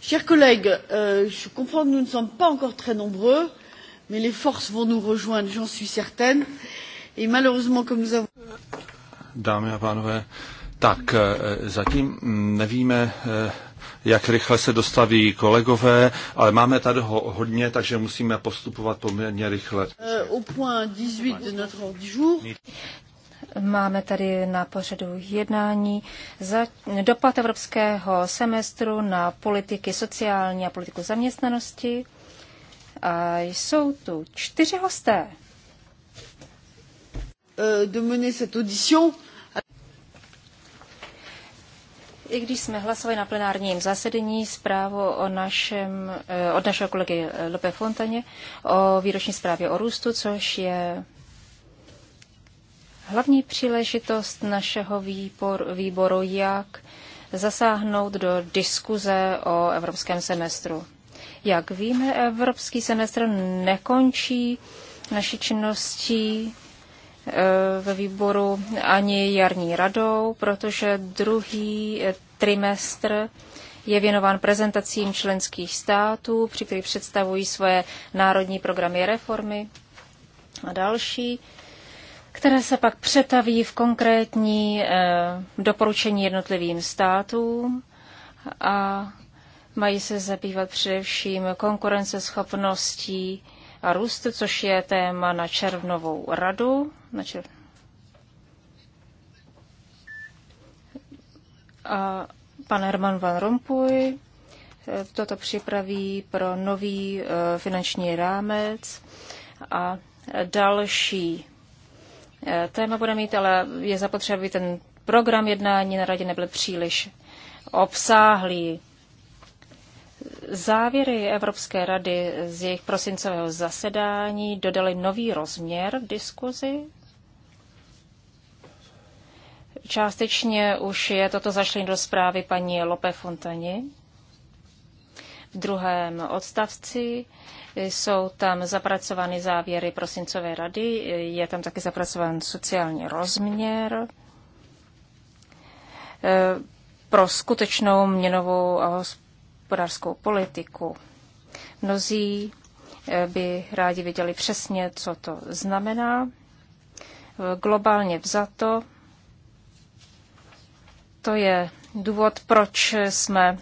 chers collègues euh, je comprends que nous ne sommes pas encore très nombreux mais les forces vont nous rejoindre j'en suis certaine et malheureusement comme nous avons. dámy a pánové tak eh, zatím nevíme eh, jak rychle se dostaví kolegové, ale máme tady ho hodně, takže musíme postupovat poměrně rychle. Euh, au point 18 de notre ordre du jour. Máme tady na pořadu jednání za dopad evropského semestru na politiky sociální a politiku zaměstnanosti. A jsou tu čtyři hosté. Euh, I když jsme hlasovali na plenárním zasedení zprávu o našem, eh, od našeho kolegy Lope Fontaně o výroční zprávě o růstu, což je hlavní příležitost našeho výbor, výboru, jak zasáhnout do diskuze o evropském semestru. Jak víme, evropský semestr nekončí naší činností eh, ve výboru ani jarní radou, protože druhý eh, trimestr je věnován prezentacím členských států, při kterých představují svoje národní programy reformy a další které se pak přetaví v konkrétní eh, doporučení jednotlivým státům a mají se zabývat především konkurenceschopností a růst, což je téma na červnovou radu. Na čer... a pan Herman Van Rompuy eh, toto připraví pro nový eh, finanční rámec a další Eh, téma bude mít, ale je zapotřebí, ten program jednání na radě nebyl příliš obsáhlý. Závěry Evropské rady z jejich prosincového zasedání dodaly nový rozměr v diskuzi. Částečně už je toto zašlení do zprávy paní Lope Fontani. V druhém odstavci jsou tam zapracovány závěry prosincové rady, je tam taky zapracován sociální rozměr e, pro skutečnou měnovou a hospodářskou politiku. Mnozí e, by rádi viděli přesně, co to znamená. E, globálně vzato, to je důvod, proč jsme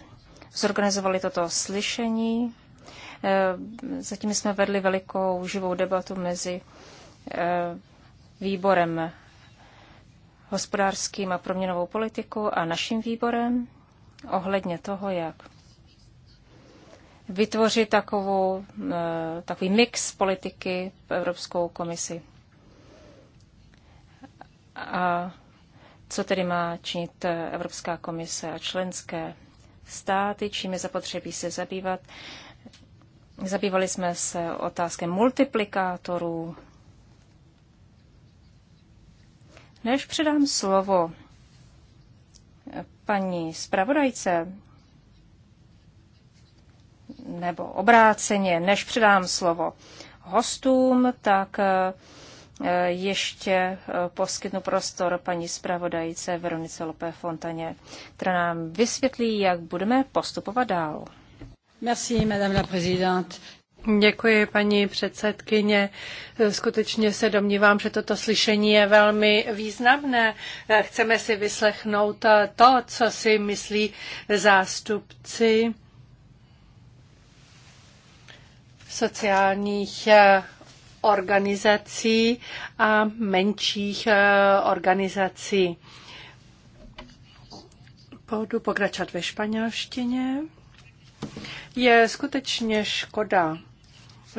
zorganizovali toto slyšení. Eh, zatím jsme vedli velikou živou debatu mezi eh, výborem hospodářským a proměnovou politiku a naším výborem ohledně toho, jak vytvořit takovou, eh, takový mix politiky v Evropskou komisi. A co tedy má činit Evropská komise a členské státy, čím je zapotřebí se zabývat. Zabývali jsme se otázkou multiplikátorů. Než předám slovo paní zpravodajce, nebo obráceně, než předám slovo hostům, tak eh, ještě eh, poskytnu prostor paní zpravodajce Veronice Lopé Fontaně, která nám vysvětlí, jak budeme postupovat dál. Děkuji, paní předsedkyně. Skutečně se domnívám, že toto slyšení je velmi významné. Chceme si vyslechnout to, co si myslí zástupci sociálních eh, organizací a menších eh, organizací. Budu pokračovat ve španělštině. Je skutečně škoda,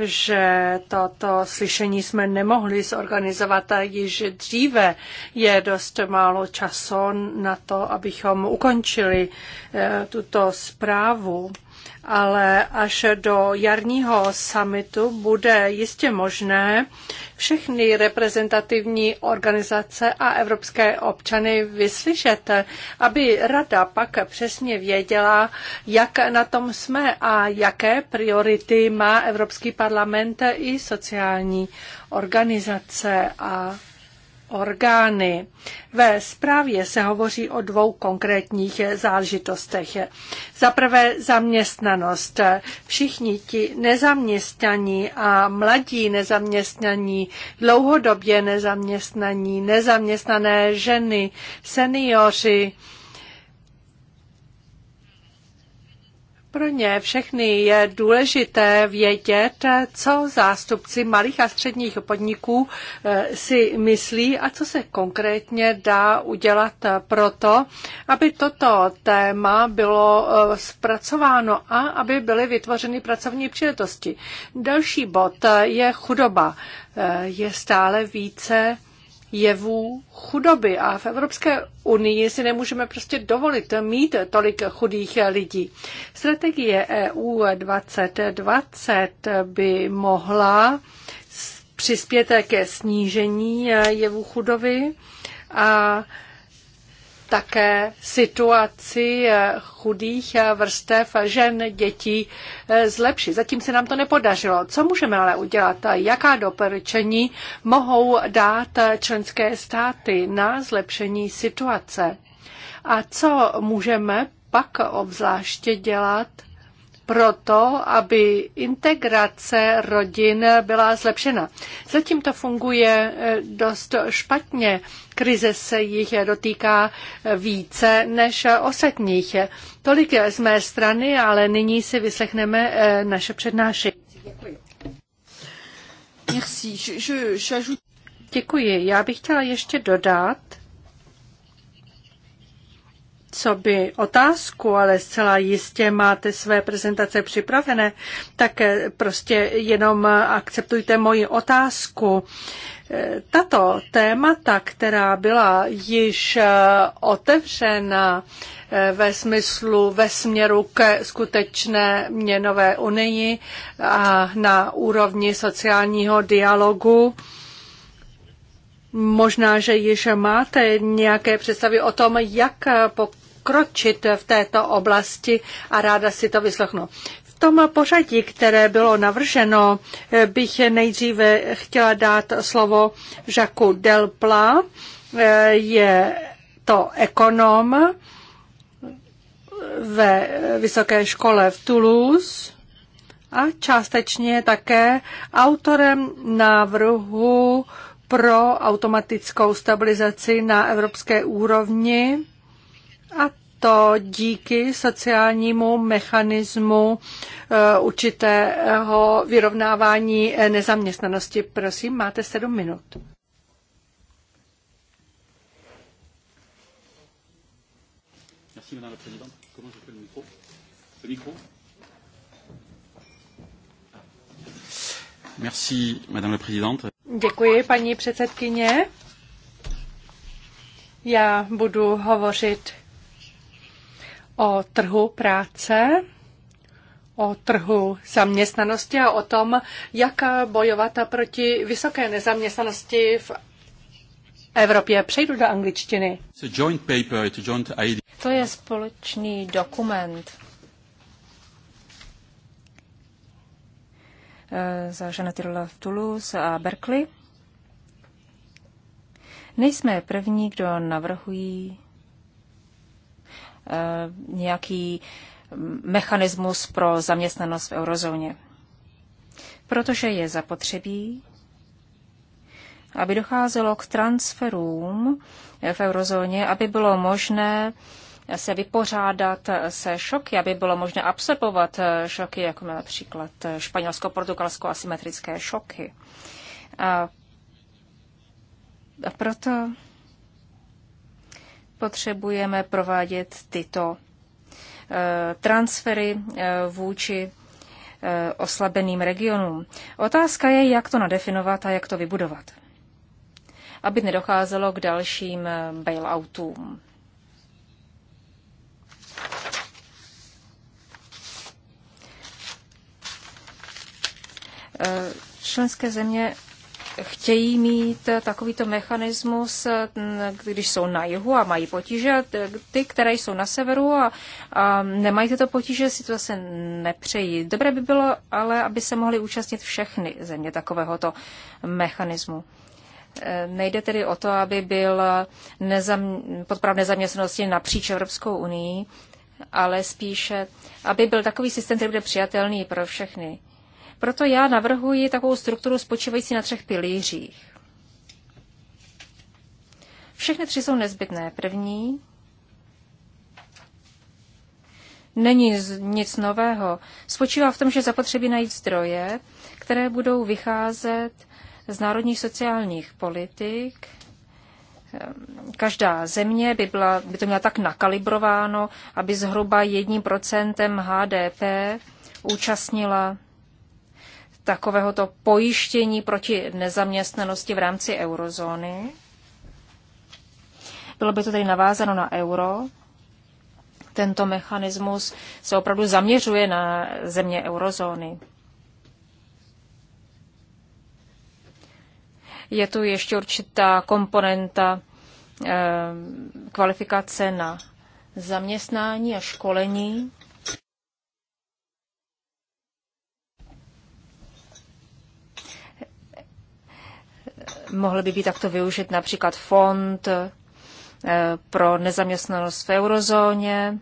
že toto slyšení jsme nemohli zorganizovat již dříve. Je dost málo času na to, abychom ukončili eh, tuto zprávu ale až do jarního summitu bude jistě možné všechny reprezentativní organizace a evropské občany vyslyšet, aby rada pak přesně věděla, jak na tom jsme a jaké priority má Evropský parlament i sociální organizace a orgány. Ve zprávě se hovoří o dvou konkrétních záležitostech. Za prvé zaměstnanost. Všichni ti nezaměstnaní a mladí nezaměstnaní, dlouhodobě nezaměstnaní, nezaměstnané ženy, seniori, Pro ně všechny je důležité vědět, co zástupci malých a středních podniků eh, si myslí a co se konkrétně dá udělat pro to, aby toto téma bylo eh, zpracováno a aby byly vytvořeny pracovní příležitosti. Další bod eh, je chudoba. Je stále více jevů chudoby a v Evropské unii si nemůžeme prostě dovolit mít tolik chudých lidí. Strategie EU 2020 by mohla přispět ke snížení jevů chudoby a také situaci eh, chudých eh, vrstev žen, dětí eh, zlepšit. Zatím se nám to nepodařilo. Co můžeme ale udělat? Jaká doporučení mohou dát členské státy na zlepšení situace? A co můžeme pak obzvláště dělat proto, aby integrace rodin byla zlepšena. Zatím to funguje dost špatně. Krize se jich dotýká více než ostatních. Tolik z mé strany, ale nyní si vyslechneme eh, naše přednášení. Děkuji. Děkuji. Já bych chtěla ještě dodat, co by otázku, ale zcela jistě máte své prezentace připravené, tak eh, prostě jenom akceptujte moji otázku. Tato témata, která byla již eh, otevřena eh, ve smyslu ve směru ke skutečné měnové unii a na úrovni sociálního dialogu, možná, že již máte nějaké představy o tom, jak pokročit v této oblasti a ráda si to vyslechnu tom pořadí, které bylo navrženo, bych nejdříve chtěla dát slovo Žaku Delpla. Je to ekonom ve Vysoké škole v Toulouse a částečně také autorem návrhu pro automatickou stabilizaci na evropské úrovni a to díky sociálnímu mechanismu eh, určitého vyrovnávání nezaměstnanosti. Prosím, máte sedm minut. Merci, Madame la Présidente. Ah. Děkuji, paní předsedkyně. Já budu hovořit o trhu práce, o trhu zaměstnanosti a o tom, jak bojovat proti vysoké nezaměstnanosti v Evropě. Přejdu do angličtiny. To je společný dokument. Eh, za Žana Tyrola v Toulouse a Berkeley. Nejsme první, kdo navrhují Eh, nějaký mechanismus pro zaměstnanost v eurozóně. Protože je zapotřebí, aby docházelo k transferům v eurozóně, aby bylo možné se vypořádat se šoky, aby bylo možné absorbovat šoky, jako například španělsko-portugalsko asymetrické šoky. A proto potřebujeme provádět tyto eh, transfery eh, vůči eh, oslabeným regionům. Otázka je, jak to nadefinovat a jak to vybudovat, aby nedocházelo k dalším bailoutům. Členské země chtějí mít takovýto mechanismus, když jsou na jihu a mají potíže, ty, které jsou na severu a, a nemají tyto potíže, si to zase nepřejí. Dobré by bylo ale, aby se mohly účastnit všechny země takovéhoto mechanismu. Nejde tedy o to, aby byl nezam, podprav nezaměstnanosti napříč Evropskou unii, ale spíše, aby byl takový systém, který bude přijatelný pro všechny. Proto já navrhuji takovou strukturu spočívající na třech pilířích. Všechny tři jsou nezbytné. První není nic nového. Spočívá v tom, že zapotřebí najít zdroje, které budou vycházet z národních sociálních politik. Ehm, každá země by, byla, by to měla tak nakalibrováno, aby zhruba jedním procentem HDP účastnila takovéhoto pojištění proti nezaměstnanosti v rámci eurozóny. Bylo by to tedy navázáno na euro. Tento mechanismus se opravdu zaměřuje na země eurozóny. Je tu ještě určitá komponenta eh, kvalifikace na zaměstnání a školení. mohl by být takto využit například fond eh, pro nezaměstnanost v eurozóně,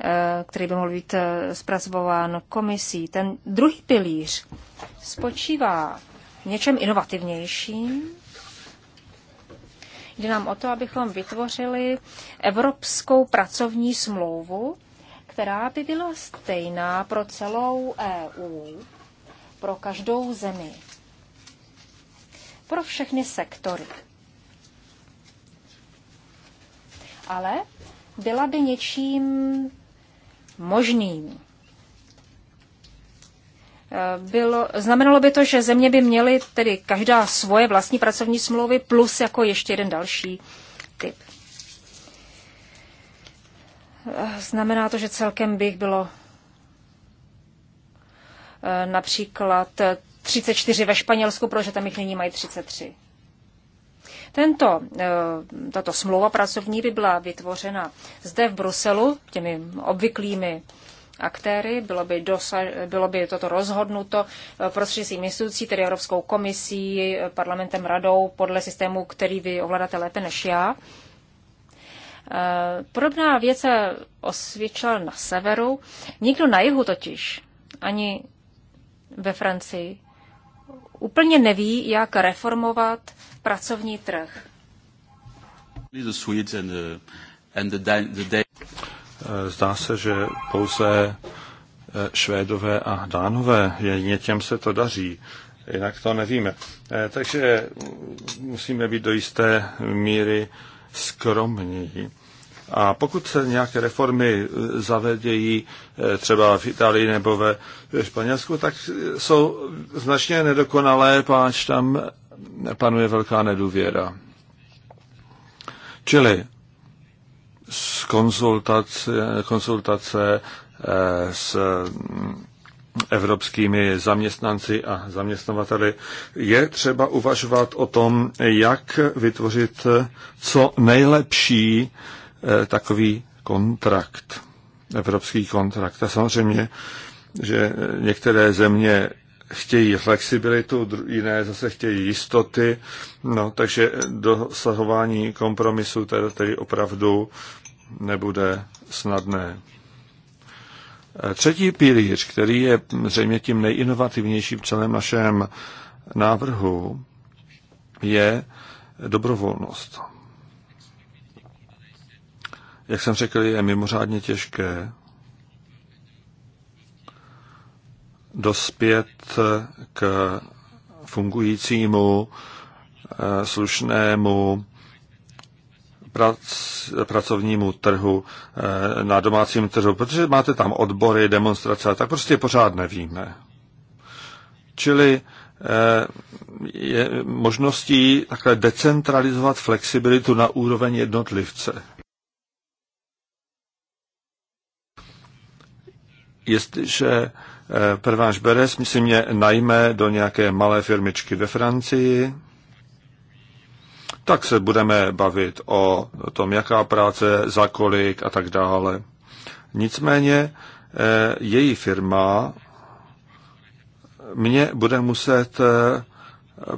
eh, který by mohl být eh, zpracován komisí. Ten druhý pilíř spočívá v něčem inovativnějším. Jde nám o to, abychom vytvořili evropskou pracovní smlouvu, která by byla stejná pro celou EU, pro každou zemi pro všechny sektory. Ale byla by něčím možným. Eh, bylo, znamenalo by to, že země by měly tedy každá svoje vlastní pracovní smlouvy plus jako ještě jeden další typ. Eh, znamená to, že celkem bych bylo eh, například 34 ve Španělsku, protože tam jich nyní mají 33. Tento, eh, tato smlouva pracovní by byla vytvořena zde v Bruselu těmi obvyklými aktéry, bylo by, dosa- bylo by toto rozhodnuto eh, prostřednictvím institucí, tedy Evropskou komisí, eh, parlamentem, radou, podle systému, který vy ovládáte lépe než já. Podobná věc se osvědčila na severu. Nikdo na jihu totiž, ani ve Francii, úplně neví, jak reformovat pracovní trh. Uh, eh, zdá se, že pouze eh, Švédové a Dánové, jedině těm se to daří, jinak to nevíme. Eh, takže mm, musíme být do jisté míry skromní. A pokud se nějaké reformy e, zavedějí e, třeba v Itálii nebo ve Španělsku, tak jsou značně nedokonalé, páč tam panuje velká nedůvěra. Čili z konzultace, konzultace e, s mm, evropskými zaměstnanci a zaměstnavateli, je třeba uvažovat o tom, jak vytvořit co nejlepší Eh, takový kontrakt, evropský kontrakt. A samozřejmě, že některé země chtějí flexibilitu, jiné zase chtějí jistoty, no, takže dosahování kompromisu tedy, tedy opravdu nebude snadné. Eh, třetí pilíř, který je zřejmě tím nejinovativnějším celém našem návrhu, je dobrovolnost jak jsem řekl, je mimořádně těžké dospět k fungujícímu, eh, slušnému prac, pracovnímu trhu eh, na domácím trhu, protože máte tam odbory, demonstrace, tak prostě pořád nevíme. Čili eh, je možností takhle decentralizovat flexibilitu na úroveň jednotlivce. jestliže eh, prváš Beres si mě najme do nějaké malé firmičky ve Francii, tak se budeme bavit o tom, jaká práce, za kolik a tak dále. Nicméně eh, její firma mě bude muset eh,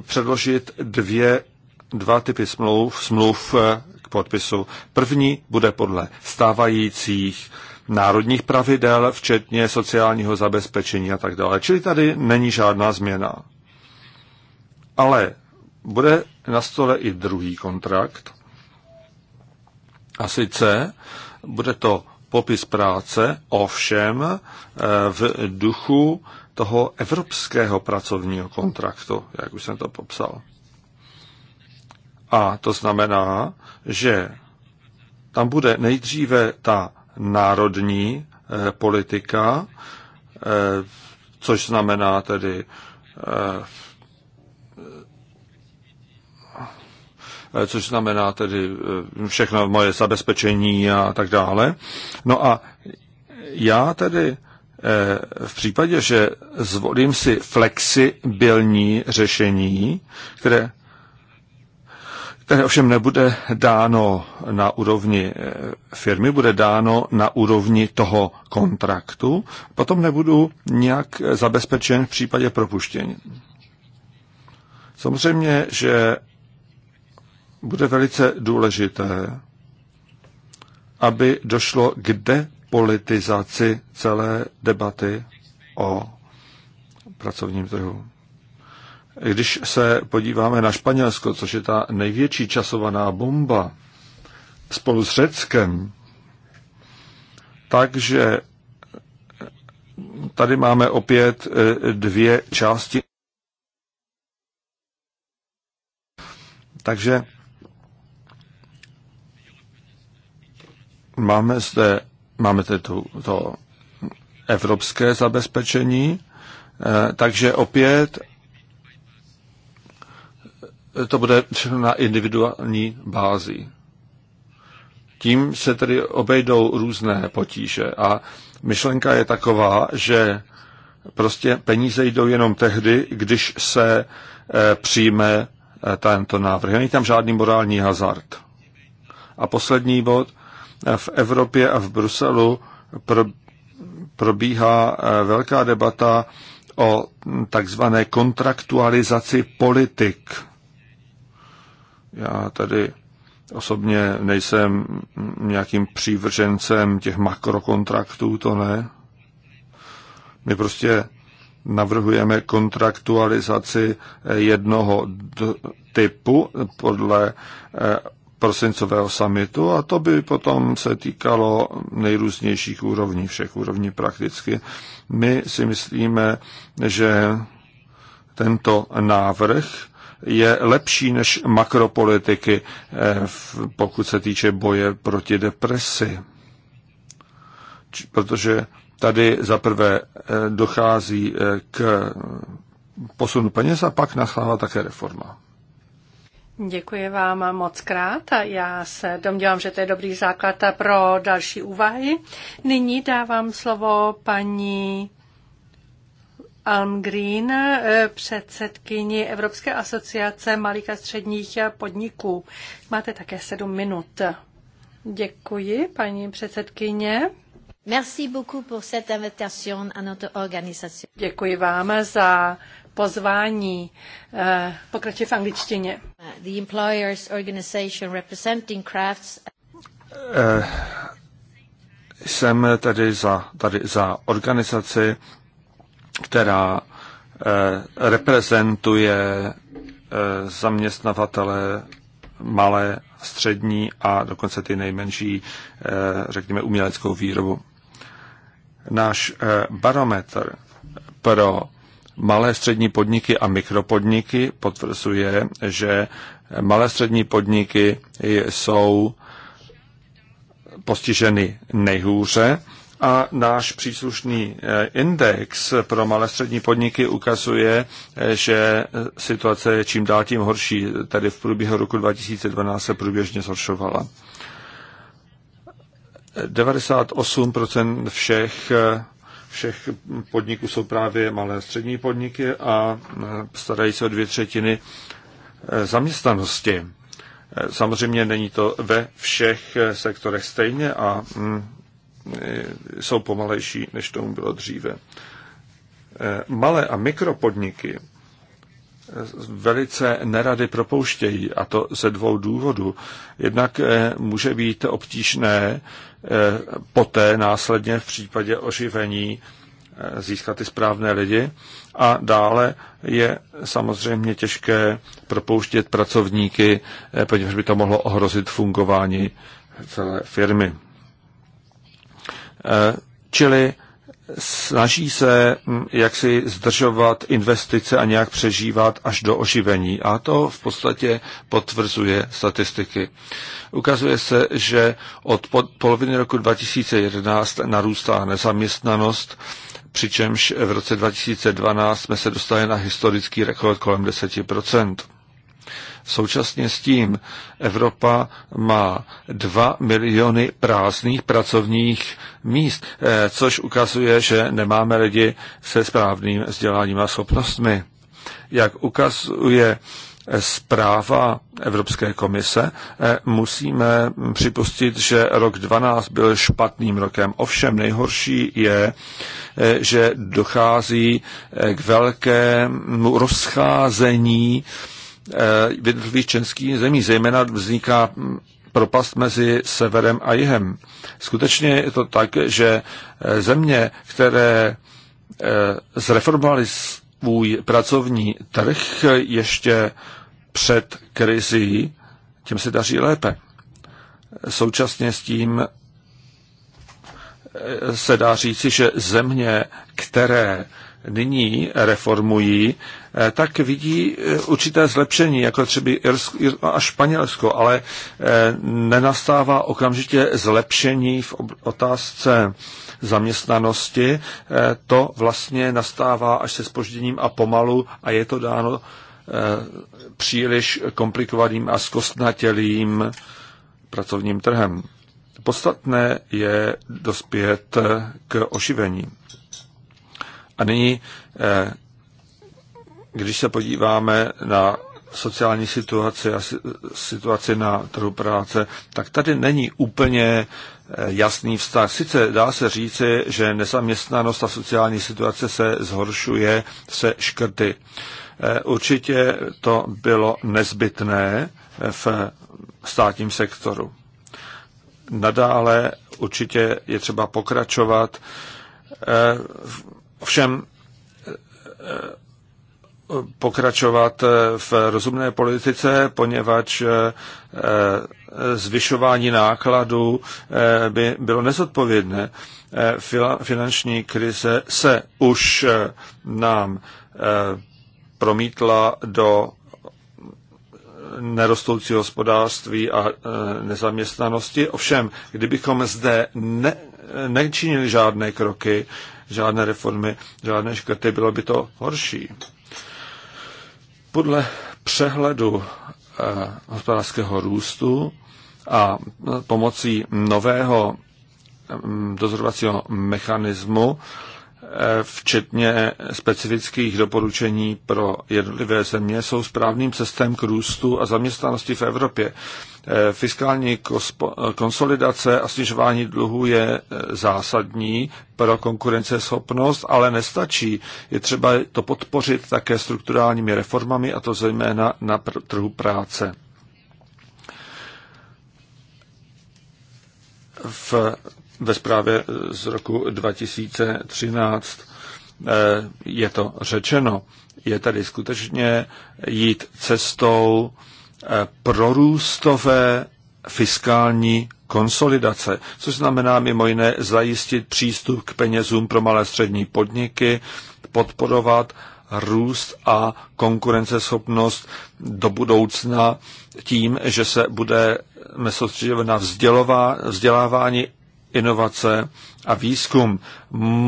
předložit dvě, dva typy smluv, smluv k podpisu. První bude podle stávajících národních pravidel, včetně sociálního zabezpečení a tak dále. Čili tady není žádná změna. Ale bude na stole i druhý kontrakt. A sice bude to popis práce, ovšem eh, v duchu toho evropského pracovního kontraktu, jak už jsem to popsal. A to znamená, že tam bude nejdříve ta národní eh, politika, eh, což znamená tedy eh, což znamená tedy všechno moje zabezpečení a tak dále. No a já tedy v případě, že zvolím si flexibilní řešení, které Eh, ovšem nebude dáno na úrovni eh, firmy, bude dáno na úrovni toho kontraktu, potom nebudu nějak eh, zabezpečen v případě propuštění. Samozřejmě, že bude velice důležité, aby došlo k depolitizaci celé debaty o pracovním trhu. Když se podíváme na Španělsko, což je ta největší časovaná bomba spolu s Řeckem, takže tady máme opět eh, dvě části. Takže máme zde máme tedy to, to evropské zabezpečení, eh, takže opět to bude na individuální bázi. Tím se tedy obejdou různé potíže a myšlenka je taková, že prostě peníze jdou jenom tehdy, když se eh, přijme eh, tento návrh. Není tam žádný morální hazard. A poslední bod. V Evropě a v Bruselu pro, probíhá eh, velká debata o takzvané kontraktualizaci politik. Já tady osobně nejsem nějakým přívržencem těch makrokontraktů, to ne. My prostě navrhujeme kontraktualizaci jednoho typu podle eh, prosincového samitu a to by potom se týkalo nejrůznějších úrovní, všech úrovní prakticky. My si myslíme, že tento návrh je lepší než makropolitiky, eh, pokud se týče boje proti depresi. Protože tady zaprvé eh, dochází eh, k posunu peněz a pak nastává také reforma. Děkuji vám moc krát. Já se domnívám, že to je dobrý základ pro další úvahy. Nyní dávám slovo paní Green, eh, předsedkyni Evropské asociace malých a středních podniků. Máte také sedm minut. Děkuji, paní předsedkyně. Merci beaucoup pour cette invitation à notre organisation. Děkuji vám za pozvání. Eh, Pokračuji v angličtině. The employers organization representing crafts. Eh, jsem tady za, tady za organizaci která eh, reprezentuje eh, zaměstnavatele malé, střední a dokonce ty nejmenší, eh, řekněme, uměleckou výrobu. Náš barometr pro malé střední podniky a mikropodniky potvrzuje, že malé střední podniky jsou postiženy nejhůře a náš příslušný eh, index pro malé střední podniky ukazuje, eh, že eh, situace je čím dál tím horší, tedy v průběhu roku 2012 se průběžně zhoršovala. 98% všech, všech podniků jsou právě malé střední podniky a starají se o dvě třetiny zaměstnanosti. Samozřejmě není to ve všech sektorech stejně a mm, Eh, jsou pomalejší, než tomu bylo dříve. Eh, malé a mikropodniky eh, velice nerady propouštějí, a to ze dvou důvodů. Jednak může být obtížné poté následně v případě oživení získat ty správné lidi a dále je samozřejmě těžké propouštět pracovníky, protože by to mohlo ohrozit fungování celé firmy. Eh, čili snaží se hm, jaksi zdržovat investice a nějak přežívat až do oživení. A to v podstatě potvrzuje statistiky. Ukazuje se, že od poloviny roku 2011 narůstá nezaměstnanost, přičemž v roce 2012 jsme se dostali na historický rekord kolem 10 Současně s tím Evropa má 2 miliony prázdných pracovních míst, eh, což ukazuje, že nemáme lidi se správným vzděláním a schopnostmi. Jak ukazuje zpráva Evropské komise, eh, musíme připustit, že rok 12 byl špatným rokem. Ovšem nejhorší je, eh, že dochází k velkému rozcházení Eh, v jednotlivých českých zemí. Zejména vzniká propast mezi severem a jihem. Skutečně je to tak, že eh, země, které eh, zreformovaly svůj pracovní trh ještě před krizí, těm se daří lépe. Současně s tím se dá říci, že země, které nyní reformují, Eh, tak vidí eh, určité zlepšení, jako třeba Irsko a Španělsko, ale eh, nenastává okamžitě zlepšení v otázce zaměstnanosti. To vlastně nastává až se spožděním a pomalu a je to dáno příliš komplikovaným a zkostnatělým pracovním trhem. Podstatné je dospět k oživení. A nyní když se podíváme na sociální situaci a situaci na trhu práce, tak tady není úplně eh, jasný vztah. Sice dá se říci, že nezaměstnanost a sociální situace se zhoršuje se škrty. Eh, určitě to bylo nezbytné eh, v státním sektoru. Nadále určitě je třeba pokračovat. Všem pokračovat v rozumné politice, poněvadž eh, eh, zvyšování nákladů eh, by bylo nezodpovědné. Finanční krize se už nám promítla do nerostoucí hospodářství a nezaměstnanosti. Ovšem, kdybychom zde ne, nečinili žádné kroky, žádné reformy, žádné škrty, bylo by to horší. Podle přehledu eh, hospodářského růstu a eh, pomocí nového mm, dozorovacího mechanismu včetně specifických doporučení pro jednotlivé země, jsou správným cestem k růstu a zaměstnanosti v Evropě. Eh, fiskální konsolidace a snižování dluhu je eh, zásadní pro konkurenceschopnost, ale nestačí. Je třeba to podpořit také strukturálními reformami, a to zejména na trhu práce. v ve zprávě z roku 2013 eh, je to řečeno. Je tady skutečně jít cestou eh, prorůstové fiskální konsolidace, což znamená mimo jiné zajistit přístup k penězům pro malé střední podniky, podporovat růst a konkurenceschopnost do budoucna tím, že se budeme soustředit na vzdělávání inovace a výzkum.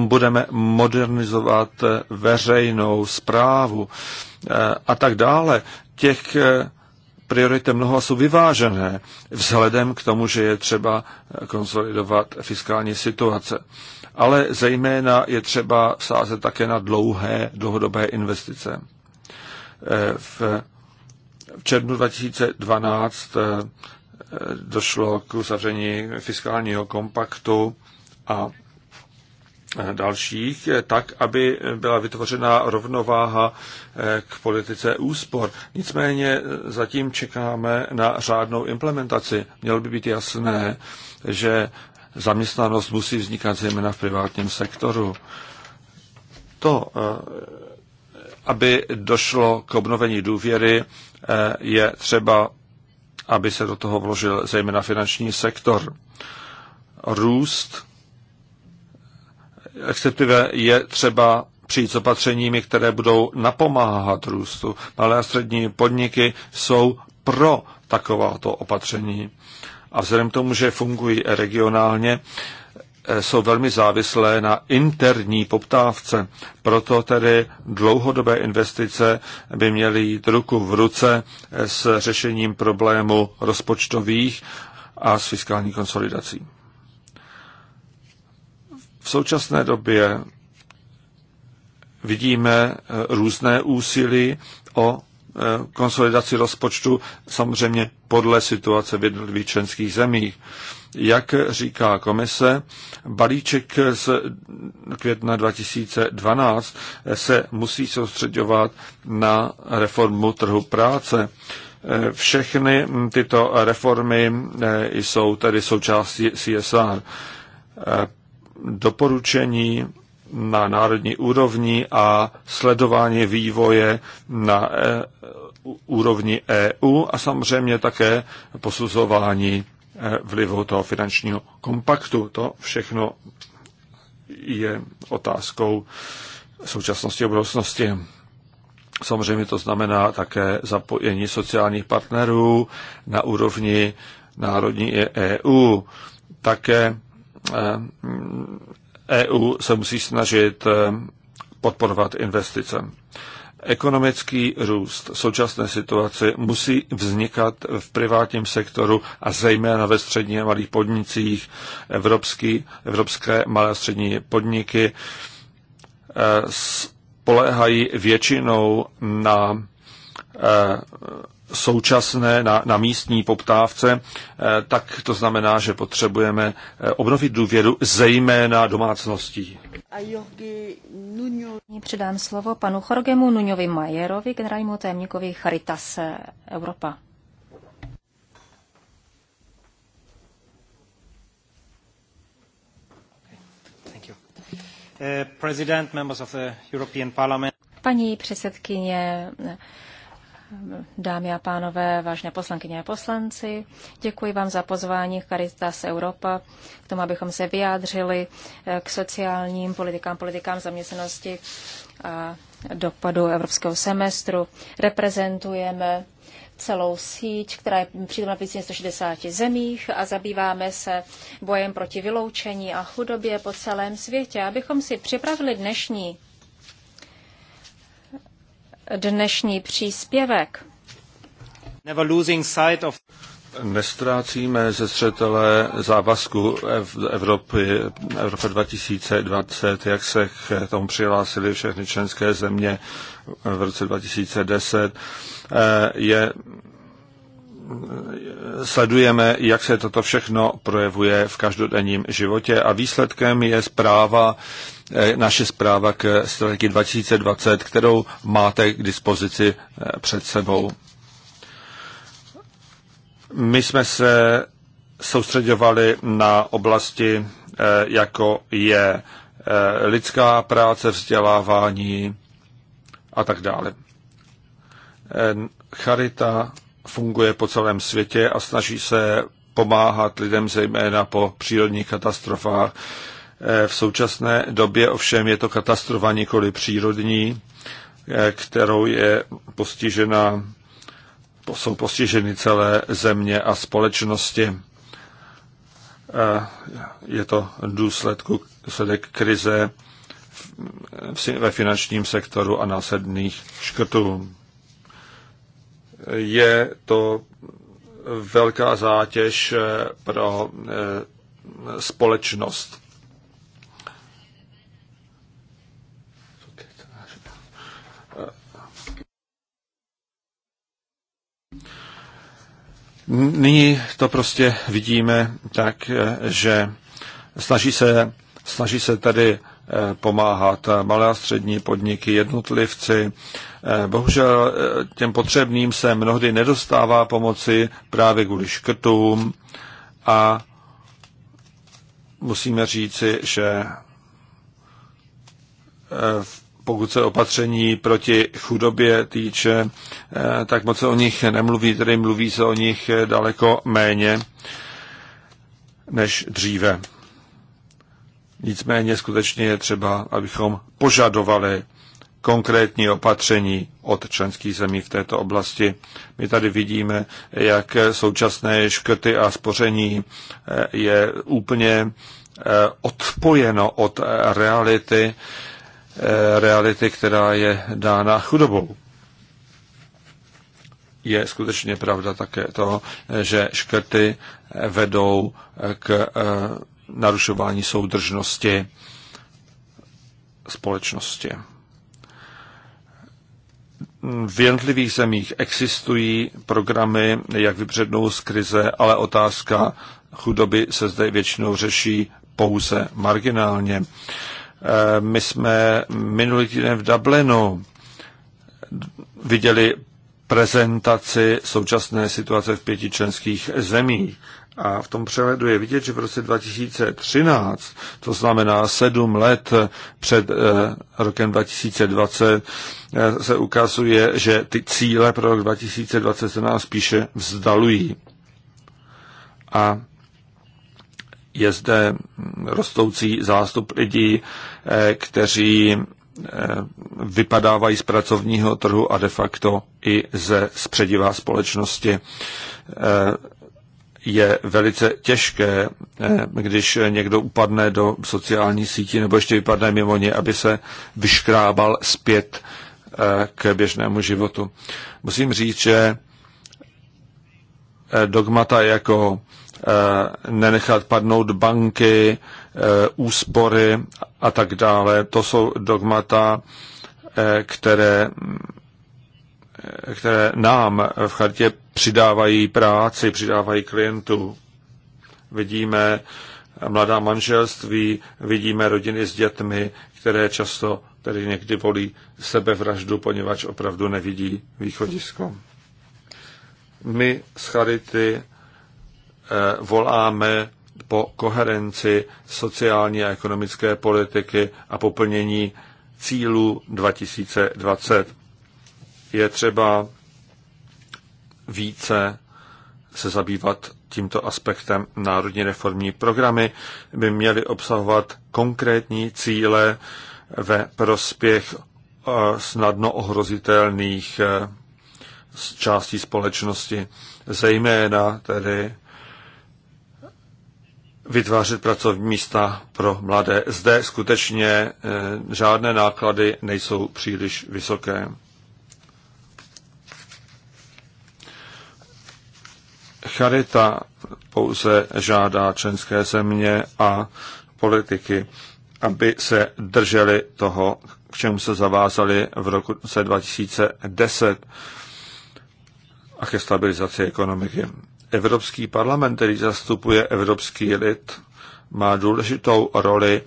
Budeme modernizovat veřejnou zprávu eh, a tak dále. Těch eh, priority mnoho jsou vyvážené vzhledem k tomu, že je třeba konsolidovat fiskální situace. Ale zejména je třeba sázet také na dlouhé dlouhodobé investice. Eh, v v červnu 2012 došlo k uzavření fiskálního kompaktu a eh, dalších, eh, tak, aby byla vytvořena rovnováha eh, k politice úspor. Nicméně zatím čekáme na řádnou implementaci. Mělo by být jasné, že zaměstnanost musí vznikat zejména v privátním sektoru. To, aby došlo k obnovení důvěry, je třeba aby se do toho vložil zejména finanční sektor. Růst, respektive je třeba přijít s opatřeními, které budou napomáhat růstu. Malé a střední podniky jsou pro takováto opatření. A vzhledem k tomu, že fungují regionálně, Eh, jsou velmi závislé na interní poptávce. Proto tedy dlouhodobé investice by měly jít ruku v ruce eh, s řešením problému rozpočtových a s fiskální konsolidací. V současné době vidíme eh, různé úsilí o konsolidaci rozpočtu, samozřejmě podle situace v jednotlivých členských zemích. Jak říká komise, balíček z května 2012 se musí soustředovat na reformu trhu práce. Všechny tyto reformy eh, jsou tedy součástí CSR. Eh, doporučení na národní úrovni a sledování vývoje na eh, úrovni EU a samozřejmě také posuzování vlivu toho finančního kompaktu. To všechno je otázkou současnosti a budoucnosti. Samozřejmě to znamená také zapojení sociálních partnerů na úrovni národní i EU. Také EU eh, e se musí snažit eh, podporovat investice. Ekonomický růst současné situace musí vznikat v privátním sektoru a zejména ve středně a malých podnicích. Evropský, evropské malé a střední podniky eh, spolehají většinou na eh, současné, na, na místní poptávce, eh, tak to znamená, že potřebujeme obnovit důvěru zejména domácností. Nyní Předám slovo panu Jorgemu Nuňovi Majerovi, generálnímu tajemníkovi Charitas Evropa. Uh, Paní předsedkyně, Dámy a pánové, vážné poslankyně a poslanci, děkuji vám za pozvání Caritas Europa k tomu, abychom se vyjádřili eh, k sociálním politikám, politikám zaměstnanosti a dopadu evropského semestru. Reprezentujeme celou síť, která je přítomna v více než 160 zemích a zabýváme se bojem proti vyloučení a chudobě po celém světě. Abychom si připravili dnešní dnešní příspěvek. Never losing sight of... Nestrácíme ze zřetele závazku Evropy, Evropa 2020, jak se k tomu přihlásili všechny členské země v roce 2010, eh, je sledujeme, jak se toto všechno projevuje v každodenním životě a výsledkem je zpráva, eh, naše zpráva k strategii 2020, kterou máte k dispozici eh, před sebou. My jsme se soustředovali na oblasti, eh, jako je lidská práce, vzdělávání a tak dále. Charita, funguje po celém světě a snaží se pomáhat lidem zejména po přírodních katastrofách. E, v současné době ovšem je to katastrofa nikoli přírodní, e, kterou je postižena, jsou postiženy celé země a společnosti. E, je to důsledku, důsledek krize ve finančním sektoru a následných škrtů je to velká zátěž eh, pro eh, společnost. Nyní to prostě vidíme tak, eh, že snaží se, snaží se tady Eh, pomáhat malé a střední podniky, jednotlivci. Eh, bohužel eh, těm potřebným se mnohdy nedostává pomoci právě kvůli škrtům a musíme říci, že pokud se opatření proti chudobě týče, tak moc se o nich nemluví, tedy mluví se o nich daleko méně než dříve. Nicméně skutečně je třeba, abychom požadovali konkrétní opatření od členských zemí v této oblasti. My tady vidíme, jak současné škrty a spoření eh, je úplně eh, odpojeno od reality, eh, reality, která je dána chudobou. Je skutečně pravda také to, že škrty vedou k narušování soudržnosti společnosti. V jednotlivých zemích existují programy, jak vypřednou z krize, ale otázka chudoby se zde většinou řeší pouze marginálně. Eh, my jsme minulý týden v Dublinu viděli prezentaci současné situace v pěti členských zemích. A v tom přehledu je vidět, že v roce 2013, to znamená sedm let před eh, rokem 2020, eh, se ukazuje, že ty cíle pro rok 2020 se nás spíše vzdalují. A je zde rostoucí zástup lidí, eh, kteří eh, vypadávají z pracovního trhu a de facto i ze spředivá společnosti. Eh, je velice těžké, eh, když někdo upadne do sociální sítí nebo ještě vypadne mimo ně, aby se vyškrábal zpět eh, k běžnému životu. Musím říct, že eh, dogmata jako nenechat padnout banky, úspory a tak dále, to jsou dogmata, které které nám v chartě přidávají práci, přidávají klientů. Vidíme mladá manželství, vidíme rodiny s dětmi, které často tedy někdy volí sebevraždu, poněvadž opravdu nevidí východisko. My z Charity eh, voláme po koherenci sociální a ekonomické politiky a poplnění cílů 2020 je třeba více se zabývat tímto aspektem. Národní reformní programy by měly obsahovat konkrétní cíle ve prospěch e, snadno ohrozitelných e, částí společnosti, zejména tedy vytvářet pracovní místa pro mladé. Zde skutečně e, žádné náklady nejsou příliš vysoké. Charita pouze žádá členské země a politiky, aby se drželi toho, k čemu se zavázali v roku 2010 a ke stabilizaci ekonomiky. Evropský parlament, který zastupuje evropský lid, má důležitou roli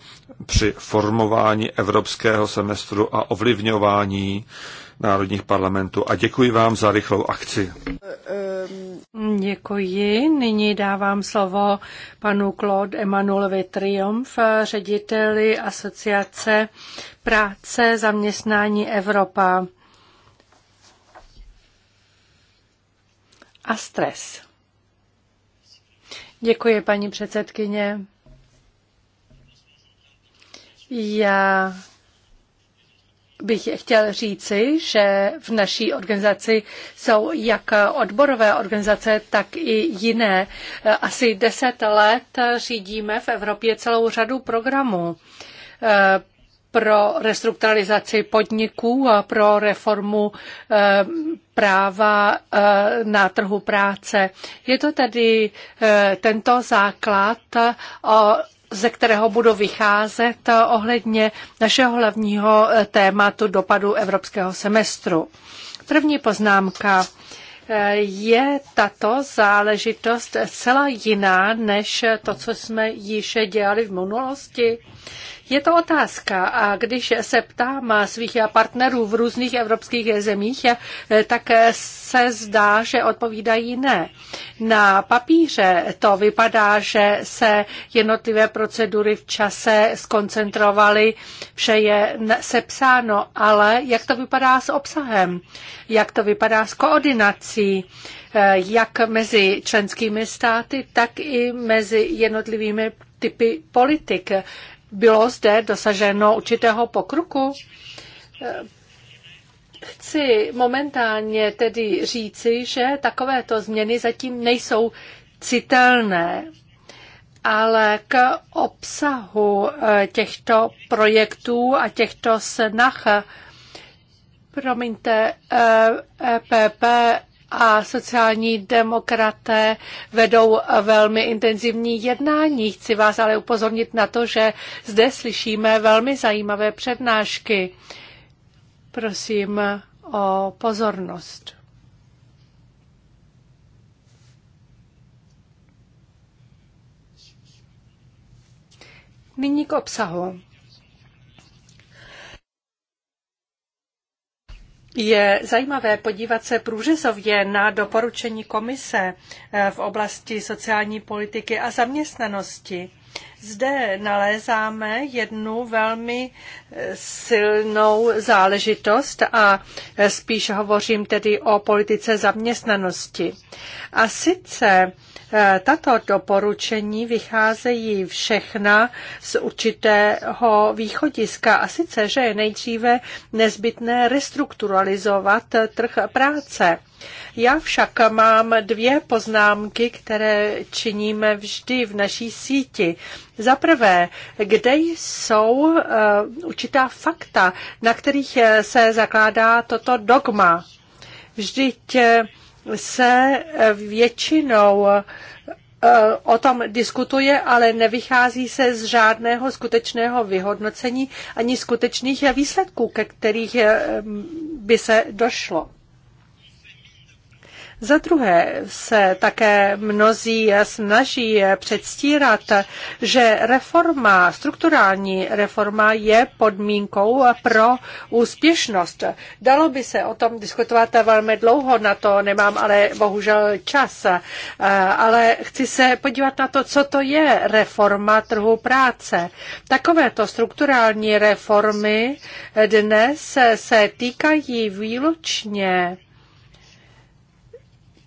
při formování evropského semestru a ovlivňování národních parlamentů. A děkuji vám za rychlou akci. Děkuji. Nyní dávám slovo panu Claude Emanuelovi Triumf, řediteli Asociace práce zaměstnání Evropa. A stres. Děkuji, paní předsedkyně. Já bych chtěl říci, že v naší organizaci jsou jak odborové organizace, tak i jiné. Asi deset let řídíme v Evropě celou řadu programů eh, pro restrukturalizaci podniků, a pro reformu eh, práva eh, na trhu práce. Je to tedy tento základ, ze kterého budu vycházet eh, ohledně našeho hlavního eh, tématu dopadu evropského semestru. První poznámka eh, je tato záležitost celá jiná než to, co jsme již dělali v minulosti? Je to otázka a když se ptám svých partnerů v různých evropských zemích, tak se zdá, že odpovídají ne. Na papíře to vypadá, že se jednotlivé procedury v čase skoncentrovaly, vše je sepsáno, ale jak to vypadá s obsahem, jak to vypadá s koordinací, jak mezi členskými státy, tak i mezi jednotlivými typy politik. Bylo zde dosaženo určitého pokroku? Chci momentálně tedy říci, že takovéto změny zatím nejsou citelné, ale k obsahu eh, těchto projektů a těchto snah, eh, promiňte, EPP eh, e a sociální demokraté vedou velmi intenzivní jednání. Chci vás ale upozornit na to, že zde slyšíme velmi zajímavé přednášky. Prosím o pozornost. Nyní k obsahu. Je zajímavé podívat se průřezově na doporučení komise eh, v oblasti sociální politiky a zaměstnanosti. Zde nalézáme jednu velmi eh, silnou záležitost a eh, spíš hovořím tedy o politice zaměstnanosti. A sice Eh, tato doporučení vycházejí všechna z určitého východiska a sice, že je nejdříve nezbytné restrukturalizovat trh práce. Já však mám dvě poznámky, které činíme vždy v naší síti. Za prvé, kde jsou uh, určitá fakta, na kterých se zakládá toto dogma. Vždyť uh, se eh, většinou eh, o tom diskutuje, ale nevychází se z žádného skutečného vyhodnocení ani skutečných eh, výsledků, ke kterých by se došlo. Za druhé se také mnozí snaží předstírat, že reforma, strukturální reforma je podmínkou pro úspěšnost. Dalo by se o tom diskutovat velmi dlouho, na to nemám ale bohužel čas, ale chci se podívat na to, co to je reforma trhu práce. Takovéto strukturální reformy dnes se týkají výlučně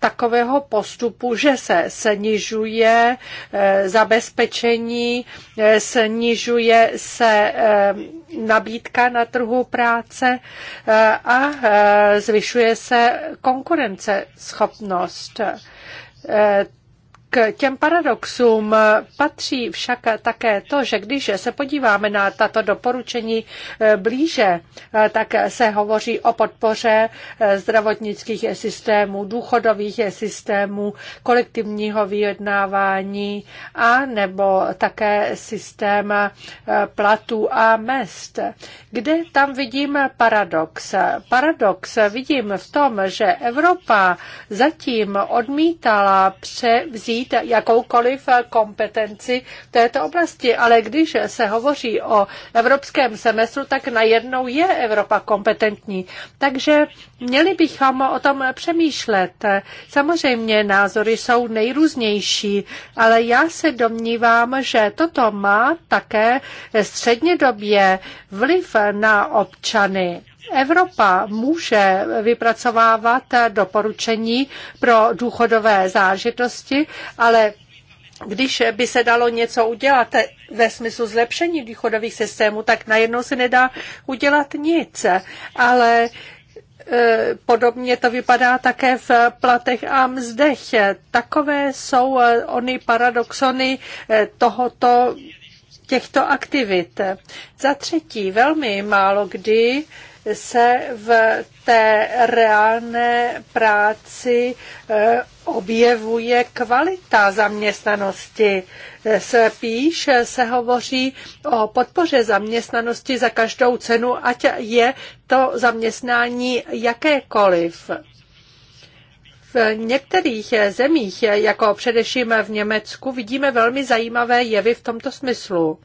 takového postupu, že se snižuje eh, zabezpečení, eh, snižuje se eh, nabídka na trhu práce a zvyšuje se konkurenceschopnost k těm paradoxům patří však také to, že když se podíváme na tato doporučení eh, blíže, eh, tak se hovoří o podpoře eh, zdravotnických systémů, důchodových systémů, kolektivního vyjednávání a nebo také systém platů a mest. Kde tam vidím paradox? Paradox vidím v tom, že Evropa zatím odmítala převzít mít jakoukoliv kompetenci v této oblasti, ale když se hovoří o evropském semestru, tak najednou je Evropa kompetentní. Takže měli bychom o tom přemýšlet. Samozřejmě názory jsou nejrůznější, ale já se domnívám, že toto má také střednědobě vliv na občany. Evropa může vypracovávat doporučení pro důchodové zážitosti, ale když by se dalo něco udělat ve smyslu zlepšení důchodových systémů, tak najednou se nedá udělat nic. Ale e, Podobně to vypadá také v platech a mzdech. Takové jsou e, ony paradoxony e, tohoto těchto aktivit. Za třetí, velmi málo kdy se v té reálné práci eh, objevuje kvalita zaměstnanosti. Spíš se hovoří o podpoře zaměstnanosti za každou cenu, ať je to zaměstnání jakékoliv. V některých zemích, jako především v Německu, vidíme velmi zajímavé jevy v tomto smyslu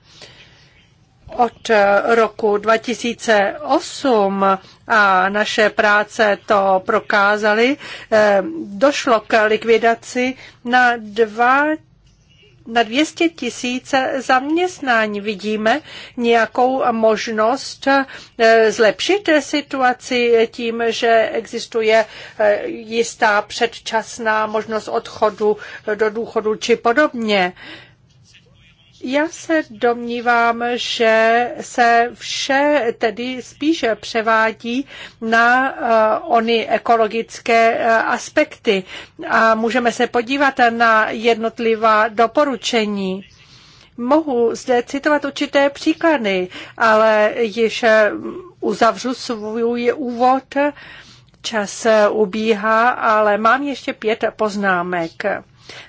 od eh, roku 2008 a naše práce to prokázaly, eh, došlo k likvidaci na dva na 200 tisíc zaměstnání. Vidíme nějakou možnost eh, zlepšit situaci tím, že existuje jistá předčasná možnost odchodu do důchodu či podobně. Já se domnívám, že se vše tedy spíše převádí na eh, ony ekologické eh, aspekty a můžeme se podívat na jednotlivá doporučení. Mohu zde citovat určité příklady, ale již eh, uzavřu svůj úvod. Čas ubíhá, ale mám ještě pět poznámek.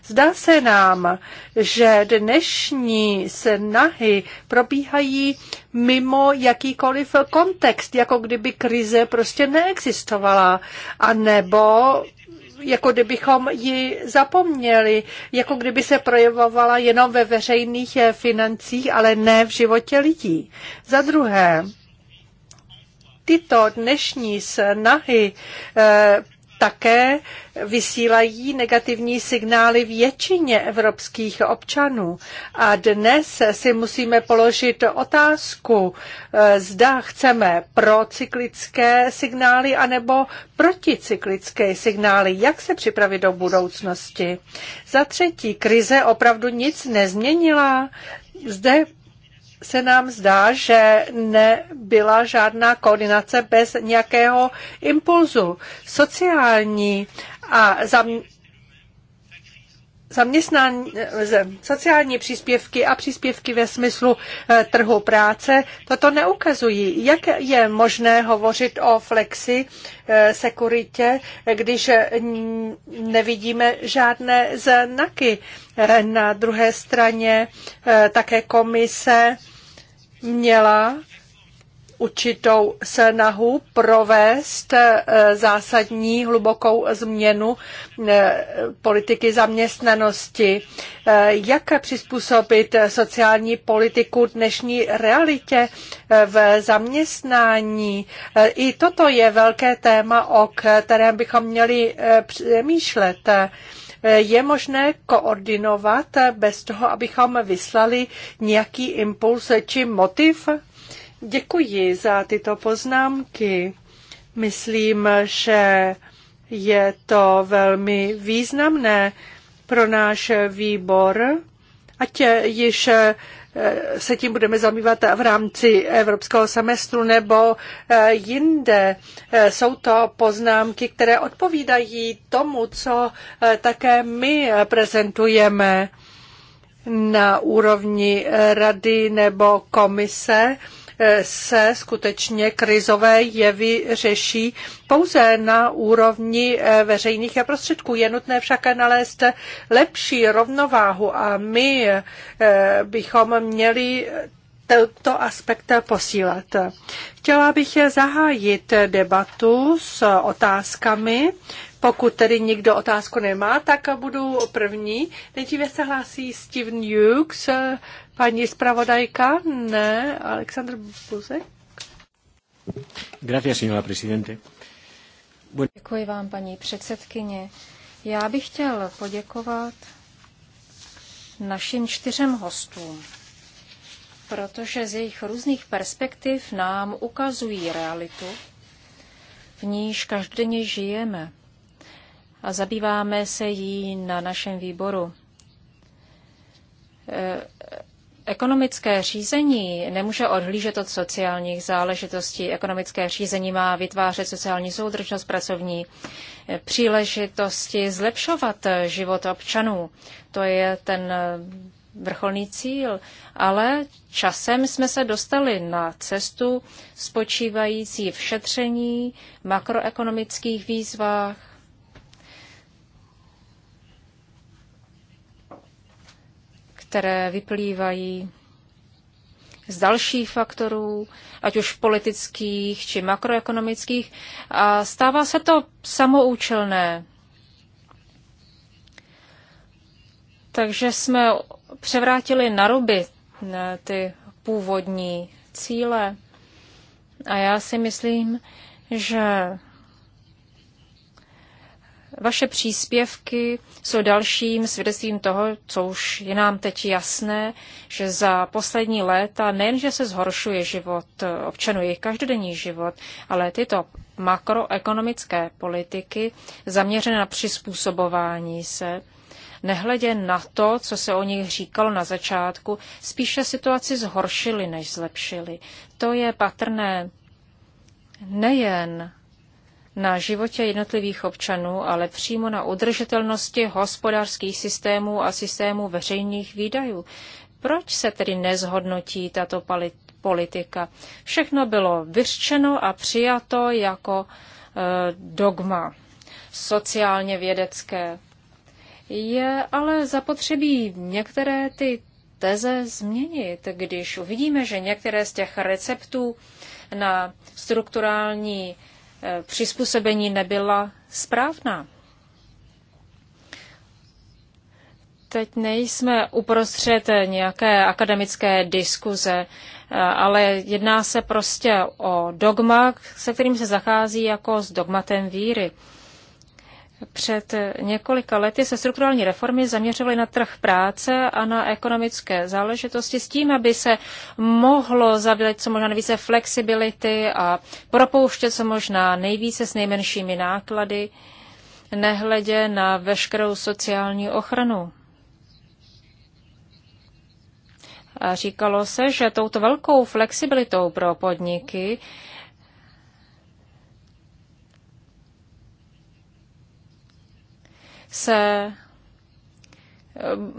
Zdá se nám, že dnešní snahy probíhají mimo jakýkoliv kontext, jako kdyby krize prostě neexistovala, anebo jako kdybychom ji zapomněli, jako kdyby se projevovala jenom ve veřejných financích, ale ne v životě lidí. Za druhé, tyto dnešní snahy eh, také vysílají negativní signály většině evropských občanů. A dnes si musíme položit otázku, eh, zda chceme procyklické signály anebo proticyklické signály, jak se připravit do budoucnosti. Za třetí, krize opravdu nic nezměnila. Zde se nám zdá, že nebyla žádná koordinace bez nějakého impulzu. Sociální a zaměstnání zaměstnání, eh, sociální příspěvky a příspěvky ve smyslu eh, trhu práce toto neukazují. Jak je možné hovořit o flexi eh, sekuritě, když nevidíme žádné znaky? Na druhé straně také komise měla určitou snahu provést eh, zásadní hlubokou změnu eh, politiky zaměstnanosti. Eh, jak přizpůsobit sociální politiku dnešní realitě v zaměstnání? I toto je velké téma, o kterém bychom měli přemýšlet je možné koordinovat bez toho, abychom vyslali nějaký impuls či motiv? Děkuji za tyto poznámky. Myslím, že je to velmi významné pro náš výbor, ať již eh, se tím budeme zabývat v rámci evropského semestru nebo eh, jinde. Eh, jsou to poznámky, které odpovídají tomu, co také my prezentujeme na úrovni rady nebo komise Eh, se skutečně krizové jevy řeší pouze na úrovni eh, veřejných prostředků. Je nutné však nalézt lepší rovnováhu a my eh, bychom měli tento aspekt posílat. Chtěla bych zahájit debatu s otázkami, pokud tedy nikdo otázku nemá, tak budu první. Nejdříve se hlásí Steven Hughes, paní zpravodajka, ne, Aleksandr Buzek. Gracias, señora presidente. Děkuji vám, paní předsedkyně. Já bych chtěl poděkovat našim čtyřem hostům, protože z jejich různých perspektiv nám ukazují realitu, v níž každodenně žijeme a zabýváme se jí na našem výboru. E, ekonomické řízení nemůže odhlížet od sociálních záležitostí. Ekonomické řízení má vytvářet sociální soudržnost, pracovní e, příležitosti, zlepšovat e, život občanů. To je ten vrcholný cíl, ale časem jsme se dostali na cestu spočívající v šetření, makroekonomických výzvách, které vyplývají z dalších faktorů, ať už politických či makroekonomických, a stává se to samoučelné. Takže jsme převrátili na ruby ty původní cíle. A já si myslím, že vaše příspěvky jsou dalším svědectvím toho, co už je nám teď jasné, že za poslední léta nejenže se zhoršuje život občanů, jejich každodenní život, ale tyto makroekonomické politiky zaměřené na přizpůsobování se, nehledě na to, co se o nich říkalo na začátku, spíše situaci zhoršily, než zlepšily. To je patrné nejen na životě jednotlivých občanů, ale přímo na udržitelnosti hospodářských systémů a systémů veřejných výdajů. Proč se tedy nezhodnotí tato politika? Všechno bylo vyřčeno a přijato jako e, dogma sociálně vědecké. Je ale zapotřebí některé ty teze změnit, když uvidíme, že některé z těch receptů na strukturální Eh, přizpůsobení nebyla správná. Teď nejsme uprostřed nějaké akademické diskuze, eh, ale jedná se prostě o dogma, se kterým se zachází jako s dogmatem víry. Před několika lety se strukturální reformy zaměřovaly na trh práce a na ekonomické záležitosti s tím, aby se mohlo zavědět co možná nejvíce flexibility a propouštět co možná nejvíce s nejmenšími náklady, nehledě na veškerou sociální ochranu. A říkalo se, že touto velkou flexibilitou pro podniky se eh,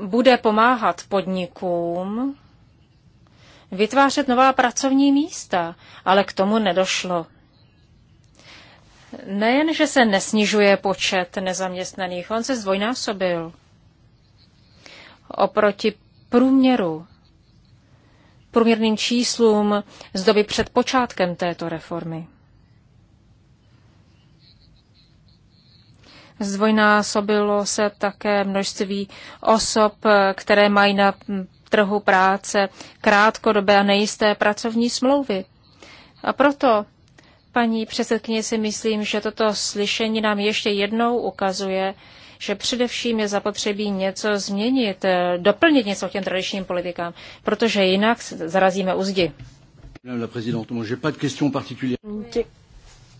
bude pomáhat podnikům vytvářet nová pracovní místa, ale k tomu nedošlo. Nejen, že se nesnižuje počet nezaměstnaných, on se zdvojnásobil oproti průměru, průměrným číslům z doby před počátkem této reformy. Zdvojnásobilo se také množství osob, které mají na trhu práce krátkodobé a nejisté pracovní smlouvy. A proto, paní předsedkyně, si myslím, že toto slyšení nám ještě jednou ukazuje, že především je zapotřebí něco změnit, doplnit něco k těm tradičním politikám, protože jinak zarazíme uzdi. Děkuji.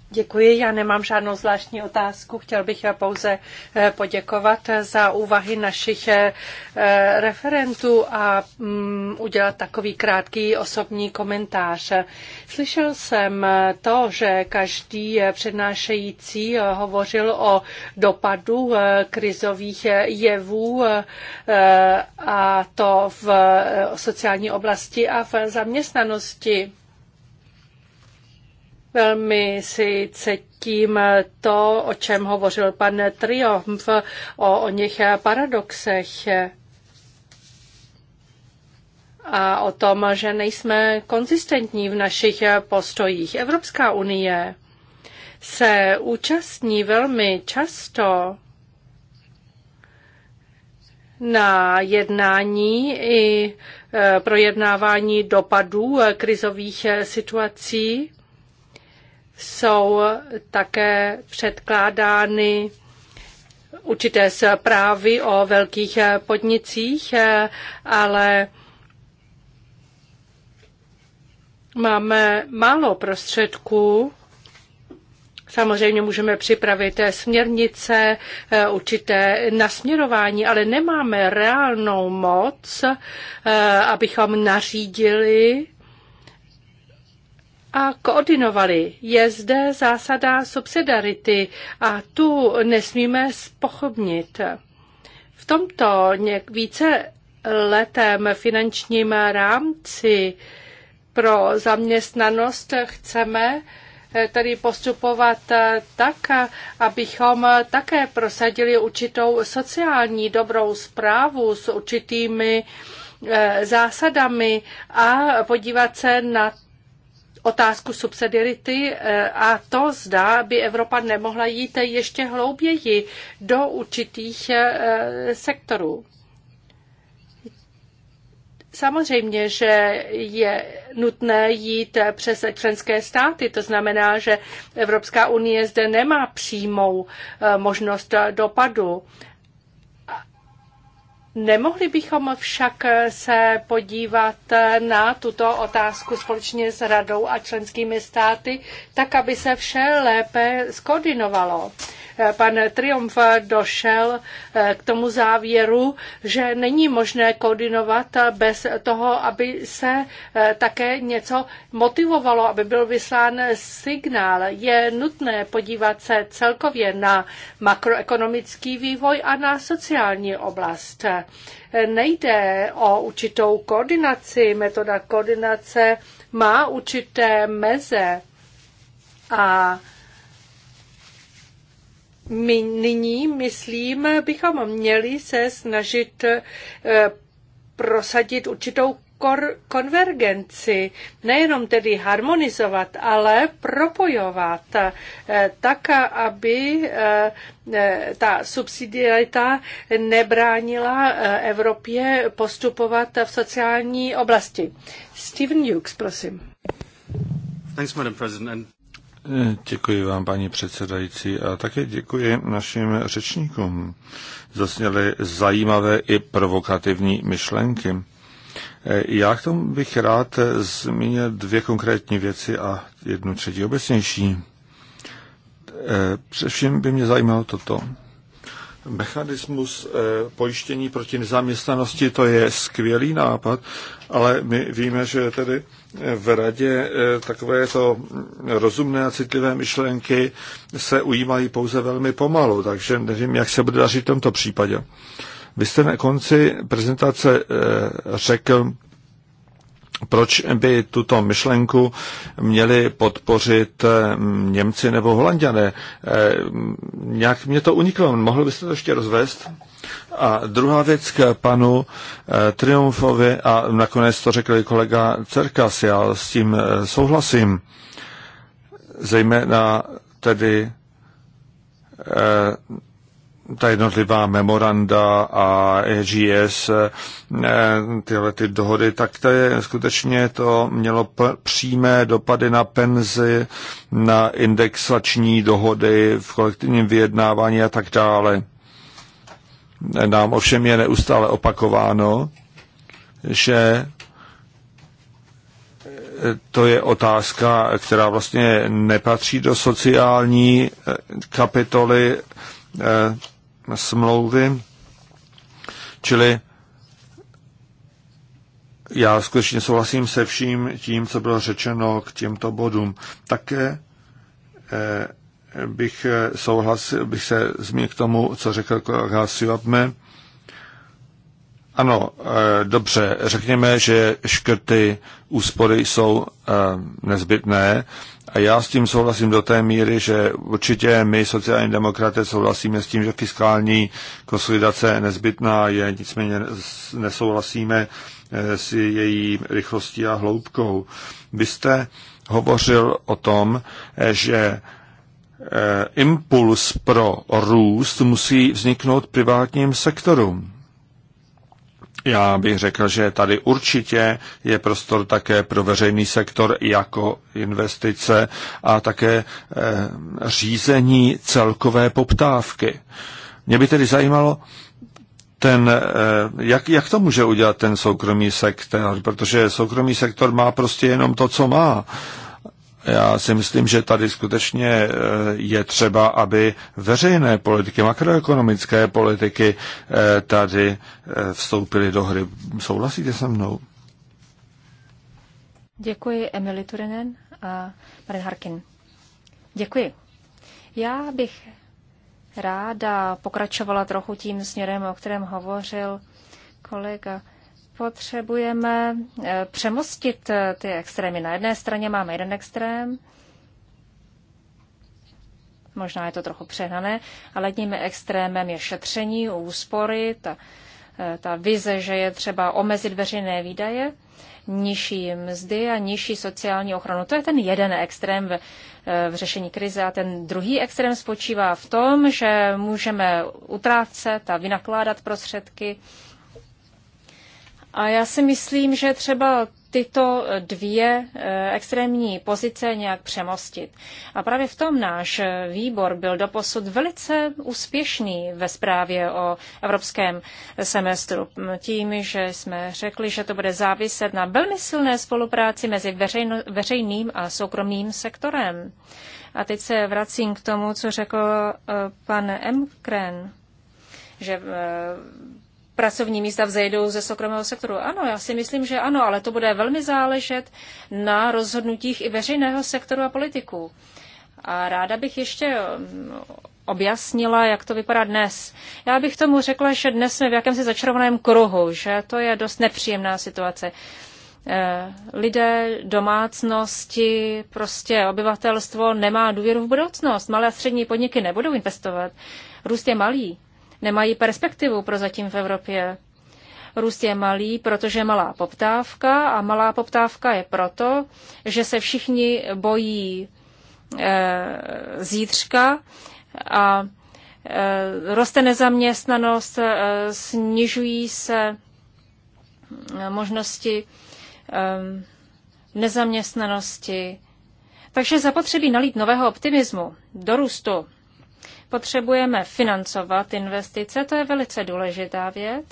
Děkuji, já nemám žádnou zvláštní otázku. Chtěl bych pouze eh, poděkovat za úvahy našich eh, eh, referentů a mm, udělat takový krátký osobní komentář. Slyšel jsem to, že každý přednášející hovořil o dopadu krizových jevů a to v sociální oblasti a v zaměstnanosti. Velmi si cítím to, o čem hovořil pan Triumf, o, o něch paradoxech a o tom, že nejsme konzistentní v našich postojích. Evropská unie se účastní velmi často na jednání i e, projednávání dopadů krizových situací jsou také předkládány určité zprávy o velkých podnicích, ale máme málo prostředků. Samozřejmě můžeme připravit směrnice, určité nasměrování, ale nemáme reálnou moc, eh, abychom nařídili a koordinovali. Je zde zásada subsidiarity a tu nesmíme spochybnit. V tomto něk více letém finančním rámci pro zaměstnanost chceme eh, tedy postupovat eh, tak, abychom také prosadili určitou sociální dobrou zprávu s určitými eh, zásadami a podívat se na otázku subsidiarity eh, a to zda by Evropa nemohla jít ještě hlouběji do určitých eh, sektorů. Samozřejmě, že je nutné jít přes členské státy. To znamená, že Evropská unie zde nemá přímou eh, možnost dopadu. Nemohli bychom však se podívat na tuto otázku společně s radou a členskými státy, tak aby se vše lépe skoordinovalo. Pan Triumf došel eh, k tomu závěru, že není možné koordinovat bez toho, aby se eh, také něco motivovalo, aby byl vyslán signál. Je nutné podívat se celkově na makroekonomický vývoj a na sociální oblast. Nejde o určitou koordinaci, metoda koordinace má určité meze a my nyní, myslím, bychom měli se snažit eh, prosadit určitou konvergenci, nejenom tedy harmonizovat, ale propojovat eh, tak, aby eh, ta subsidiarita nebránila Evropě postupovat v sociální oblasti. Steven Hughes, prosím. Thanks, Madam President. Děkuji vám, paní předsedající, a také děkuji našim řečníkům. Zasněly zajímavé i provokativní myšlenky. Já k tomu bych rád zmínil dvě konkrétní věci a jednu třetí obecnější. Především by mě zajímalo toto. Mechanismus eh, pojištění proti nezaměstnanosti, to je skvělý nápad, ale my víme, že tedy v radě eh, takovéto rozumné a citlivé myšlenky se ujímají pouze velmi pomalu, takže nevím, jak se bude dařit v tomto případě. Vy jste na konci prezentace eh, řekl, proč by tuto myšlenku měli podpořit eh, Němci nebo Holanděné. Eh, nějak mě to uniklo, mohl byste to ještě rozvést? A druhá věc k panu eh, Triumfovi, a nakonec to řekl kolega Cerkas, já s tím souhlasím, zejména tedy ta jednotlivá memoranda a EGS, eh, tyhle ty dohody, tak to je, skutečně to mělo přímé dopady na penzi, na indexační dohody v kolektivním vyjednávání a tak dále. Nám ovšem je neustále opakováno, že eh, to je otázka, která vlastně nepatří do sociální eh, kapitoly smlouvy, čili já skutečně souhlasím se vším tím, co bylo řečeno k těmto bodům. Také eh, bych, eh, souhlasil, bych se zmínil k tomu, co řekl kolega ano, eh, dobře, řekněme, že škrty úspory jsou eh, nezbytné a já s tím souhlasím do té míry, že určitě my, sociální demokraté, souhlasíme s tím, že fiskální konsolidace je nezbytná je, nicméně nesouhlasíme eh, s její rychlostí a hloubkou. Vy jste hovořil o tom, že impuls pro růst musí vzniknout privátním sektorům. Já bych řekl, že tady určitě je prostor také pro veřejný sektor jako investice a také eh, řízení celkové poptávky. Mě by tedy zajímalo, ten, eh, jak, jak to může udělat ten soukromý sektor, protože soukromý sektor má prostě jenom to, co má. Já si myslím, že tady skutečně eh, je třeba, aby veřejné politiky, makroekonomické politiky eh, tady eh, vstoupily do hry. Souhlasíte se mnou? Děkuji Emily Turinen a Marin Harkin. Děkuji. Já bych ráda pokračovala trochu tím směrem, o kterém hovořil kolega potřebujeme eh, přemostit eh, ty extrémy. Na jedné straně máme jeden extrém, možná je to trochu přehnané, ale jedním extrémem je šetření, úspory, ta, eh, ta vize, že je třeba omezit veřejné výdaje, nižší mzdy a nižší sociální ochranu. To je ten jeden extrém v, v řešení krize. A ten druhý extrém spočívá v tom, že můžeme utrácet a vynakládat prostředky a já si myslím, že třeba tyto dvě eh, extrémní pozice nějak přemostit. A právě v tom náš eh, výbor byl doposud velice úspěšný ve zprávě o evropském semestru. Tím, že jsme řekli, že to bude záviset na velmi silné spolupráci mezi veřejno, veřejným a soukromým sektorem. A teď se vracím k tomu, co řekl eh, pan M. Kren, že pracovní místa vzejdou ze soukromého sektoru. Ano, já si myslím, že ano, ale to bude velmi záležet na rozhodnutích i veřejného sektoru a politiků. A ráda bych ještě um, objasnila, jak to vypadá dnes. Já bych tomu řekla, že dnes jsme v jakémsi začarovaném kruhu, že to je dost nepříjemná situace. Eh, lidé, domácnosti, prostě obyvatelstvo nemá důvěru v budoucnost. Malé a střední podniky nebudou investovat. Růst je malý nemají perspektivu prozatím v Evropě. Růst je malý, protože malá poptávka a malá poptávka je proto, že se všichni bojí e, zítřka a e, roste nezaměstnanost, e, snižují se možnosti e, nezaměstnanosti. Takže zapotřebí nalít nového optimismu do růstu. Potřebujeme financovat investice, to je velice důležitá věc.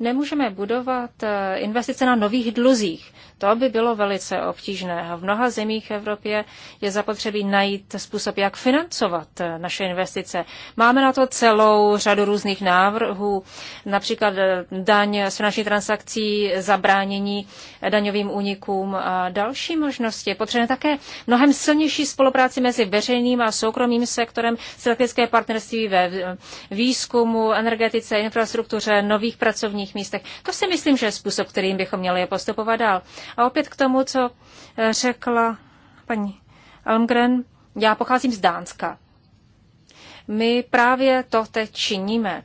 Nemůžeme budovat eh, investice na nových dluzích. To by bylo velice obtížné. A v mnoha zemích v Evropě je zapotřebí najít způsob, jak financovat eh, naše investice. Máme na to celou řadu různých návrhů, například eh, daň z finančních transakcí, zabránění daňovým únikům a další možnosti. Potřebujeme také mnohem silnější spolupráci mezi veřejným a soukromým sektorem, strategické partnerství ve výzkumu, energetice, infrastruktuře, nových pracovních pracovních místech. To si myslím, že je způsob, kterým bychom měli postupovat dál. A opět k tomu, co eh, řekla paní Almgren, já pocházím z Dánska. My právě to teď činíme.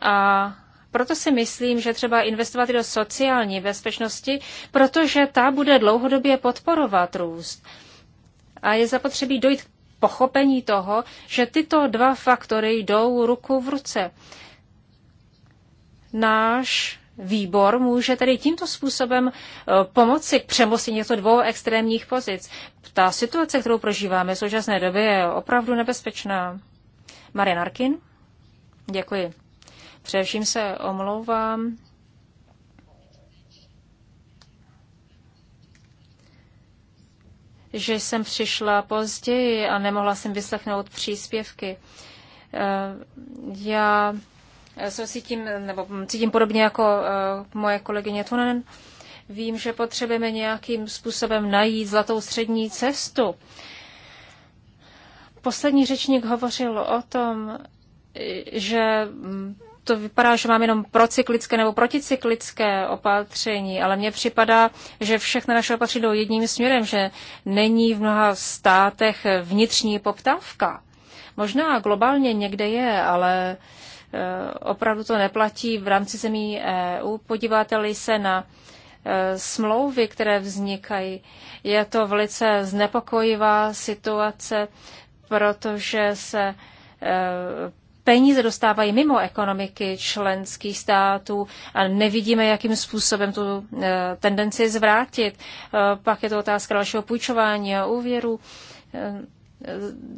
A proto si myslím, že třeba investovat i do sociální bezpečnosti, protože ta bude dlouhodobě podporovat růst. A je zapotřebí dojít k pochopení toho, že tyto dva faktory jdou ruku v ruce náš výbor může tedy tímto způsobem eh, pomoci k přemoci těchto dvou extrémních pozic. Ta situace, kterou prožíváme v současné době, je opravdu nebezpečná. Marian Arkin? Děkuji. Především se omlouvám. že jsem přišla později a nemohla jsem vyslechnout příspěvky. Eh, já Eh, se cítím, nebo cítím podobně jako eh, moje kolegyně Tonen. Vím, že potřebujeme nějakým způsobem najít zlatou střední cestu. Poslední řečník hovořil o tom, že mm, to vypadá, že máme jenom procyklické nebo proticyklické opatření, ale mně připadá, že všechny naše opatření jdou jedním směrem, že není v mnoha státech vnitřní poptávka. Možná globálně někde je, ale uh, Eh, opravdu to neplatí v rámci zemí EU. Podíváte-li se na eh, smlouvy, které vznikají, je to velice znepokojivá situace, protože se eh, peníze dostávají mimo ekonomiky členských států a nevidíme, jakým způsobem tu tendenci zvrátit. Pak je to otázka dalšího půjčování a úvěru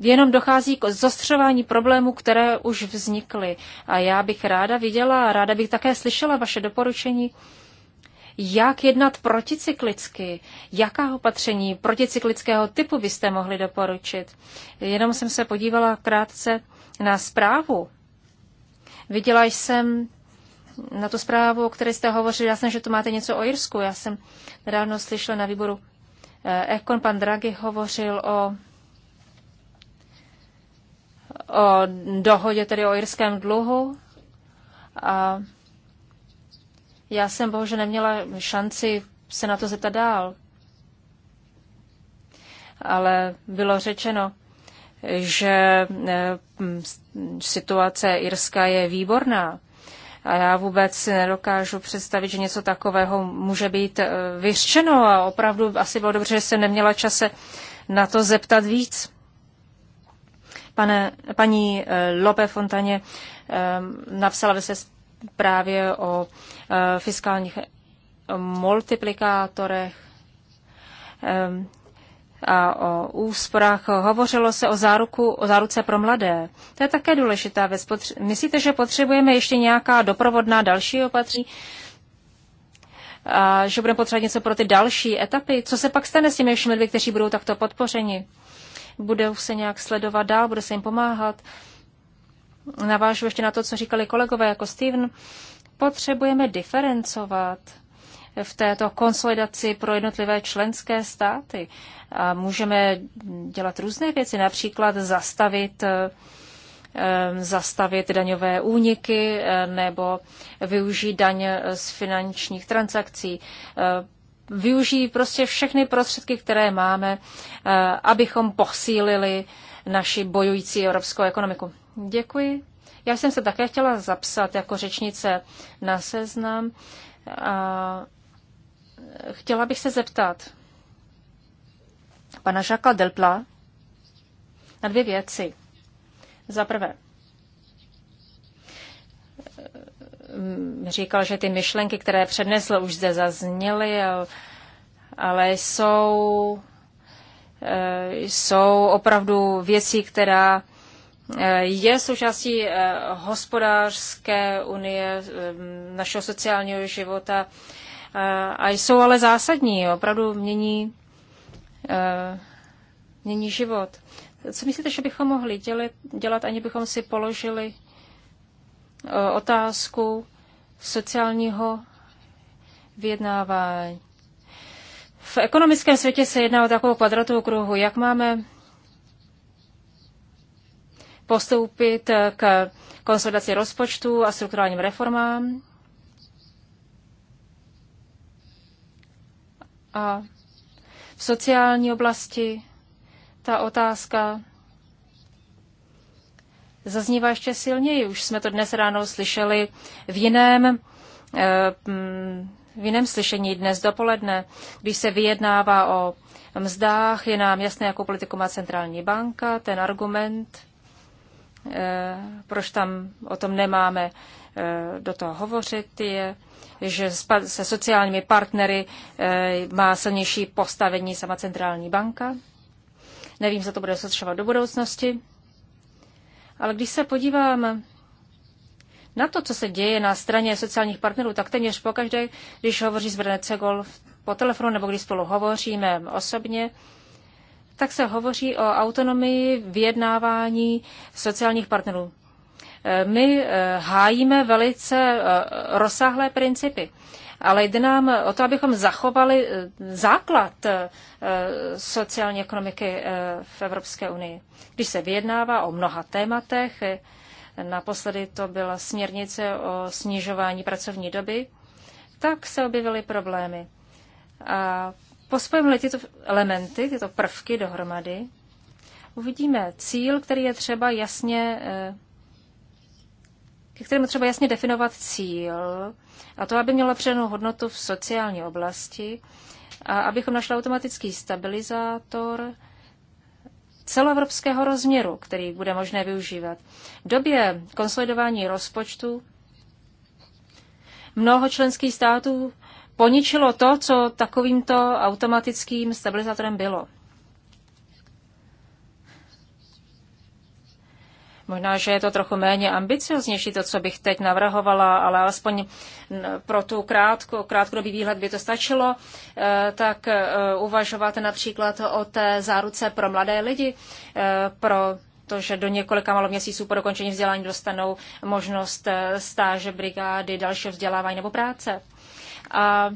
jenom dochází k zostřování problémů, které už vznikly. A já bych ráda viděla, ráda bych také slyšela vaše doporučení, jak jednat proticyklicky, jaká opatření proticyklického typu byste mohli doporučit. Jenom jsem se podívala krátce na zprávu. Viděla jsem na tu zprávu, o které jste hovořili, já jsem, že tu máte něco o Jirsku. Já jsem nedávno slyšela na výboru eh, Ekon, pan Draghi hovořil o o dohodě tedy o jirském dluhu. A já jsem bohužel neměla šanci se na to zeptat dál. Ale bylo řečeno, že e, situace Irska je výborná. A já vůbec si nedokážu představit, že něco takového může být e, vyřčeno a opravdu asi bylo dobře, že jsem neměla čase na to zeptat víc. Pane, paní eh, Lope Fontaně eh, napsala ve se právě o eh, fiskálních multiplikátorech a o úsporách. Hovořilo se o, záruku, o záruce pro mladé. To je také důležitá věc. Myslíte, že potřebujeme ještě nějaká doprovodná další opatření? A že budeme potřebovat něco pro ty další etapy? Co se pak stane s těmi všemi lidmi, kteří budou takto podpořeni? budou se nějak sledovat dál, bude se jim pomáhat. Navážu ještě na to, co říkali kolegové jako Steven. Potřebujeme diferencovat v této konsolidaci pro jednotlivé členské státy. A můžeme dělat různé věci, například zastavit eh, zastavit daňové úniky eh, nebo využít daň z finančních transakcí, eh, využijí prostě všechny prostředky, které máme, eh, abychom posílili naši bojující evropskou ekonomiku. Děkuji. Já jsem se také chtěla zapsat jako řečnice na seznam. A chtěla bych se zeptat pana Žaka Delpla na dvě věci. Za prvé, Mm, říkal, že ty myšlenky, které přednesl, už zde zazněly, ale jsou, eh, jsou opravdu věcí, která eh, je součástí eh, hospodářské unie, našeho sociálního života a jsou ale zásadní, opravdu mění, mění život. Co myslíte, že bychom mohli dělat, dělat, ani bychom si položili E, otázku sociálního vyjednávání. V ekonomickém světě se jedná o takovou kvadratovou kruhu. Jak máme postoupit k konsolidaci rozpočtu a strukturálním reformám? A v sociální oblasti ta otázka zaznívá ještě silněji. Už jsme to dnes ráno slyšeli v jiném eh, v jiném slyšení dnes dopoledne, když se vyjednává o mzdách, je nám jasné, jakou politiku má centrální banka, ten argument, eh, proč tam o tom nemáme eh, do toho hovořit, je, že se sociálními partnery má silnější postavení sama centrální banka. Nevím, zda to bude zastřešovat do budoucnosti. Ale když se podívám na to, co se děje na straně sociálních partnerů, tak téměř pokaždé, když hovoří s Brené Cegol po telefonu nebo když spolu hovoříme osobně, tak se hovoří o autonomii vyjednávání sociálních partnerů. E, my e, hájíme velice e, rozsáhlé principy ale jde nám o to, abychom zachovali eh, základ eh, sociální ekonomiky eh, v Evropské unii. Když se vyjednává o mnoha tématech, naposledy to byla směrnice o snižování pracovní doby, tak se objevily problémy. A pospojíme tyto elementy, tyto prvky dohromady, uvidíme cíl, který je třeba jasně ke kterému třeba jasně definovat cíl, a to, aby mělo přenou hodnotu v sociální oblasti, a abychom našli automatický stabilizátor celoevropského rozměru, který bude možné využívat. V době konsolidování rozpočtu mnoho členských států poničilo to, co takovýmto automatickým stabilizátorem bylo. Možná, že je to trochu méně ambicioznější, to, co bych teď navrhovala, ale alespoň pro tu krátko, krátkodobý výhled by to stačilo, e, tak e, uvažovat například o té záruce pro mladé lidi, e, pro to, že do několika malo měsíců po dokončení vzdělání dostanou možnost stáže, brigády, dalšího vzdělávání nebo práce. A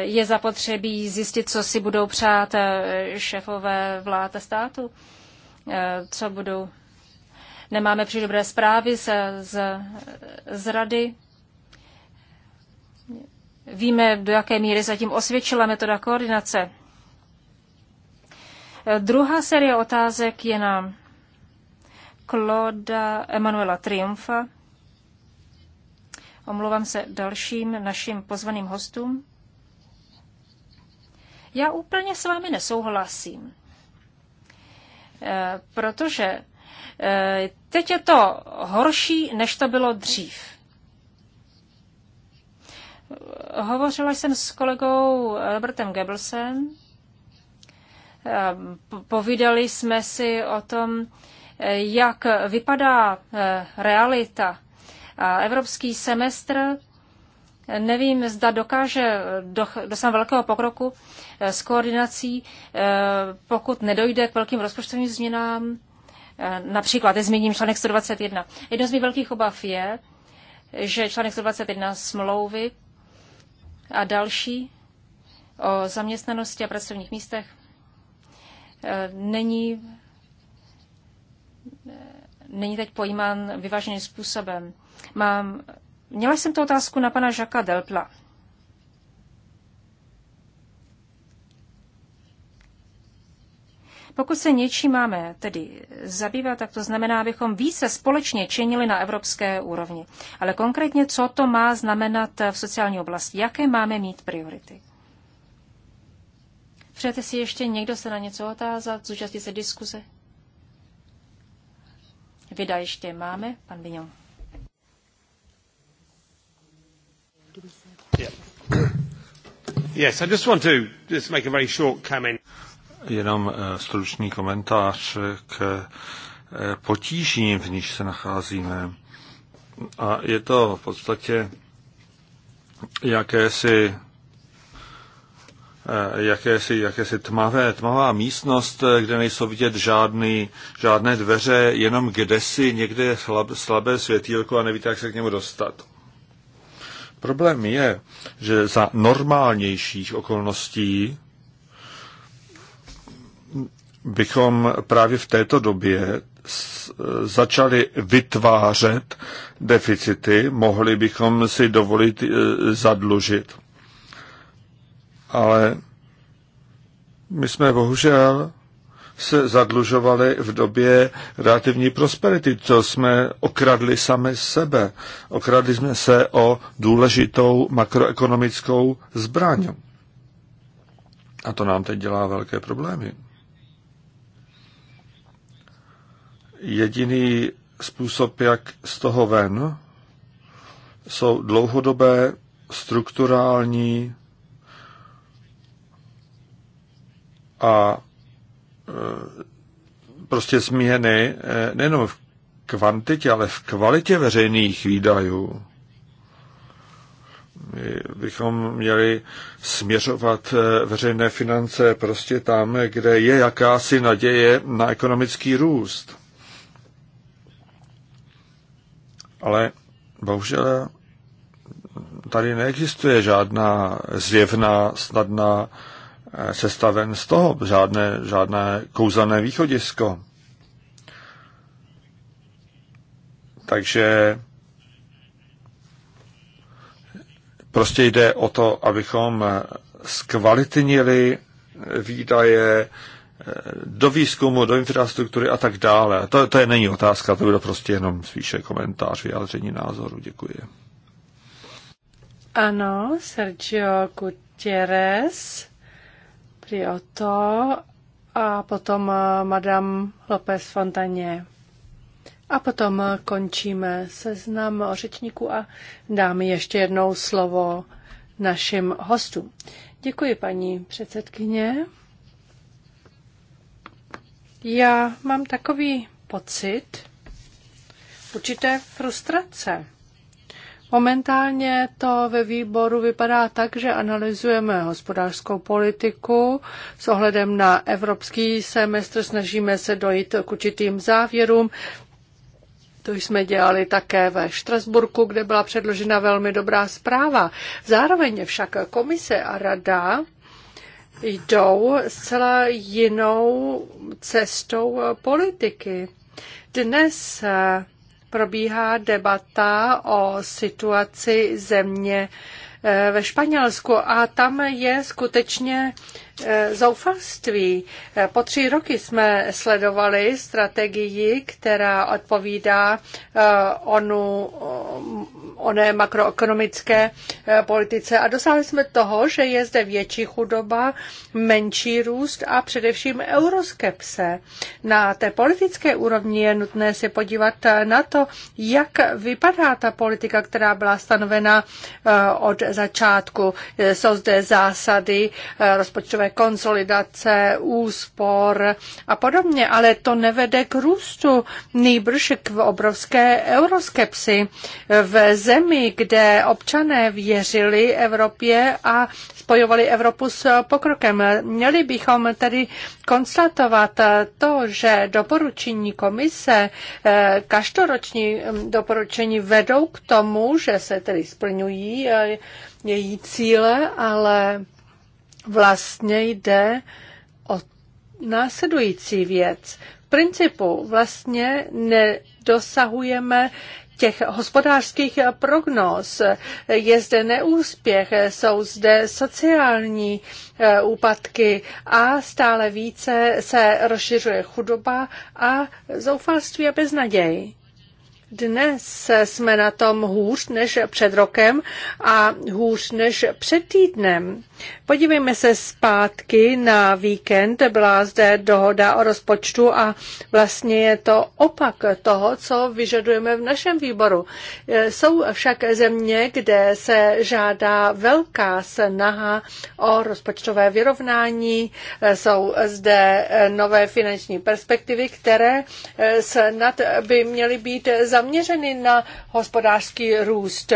je zapotřebí zjistit, co si budou přát šéfové vlád a státu, co budou nemáme příliš dobré zprávy z, z, z rady. Víme, do jaké míry zatím osvědčila metoda koordinace. Druhá série otázek je na Claude Emanuela Triumfa. Omlouvám se dalším našim pozvaným hostům. Já úplně s vámi nesouhlasím, eh, protože Eh, teď je to horší, než to bylo dřív. Hovořila jsem s kolegou Robertem Gebelsem. Eh, povídali jsme si o tom, eh, jak vypadá realita. A evropský semestr, nevím, zda dokáže dosáhnout velkého pokroku s koordinací, pokud nedojde k velkým rozpočtovým změnám Eh, například, zmíním článek 121. Jedno z mých velkých obav je, že článek 121 smlouvy a další o zaměstnanosti a pracovních místech eh, není, eh, není teď pojímán vyváženým způsobem. Mám, měla jsem tu otázku na pana Žaka Delpla. Pokud se něčím máme tedy zabývat, tak to znamená, abychom více společně činili na evropské úrovni. Ale konkrétně, co to má znamenat v sociální oblasti? Jaké máme mít priority? Přejete si ještě někdo se na něco otázat, zúčastnit se diskuze? Vida ještě máme, pan Vignon. Yes, I just want to just make a very short comment jenom eh, stručný komentář k eh, potížím, v níž se nacházíme. A je to v podstatě jakési, eh, jakési, jakési tmavé, tmavá místnost, kde nejsou vidět žádný, žádné dveře, jenom si někde je slab, slabé světýlko a nevíte, jak se k němu dostat. Problém je, že za normálnějších okolností bychom právě v této době začali vytvářet deficity, mohli bychom si dovolit e, zadlužit. Ale my jsme bohužel se zadlužovali v době relativní prosperity, co jsme okradli sami sebe. Okradli jsme se o důležitou makroekonomickou zbraň. A to nám teď dělá velké problémy. jediný způsob, jak z toho ven, jsou dlouhodobé strukturální a e, prostě změny e, nejenom v kvantitě, ale v kvalitě veřejných výdajů. My bychom měli směřovat e, veřejné finance prostě tam, kde je jakási naděje na ekonomický růst. Ale bohužel tady neexistuje žádná zjevná, snadná eh, cesta ven z toho, žádné, žádné kouzelné východisko. Takže prostě jde o to, abychom zkvalitnili výdaje, do výzkumu, do infrastruktury a tak dále. To, to je není otázka, to bylo prostě jenom spíše komentář, vyjádření názoru. Děkuji. Ano, Sergio Gutierrez, Prioto a potom eh, Madame López Fontaně. A potom eh, končíme seznam řečníků a dáme ještě jednou slovo našim hostům. Děkuji, paní předsedkyně. Já mám takový pocit určité frustrace. Momentálně to ve výboru vypadá tak, že analyzujeme hospodářskou politiku. S ohledem na evropský semestr snažíme se dojít k určitým závěrům. To jsme dělali také ve Štrasburku, kde byla předložena velmi dobrá zpráva. Zároveň však komise a rada jdou zcela jinou cestou politiky. Dnes probíhá debata o situaci země eh, ve Španělsku a tam je skutečně eh, zoufalství. Eh, po tři roky jsme sledovali strategii, která odpovídá onu oné makroekonomické eh, politice a dosáhli jsme toho, že je zde větší chudoba, menší růst a především euroskepse. Na té politické úrovni je nutné se podívat eh, na to, jak vypadá ta politika, která byla stanovena eh, od začátku. Jsou zde zásady rozpočtové konsolidace, úspor a podobně, ale to nevede k růstu, nýbrž k obrovské euroskepsi. V zemi, kde občané věřili Evropě a spojovali Evropu s pokrokem. Měli bychom tedy konstatovat to, že doporučení komise, eh, každoroční hm, doporučení vedou k tomu, že se tedy splňují eh, její cíle, ale vlastně jde o následující věc. V principu vlastně nedosahujeme těch hospodářských prognóz. Je zde neúspěch, jsou zde sociální eh, úpadky a stále více se rozšiřuje chudoba a zoufalství a beznaděj. Dnes jsme na tom hůř než před rokem a hůř než před týdnem. Podívejme se zpátky na víkend. Byla zde dohoda o rozpočtu a vlastně je to opak toho, co vyžadujeme v našem výboru. E, jsou však země, kde se žádá velká snaha o rozpočtové vyrovnání. E, jsou zde e, nové finanční perspektivy, které snad by měly být zaměřeny na hospodářský růst.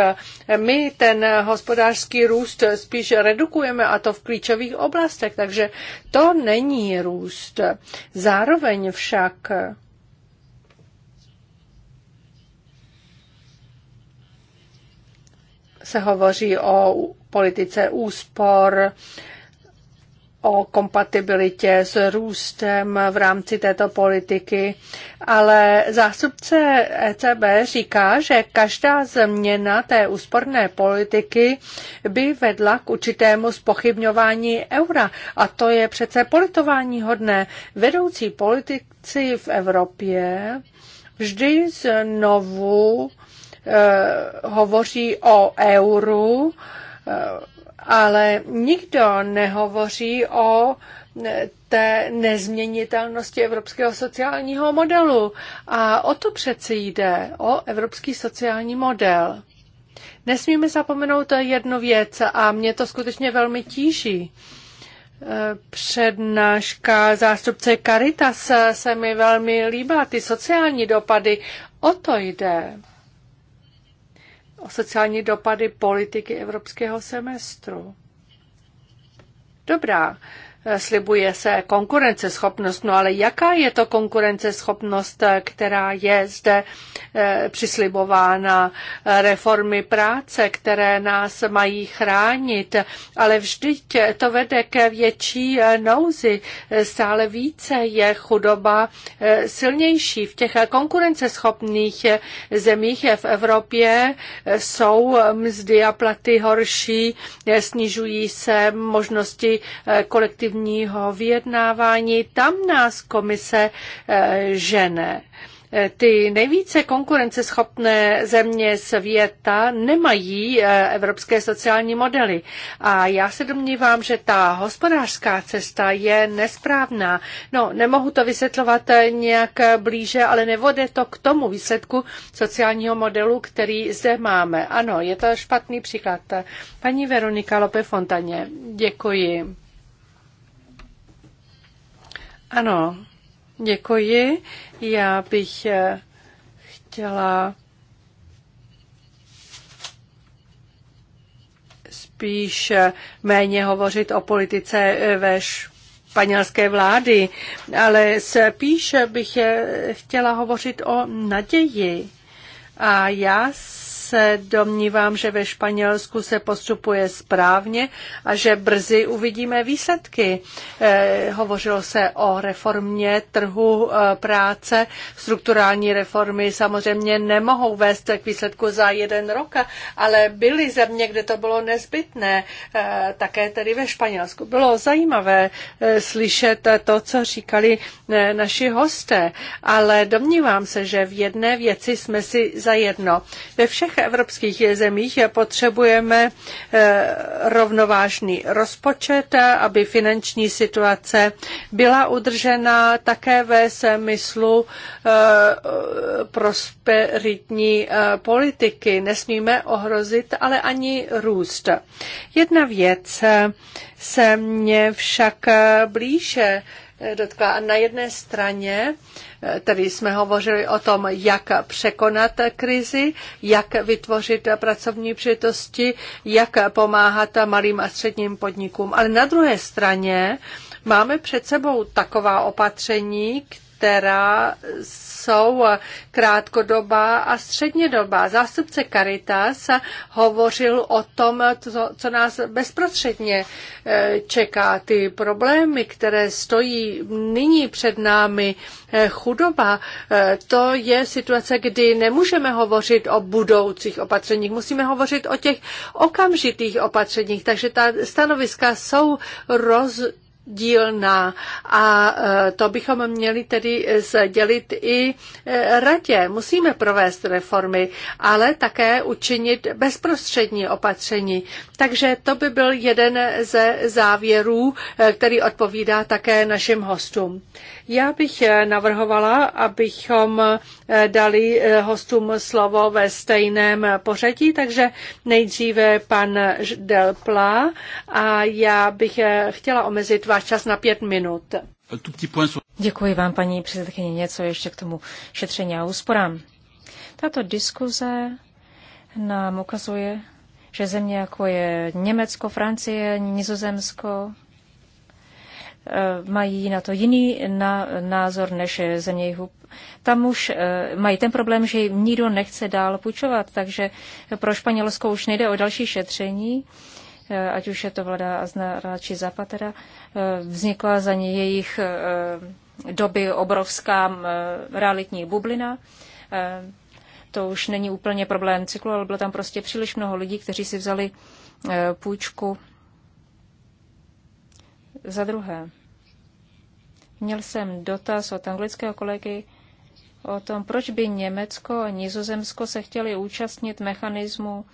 My ten hospodářský růst spíš redukujeme zvyšujeme a to v klíčových oblastech, takže to není růst. Zároveň však se hovoří o politice úspor, o kompatibilitě s růstem v rámci této politiky, ale zástupce ECB říká, že každá změna té úsporné politiky by vedla k určitému spochybňování eura. A to je přece politování hodné. Vedoucí politici v Evropě vždy znovu eh, hovoří o euru, eh, ale nikdo nehovoří o té nezměnitelnosti evropského sociálního modelu. A o to přeci jde, o evropský sociální model. Nesmíme zapomenout jednu věc a mě to skutečně velmi tíží. E, přednáška zástupce Caritas se mi velmi líbá, ty sociální dopady, o to jde o sociální dopady politiky evropského semestru. Dobrá, Eh, slibuje se konkurenceschopnost, no ale jaká je to konkurenceschopnost, eh, která je zde eh, přislibována reformy práce, které nás mají chránit, ale vždyť to vede ke větší nouzi. Stále více je chudoba silnější. V těch konkurenceschopných zemích v Evropě jsou mzdy a platy horší, snižují se možnosti kolektivní kolektivního vyjednávání, tam nás komise eh, žene. Eh, ty nejvíce konkurenceschopné země světa nemají eh, evropské sociální modely. A já se domnívám, že ta hospodářská cesta je nesprávná. No, nemohu to vysvětlovat nějak blíže, ale nevode to k tomu výsledku sociálního modelu, který zde máme. Ano, je to špatný příklad. Paní Veronika Lope Fontaně, děkuji. Ano, děkuji. Já bych eh, chtěla spíš eh, méně hovořit o politice eh, ve španělské vlády, ale spíš bych chtěla hovořit o naději. A já se domnívám, že ve Španělsku se postupuje správně a že brzy uvidíme výsledky. Eh, hovořilo se o reformě trhu eh, práce. Strukturální reformy samozřejmě nemohou vést k výsledku za jeden rok, ale byly země, kde to bylo nezbytné, eh, také tedy ve Španělsku. Bylo zajímavé slyšet to, co říkali naši hosté, ale domnívám se, že v jedné věci jsme si zajedno. Ve všech evropských zemích potřebujeme eh, rovnovážný rozpočet, aby finanční situace byla udržena také ve smyslu eh, prosperitní eh, politiky. Nesmíme ohrozit ale ani růst. Jedna věc se mně však blíže dotkla. A na jedné straně, eh, tedy jsme hovořili o tom, jak překonat krizi, jak vytvořit pracovní příležitosti, jak pomáhat malým a středním podnikům. Ale na druhé straně máme před sebou taková opatření, která která jsou krátkodobá a střednědobá. Zástupce Caritas hovořil o tom, co, co nás bezprostředně e, čeká. Ty problémy, které stojí nyní před námi, e, chudoba, e, to je situace, kdy nemůžeme hovořit o budoucích opatřeních, musíme hovořit o těch okamžitých opatřeních, takže ta stanoviska jsou roz dílna a e, to bychom měli tedy sdělit i e, radě. Musíme provést reformy, ale také učinit bezprostřední opatření. Takže to by byl jeden ze závěrů, e, který odpovídá také našim hostům. Já bych navrhovala, abychom dali hostům slovo ve stejném pořadí, takže nejdříve pan Delpla a já bych chtěla omezit váš čas na pět minut. Děkuji vám, paní předsedkyně, něco ještě k tomu šetření a úsporám. Tato diskuze nám ukazuje, že země jako je Německo, Francie, Nizozemsko eh, mají na to jiný na, názor než země jihu. Tam už eh, mají ten problém, že jim nikdo nechce dál půjčovat, takže pro Španělsko už nejde o další šetření Eh, ať už je to vláda Aznara či Zapatera, eh, vznikla za ně jejich eh, doby obrovská realitní bublina. To už není úplně problém cyklu, ale bylo tam prostě příliš mnoho lidí, kteří si vzali půjčku za druhé. Měl jsem dotaz od anglického kolegy o tom, proč by Německo a Nizozemsko se chtěli účastnit mechanismu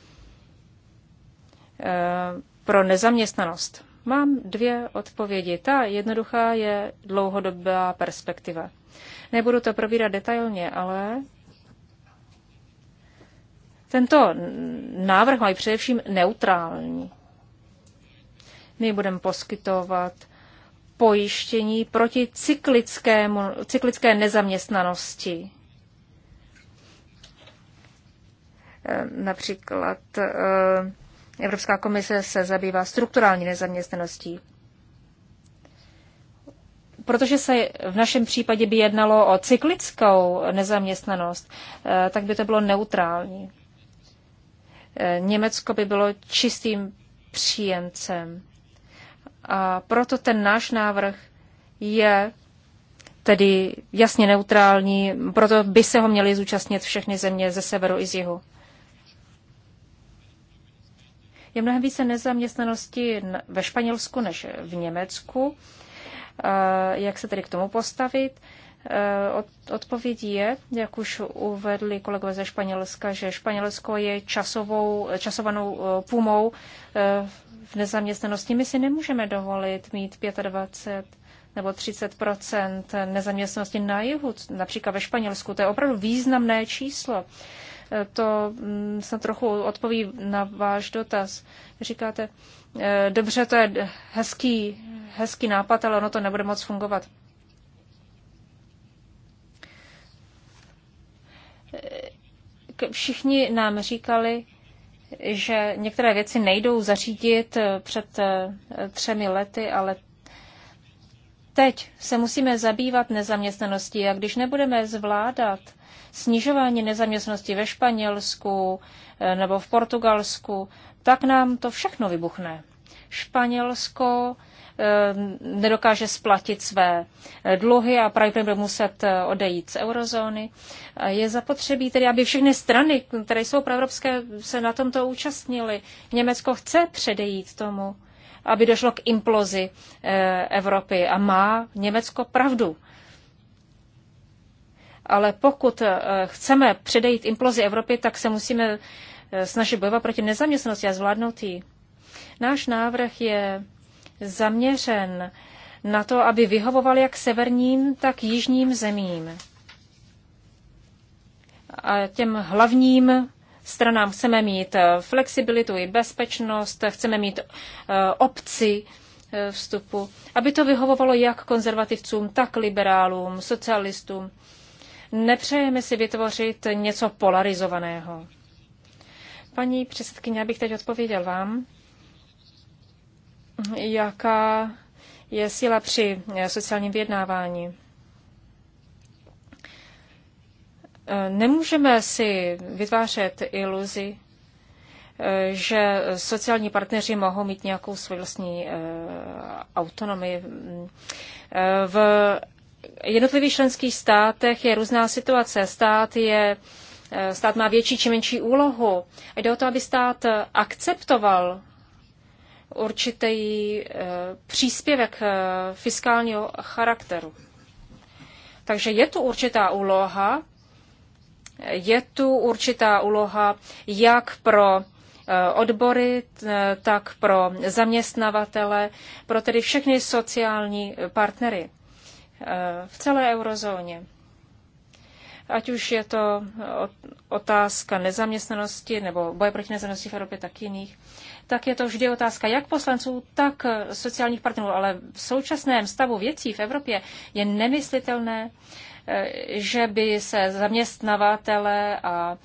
pro nezaměstnanost? Mám dvě odpovědi. Ta jednoduchá je dlouhodobá perspektiva. Nebudu to probírat detailně, ale tento návrh mají především neutrální. My budeme poskytovat pojištění proti cyklickému, cyklické nezaměstnanosti. Například eh, Evropská komise se zabývá strukturální nezaměstnaností. Protože se v našem případě by jednalo o cyklickou nezaměstnanost, eh, tak by to bylo neutrální. Eh, Německo by bylo čistým příjemcem. A proto ten náš návrh je tedy jasně neutrální, proto by se ho měly zúčastnit všechny země ze severu i z jihu. Je mnohem více nezaměstnanosti ve Španělsku než v Německu. Jak se tedy k tomu postavit? Odpověď je, jak už uvedli kolegové ze Španělska, že Španělsko je časovou, časovanou e, pumou e, v nezaměstnanosti. My si nemůžeme dovolit mít 25 nebo 30 nezaměstnanosti na jihu, například ve Španělsku. To je opravdu významné číslo to mm, snad trochu odpoví na váš dotaz. Říkáte, eh, dobře, to je hezký, hezký nápad, ale ono to nebude moc fungovat. Eh, všichni nám říkali, že některé věci nejdou zařídit eh, před třemi lety, ale teď se musíme zabývat nezaměstnaností a když nebudeme zvládat snižování nezaměstnosti ve Španělsku eh, nebo v Portugalsku, tak nám to všechno vybuchne. Španělsko eh, nedokáže splatit své eh, dluhy a právě bude muset odejít z eurozóny. Je zapotřebí tedy, aby všechny strany, které jsou proevropské, se na tomto účastnily. Německo chce předejít tomu, aby došlo k implozi Evropy a má Německo pravdu ale pokud eh, chceme předejít implozi Evropy, tak se musíme eh, snažit bojovat proti nezaměstnanosti a zvládnout ji. Náš návrh je zaměřen na to, aby vyhovoval jak severním, tak jižním zemím. A těm hlavním stranám chceme mít eh, flexibilitu i bezpečnost, chceme mít obci vstupu, aby to vyhovovalo jak konzervativcům, tak liberálům, socialistům. Nepřejeme si vytvořit něco polarizovaného. Paní předsedkyně, abych teď odpověděl vám, jaká je síla při sociálním vyjednávání. Nemůžeme si vytvářet iluzi, že sociální partneři mohou mít nějakou svůj vlastní eh, autonomii. Eh, v jednotlivých členských státech je různá situace. Stát je eh, Stát má větší či menší úlohu. Jde o to, aby stát eh, akceptoval určitý eh, příspěvek fiskálního charakteru. Takže je tu určitá úloha, je tu určitá úloha jak pro odbory, tak pro zaměstnavatele, pro tedy všechny sociální partnery. Eh, v celé eurozóně. Ať už je to eh, otázka nezaměstnanosti nebo boje proti nezaměstnanosti v Evropě, tak jiných, tak je to vždy otázka jak poslanců, tak eh, sociálních partnerů. Ale v současném stavu věcí v Evropě je nemyslitelné, že by se zaměstnavatele a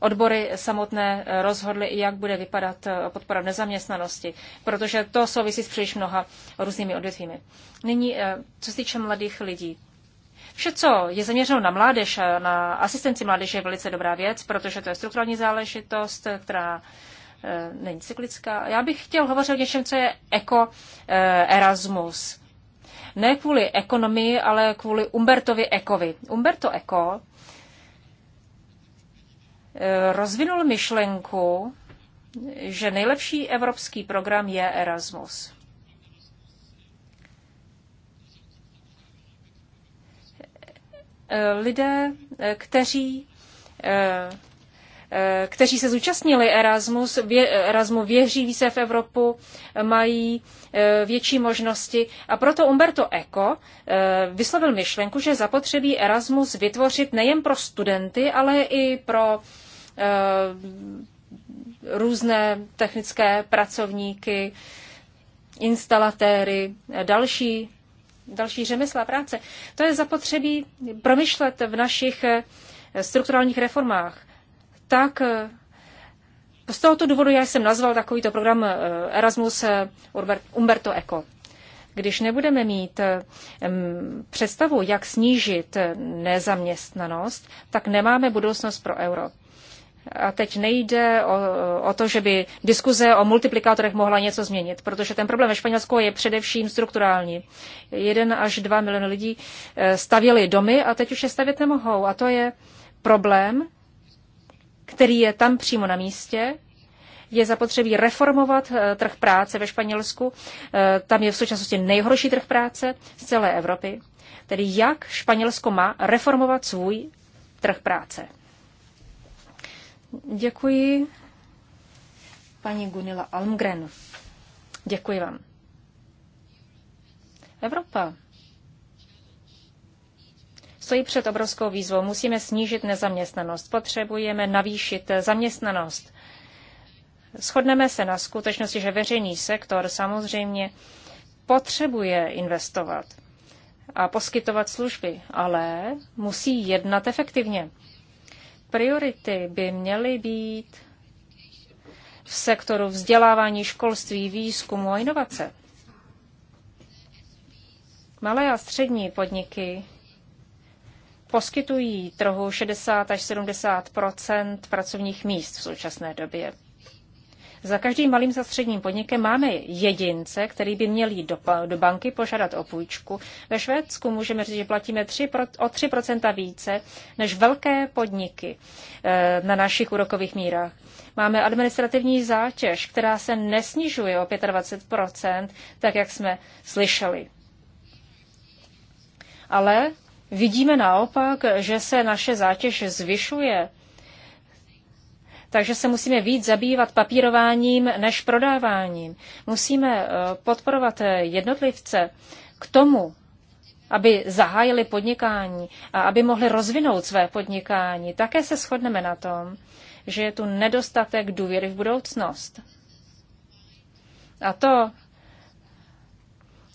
odbory samotné eh, rozhodly, jak bude vypadat eh, podpora v nezaměstnanosti, protože to souvisí s příliš mnoha různými odvětvími. Nyní, eh, co se týče mladých lidí. Vše, co je zaměřeno na mládež, na asistenci mládeže, je velice dobrá věc, protože to je strukturální záležitost, která není cyklická. Já bych chtěl hovořit o něčem, co je eko Erasmus. Ne kvůli ekonomii, ale kvůli Umbertovi Ekovi. Umberto Eko rozvinul myšlenku, že nejlepší evropský program je Erasmus. Lidé, kteří kteří se zúčastnili Erasmus, vě, Erasmu věří více v Evropu, mají větší možnosti. A proto Umberto Eco vyslovil myšlenku, že zapotřebí Erasmus vytvořit nejen pro studenty, ale i pro Eh, různé technické pracovníky, instalatéry, eh, další, další řemesla práce. To je zapotřebí promyšlet v našich eh, strukturálních reformách. Tak z tohoto důvodu já jsem nazval takovýto program Erasmus Umberto Eco. Když nebudeme mít představu, jak snížit nezaměstnanost, tak nemáme budoucnost pro euro. A teď nejde o, o to, že by diskuze o multiplikátorech mohla něco změnit, protože ten problém ve Španělsku je především strukturální. Jeden až dva miliony lidí eh, stavěli domy a teď už je stavět nemohou. A to je problém, který je tam přímo na místě. Je zapotřebí reformovat eh, trh práce ve Španělsku. Eh, tam je v současnosti nejhorší trh práce z celé Evropy. Tedy jak Španělsko má reformovat svůj trh práce. Děkuji paní Gunila Almgren. Děkuji vám. Evropa stojí před obrovskou výzvou. Musíme snížit nezaměstnanost, potřebujeme navýšit zaměstnanost. Shodneme se na skutečnosti, že veřejný sektor samozřejmě potřebuje investovat a poskytovat služby, ale musí jednat efektivně priority by měly být v sektoru vzdělávání, školství, výzkumu a inovace. Malé a střední podniky poskytují trhu 60 až 70 pracovních míst v současné době. Za každým malým a středním podnikem máme jedince, který by měl jít do, do banky požádat o půjčku. Ve Švédsku můžeme říct, že platíme 3 pro, o 3 více než velké podniky e, na našich úrokových mírách. Máme administrativní zátěž, která se nesnižuje o 25 tak jak jsme slyšeli. Ale vidíme naopak, že se naše zátěž zvyšuje takže se musíme víc zabývat papírováním než prodáváním. Musíme eh, podporovat eh, jednotlivce k tomu, aby zahájili podnikání a aby mohli rozvinout své podnikání. Také se shodneme na tom, že je tu nedostatek důvěry v budoucnost. A to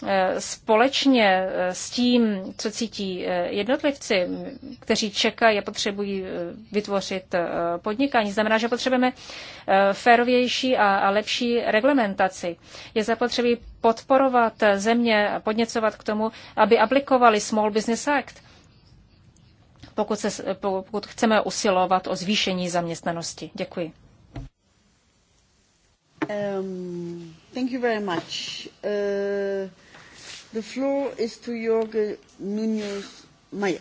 Eh, společně eh, s tím, co cítí eh, jednotlivci, kteří čekají a potřebují vytvořit podnikání. Znamená, že potřebujeme férovější a lepší reglementaci. Je zapotřebí podporovat země, podněcovat k tomu, aby aplikovali Small Business Act, pokud, se, pokud chceme usilovat o zvýšení zaměstnanosti. Děkuji. Um, thank you very much. Uh... The floor is to Jorge Nunez Mayer.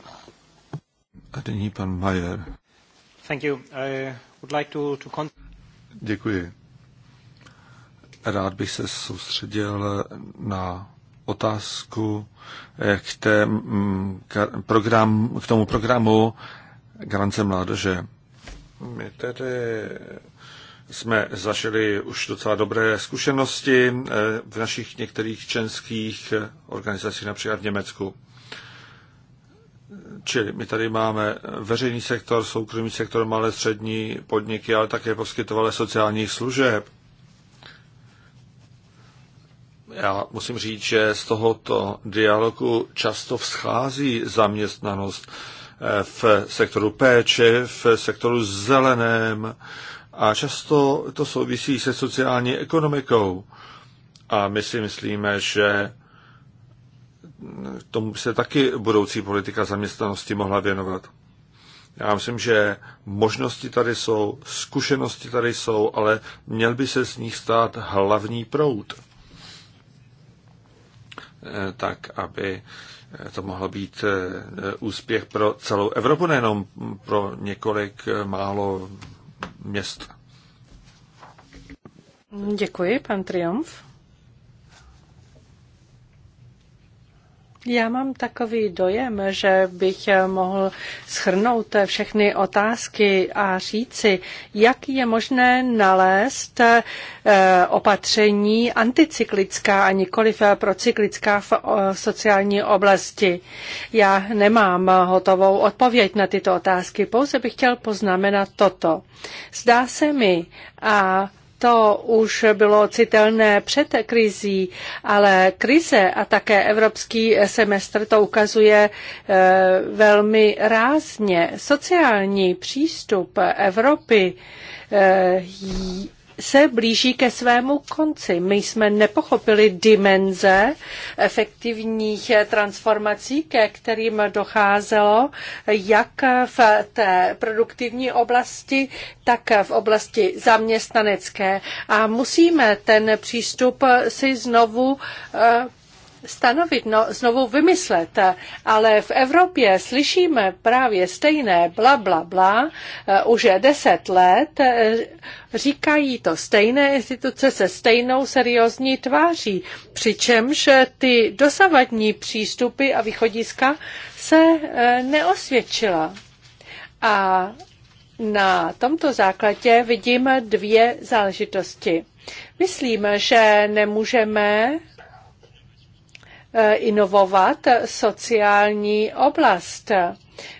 A nyní pan Mayer. Thank you. I would like to, to con- Děkuji. Rád bych se soustředil na otázku eh, k, té, mm, k, program, k tomu programu Garance mládeže. My tedy jsme zažili už docela dobré zkušenosti eh, v našich některých členských eh, organizacích, například v Německu. Čili my tady máme veřejný sektor, soukromý sektor, malé střední podniky, ale také poskytovatele sociálních služeb. Já musím říct, že z tohoto dialogu často vzchází zaměstnanost eh, v sektoru péče, v sektoru zeleném, a často to souvisí se sociální ekonomikou. A my si myslíme, že tomu se taky budoucí politika zaměstnanosti mohla věnovat. Já myslím, že možnosti tady jsou, zkušenosti tady jsou, ale měl by se z nich stát hlavní proud. Eh, tak, aby eh, to mohlo být eh, úspěch pro celou Evropu, nejenom pro několik málo měst. Děkuji, pan Triumf. Já mám takový dojem, že bych mohl schrnout všechny otázky a říci, jak je možné nalézt eh, opatření anticyklická a nikoliv procyklická v sociální oblasti. Já nemám hotovou odpověď na tyto otázky, pouze bych chtěl poznamenat toto. Zdá se mi, a to už bylo citelné před krizí, ale krize a také evropský semestr to ukazuje eh, velmi rázně. Sociální přístup Evropy eh, se blíží ke svému konci. My jsme nepochopili dimenze efektivních transformací, ke kterým docházelo jak v té produktivní oblasti, tak v oblasti zaměstnanecké. A musíme ten přístup si znovu eh, stanovit, no, znovu vymyslet, ale v Evropě slyšíme právě stejné bla, bla, bla, eh, už deset let, eh, říkají to stejné instituce se stejnou seriózní tváří, přičemž ty dosavadní přístupy a východiska se eh, neosvědčila. A na tomto základě vidím dvě záležitosti. Myslím, že nemůžeme Eh, inovovat sociální oblast.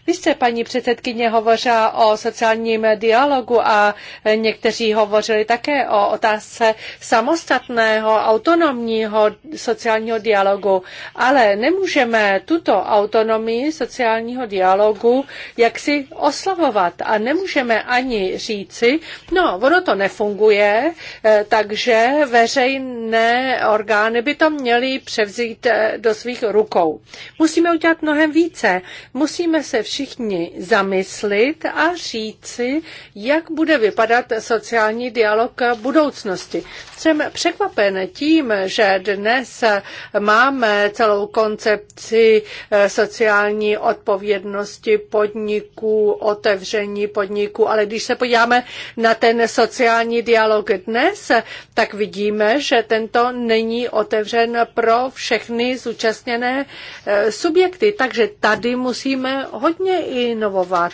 Vy jste, paní předsedkyně, hovořila o sociálním dialogu a někteří hovořili také o otázce samostatného, autonomního sociálního dialogu, ale nemůžeme tuto autonomii sociálního dialogu jaksi oslavovat a nemůžeme ani říci, no, ono to nefunguje, eh, takže veřejné orgány by to měly převzít eh, do svých rukou. Musíme udělat mnohem více. Musíme se všichni zamyslit a říci, jak bude vypadat sociální dialog budoucnosti. Jsem překvapen tím, že dnes máme celou koncepci eh, sociální odpovědnosti podniků, otevření podniků, ale když se podíváme na ten sociální dialog dnes, tak vidíme, že tento není otevřen pro všechny zúčastněné eh, subjekty. Takže tady musíme hodně inovovat.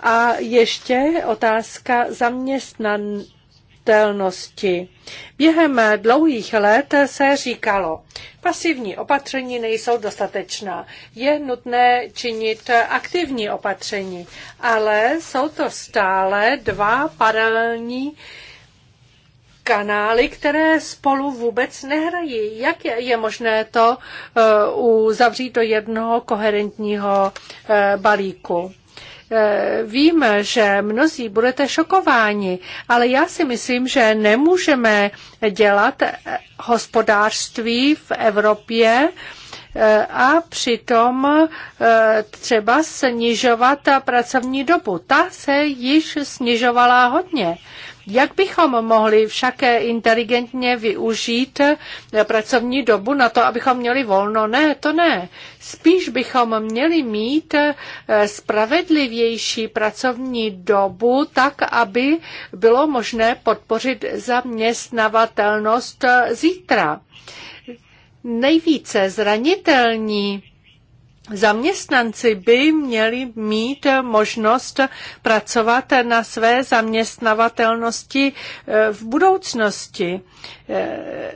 A ještě otázka zaměstnatelnosti. Během dlouhých let se říkalo, pasivní opatření nejsou dostatečná. Je nutné činit aktivní opatření, ale jsou to stále dva paralelní kanály, které spolu vůbec nehrají. Jak je, je možné to eh, uzavřít do jednoho koherentního eh, balíku? Eh, vím, že mnozí budete šokováni, ale já si myslím, že nemůžeme dělat hospodářství v Evropě a přitom třeba snižovat pracovní dobu. Ta se již snižovala hodně. Jak bychom mohli však inteligentně využít eh, pracovní dobu na to, abychom měli volno? Ne, to ne. Spíš bychom měli mít eh, spravedlivější pracovní dobu tak, aby bylo možné podpořit zaměstnavatelnost eh, zítra. Nejvíce zranitelní Zaměstnanci by měli mít možnost pracovat na své zaměstnavatelnosti eh, v budoucnosti. Eh,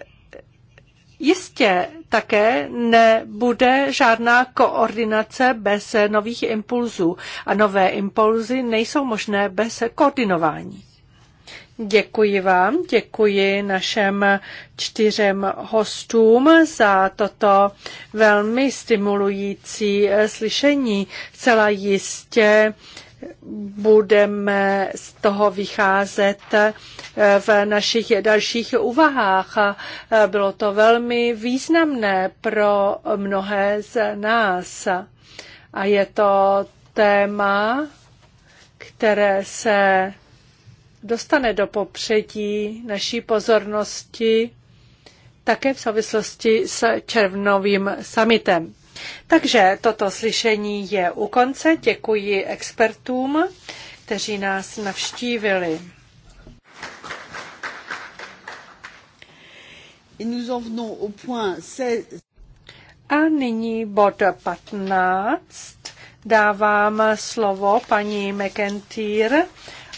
jistě také nebude žádná koordinace bez nových impulzů a nové impulzy nejsou možné bez koordinování. Děkuji vám, děkuji našem čtyřem hostům za toto velmi stimulující eh, slyšení. Celá jistě budeme z toho vycházet eh, v našich dalších uvahách. Eh, bylo to velmi významné pro mnohé z nás. A je to téma, které se dostane do popředí naší pozornosti také v souvislosti s červnovým summitem. Takže toto slyšení je u konce. Děkuji expertům, kteří nás navštívili. A nyní bod 15. Dávám slovo paní McEntire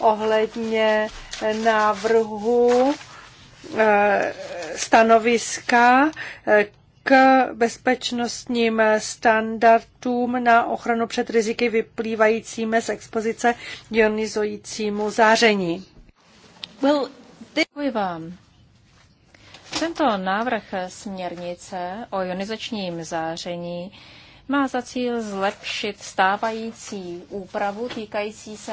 ohledně návrhu eh, stanoviska eh, k bezpečnostním standardům na ochranu před riziky vyplývajícími z expozice ionizujícímu záření. Well, děkuji vám. Tento návrh směrnice o ionizačním záření má za cíl zlepšit stávající úpravu týkající se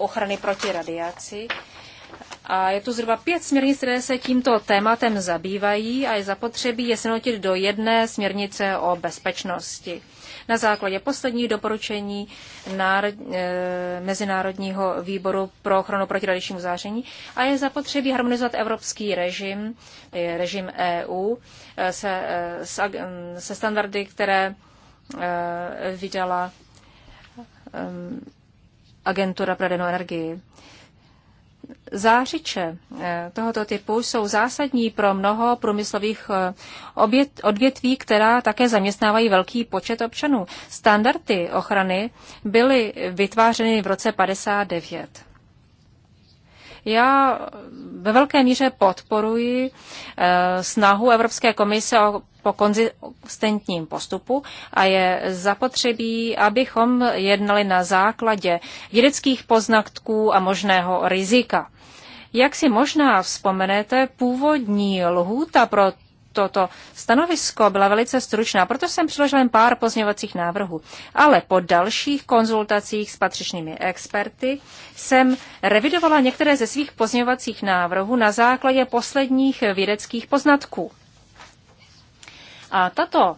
ochrany proti radiaci. A je tu zhruba pět směrnic, které se tímto tématem zabývají a je zapotřebí je sjednotit do jedné směrnice o bezpečnosti. Na základě posledních doporučení národ, e, Mezinárodního výboru pro ochranu proti radičnímu záření a je zapotřebí harmonizovat evropský režim, e, režim EU, e, se, e, se, standardy, které e, vydala e, agentura pro jadernou energii. Zářiče eh, tohoto typu jsou zásadní pro mnoho průmyslových eh, obět, odvětví, která také zaměstnávají velký počet občanů. Standardy ochrany byly vytvářeny v roce 59. Já ve velké míře podporuji eh, snahu Evropské komise o po konzistentním postupu a je zapotřebí, abychom jednali na základě vědeckých poznatků a možného rizika. Jak si možná vzpomenete, původní lhůta pro toto stanovisko byla velice stručná, proto jsem přiložil jen pár pozměňovacích návrhů. Ale po dalších konzultacích s patřičnými experty jsem revidovala některé ze svých pozměňovacích návrhů na základě posledních vědeckých poznatků. A tato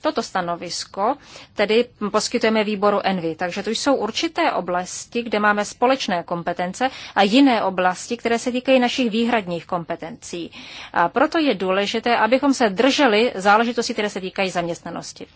Toto stanovisko tedy poskytujeme výboru Envy, takže tu jsou určité oblasti, kde máme společné kompetence a jiné oblasti, které se týkají našich výhradních kompetencí. A proto je důležité, abychom se drželi záležitosti, které se týkají zaměstnanosti.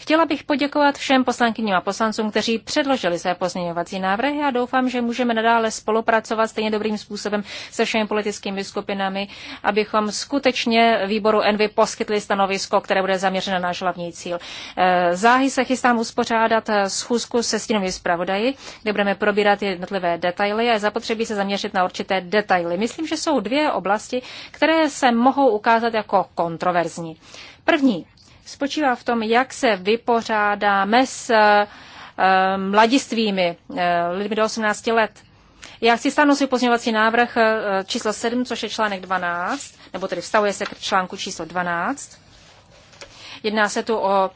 Chtěla bych poděkovat všem poslankyním a poslancům, kteří předložili své pozměňovací návrhy a doufám, že můžeme nadále spolupracovat stejně dobrým způsobem se všemi politickými skupinami, abychom skutečně výboru Envy poskytli stanovisko, které bude zaměřeno na náš hlavní cíl. Eh, záhy se chystám uspořádat eh, schůzku se stínovými zpravodaji, kde budeme probírat jednotlivé detaily a je zapotřebí se zaměřit na určité detaily. Myslím, že jsou dvě oblasti, které se mohou ukázat jako kontroverzní. První spočívá v tom, jak se vypořádáme s eh, eh, mladistvými, eh, lidmi do 18 let. Já chci stáhnout svůj pozměňovací návrh číslo 7, což je článek 12, nebo tedy vstavuje se k článku číslo 12. Jedná se tu o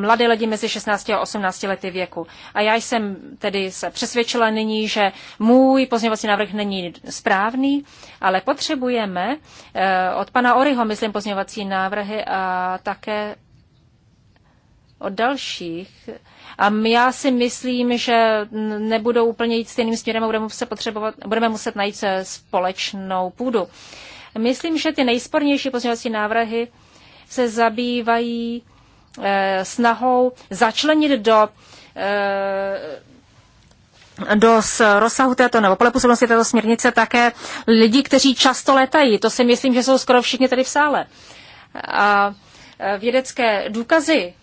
mladé lidi mezi 16 a 18 lety věku. A já jsem tedy se přesvědčila nyní, že můj pozměňovací návrh není správný, ale potřebujeme eh, od pana Oryho, myslím, pozměňovací návrhy a také od dalších. A já si myslím, že nebudou úplně jít stejným směrem a budeme muset, potřebovat, budeme muset najít eh, společnou půdu. Myslím, že ty nejspornější pozměňovací návrhy se zabývají eh, snahou začlenit do eh, do rozsahu této nebo pole působnosti této směrnice také lidi, kteří často letají. To si myslím, že jsou skoro všichni tady v sále. A eh, vědecké důkazy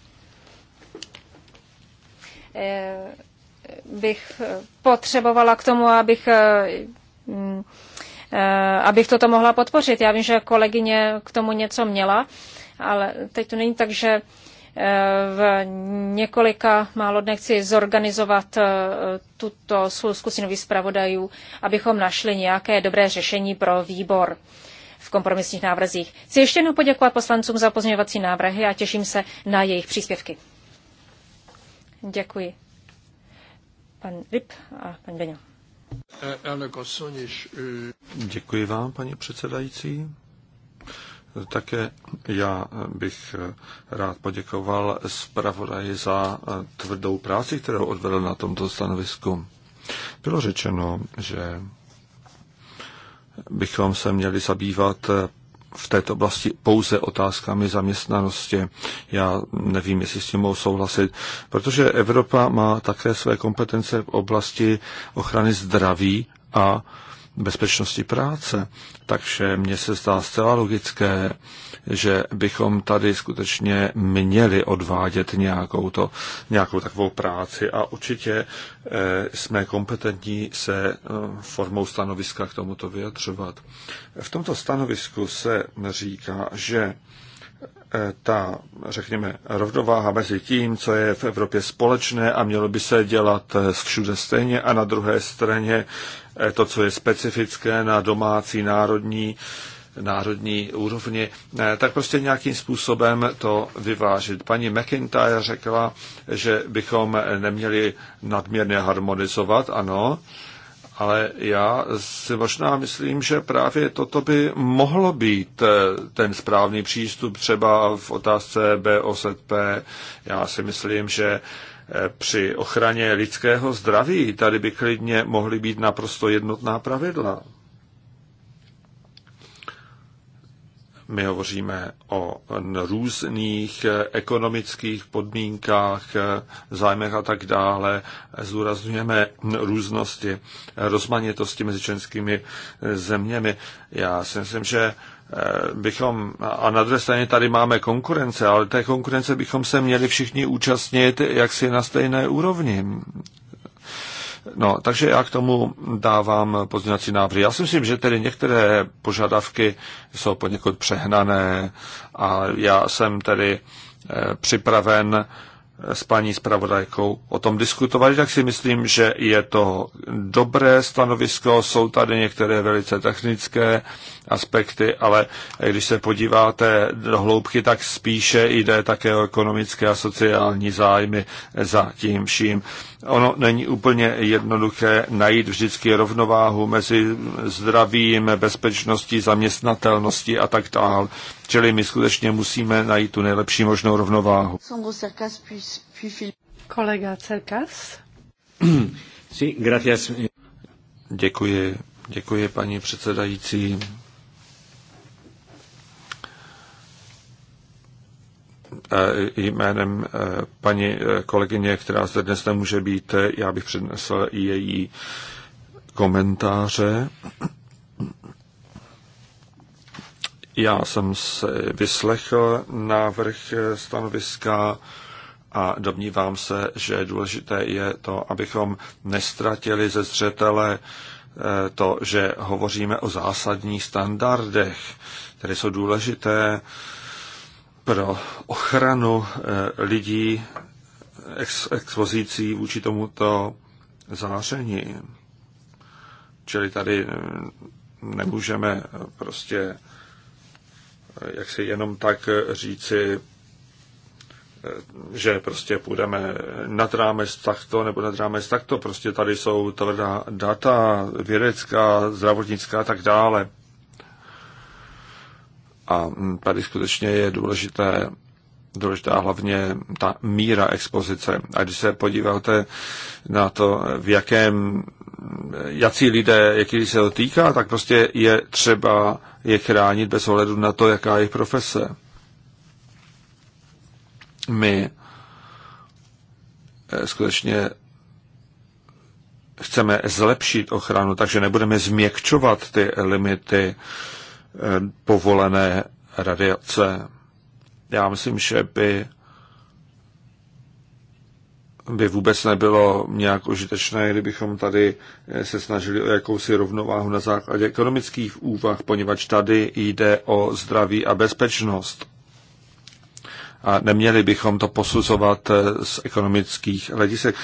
bych potřebovala k tomu, abych, mm, abych toto mohla podpořit. Já vím, že kolegyně k tomu něco měla ale teď to není tak, že eh, v několika málo dnech chci zorganizovat eh, tuto schůzku synových zpravodajů, abychom našli nějaké dobré řešení pro výbor v kompromisních návrzích. Chci ještě jednou poděkovat poslancům za pozměňovací návrhy a těším se na jejich příspěvky. Děkuji. Pan Rip a pan Beňo. Eh, Děkuji vám, paní předsedající. Také já bych rád poděkoval zpravodaji za tvrdou práci, kterou odvedl na tomto stanovisku. Bylo řečeno, že bychom se měli zabývat v této oblasti pouze otázkami zaměstnanosti. Já nevím, jestli s tím mohu souhlasit, protože Evropa má také své kompetence v oblasti ochrany zdraví a bezpečnosti práce, takže mně se zdá zcela logické, že bychom tady skutečně měli odvádět nějakou, to, nějakou takovou práci a určitě eh, jsme kompetentní se eh, formou stanoviska k tomuto vyjadřovat. V tomto stanovisku se říká, že eh, ta, řekněme, rovnováha mezi tím, co je v Evropě společné a mělo by se dělat všude stejně a na druhé straně Eh, to, co je specifické na domácí národní národní úrovni, eh, tak prostě nějakým způsobem to vyvážit. Paní McIntyre řekla, že bychom neměli nadměrně harmonizovat, ano, ale já si možná myslím, že právě toto by mohlo být eh, ten správný přístup třeba v otázce BOSP. Já si myslím, že při ochraně lidského zdraví tady by klidně mohly být naprosto jednotná pravidla. My hovoříme o různých ekonomických podmínkách, zájmech a tak dále. Zdůrazňujeme různosti, rozmanitosti mezi členskými zeměmi. Já si myslím, že Eh, bychom, a na druhé straně tady máme konkurence, ale té konkurence bychom se měli všichni účastnit jaksi na stejné úrovni. No, takže já k tomu dávám pozměňovací návrhy. Já si myslím, že tedy některé požadavky jsou poněkud přehnané a já jsem tedy eh, připraven eh, s paní zpravodajkou o tom diskutovali, tak si myslím, že je to dobré stanovisko, jsou tady některé velice technické aspekty, ale když se podíváte do hloubky, tak spíše jde také o ekonomické a sociální zájmy za tím vším. Ono není úplně jednoduché najít vždycky rovnováhu mezi zdravím, bezpečností, zaměstnatelností a tak dále. Čili my skutečně musíme najít tu nejlepší možnou rovnováhu. Kolega Cerkas. Děkuji, děkuji paní předsedající. E, jménem e, paní e, kolegyně, která zde dnes nemůže být, já bych přednesl i její komentáře. Já jsem se vyslechl návrh stanoviska a domnívám se, že důležité je to, abychom nestratili ze zřetele to, že hovoříme o zásadních standardech, které jsou důležité pro ochranu eh, lidí ex- expozící vůči tomuto záření. Čili tady eh, nemůžeme prostě eh, jak si jenom tak říci, že prostě půjdeme nad rámec takto nebo nad rámec takto. Prostě tady jsou tvrdá data, vědecká, zdravotnická a tak dále. A tady skutečně je důležité, důležitá hlavně ta míra expozice. A když se podíváte na to, v jakém, jací lidé, jaký se to týká, tak prostě je třeba je chránit bez ohledu na to, jaká je profese. My eh, skutečně chceme zlepšit ochranu, takže nebudeme změkčovat ty limity Eh, povolené radiace. Já myslím, že by, by vůbec nebylo nějak užitečné, kdybychom tady eh, se snažili o jakousi rovnováhu na základě ekonomických úvah, poněvadž tady jde o zdraví a bezpečnost. A neměli bychom to posuzovat eh, z ekonomických hledisek.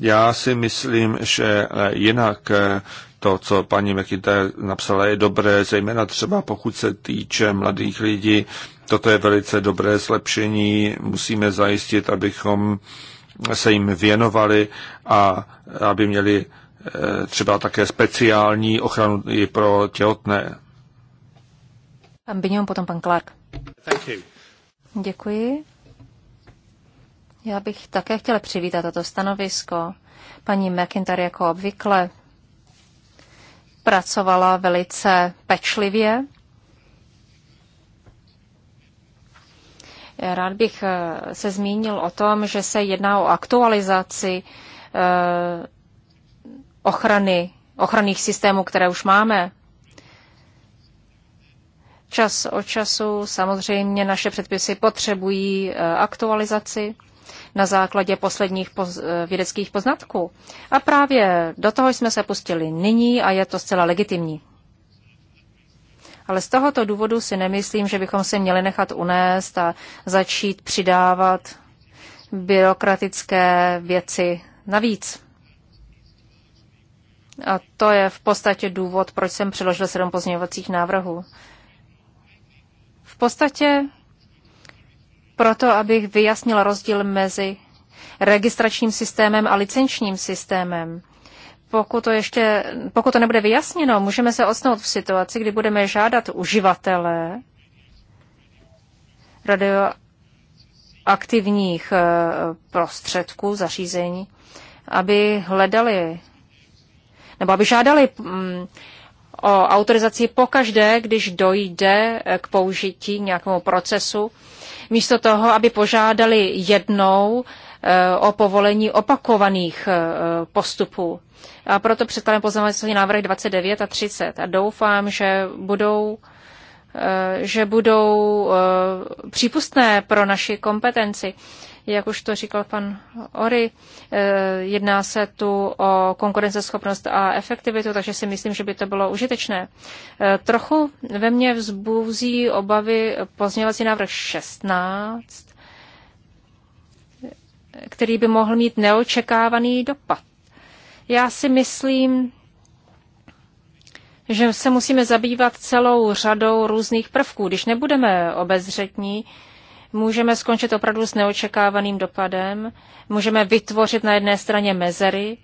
Já si myslím, že jinak to, co paní McIntyre napsala, je dobré, zejména třeba pokud se týče mladých lidí. Toto je velice dobré zlepšení. Musíme zajistit, abychom se jim věnovali a aby měli eh, třeba také speciální ochranu i pro těhotné. Pan Binion, potom pan Clark. Thank you. Děkuji. Já bych také chtěla přivítat toto stanovisko. Paní McIntyre jako obvykle pracovala velice pečlivě. Rád bych eh, se zmínil o tom, že se jedná o aktualizaci eh, ochrany, ochranných systémů, které už máme. Čas od času samozřejmě naše předpisy potřebují eh, aktualizaci na základě posledních poz, eh, vědeckých poznatků. A právě do toho jsme se pustili nyní a je to zcela legitimní. Ale z tohoto důvodu si nemyslím, že bychom se měli nechat unést a začít přidávat byrokratické věci navíc. A to je v podstatě důvod, proč jsem přiložil sedm pozměňovacích návrhů. V podstatě proto, abych vyjasnil rozdíl mezi registračním systémem a licenčním systémem. Pokud to, ještě, pokud to nebude vyjasněno, můžeme se osnout v situaci, kdy budeme žádat uživatele radioaktivních eh, prostředků, zařízení, aby hledali nebo aby žádali mm, o autorizaci pokaždé, když dojde k použití nějakému procesu místo toho, aby požádali jednou eh, o povolení opakovaných eh, postupů. A proto předkládám poznávací návrhy 29 a 30 a doufám, že budou eh, že budou přípustné pro naši kompetenci. Jak už to říkal pan Ory, eh, jedná se tu o konkurenceschopnost a efektivitu, takže si myslím, že by to bylo užitečné. Eh, trochu ve mně vzbouzí obavy pozměvací návrh 16, který by mohl mít neočekávaný dopad. Já si myslím, že se musíme zabývat celou řadou různých prvků. Když nebudeme obezřetní, můžeme skončit opravdu s neočekávaným dopadem, můžeme vytvořit na jedné straně mezery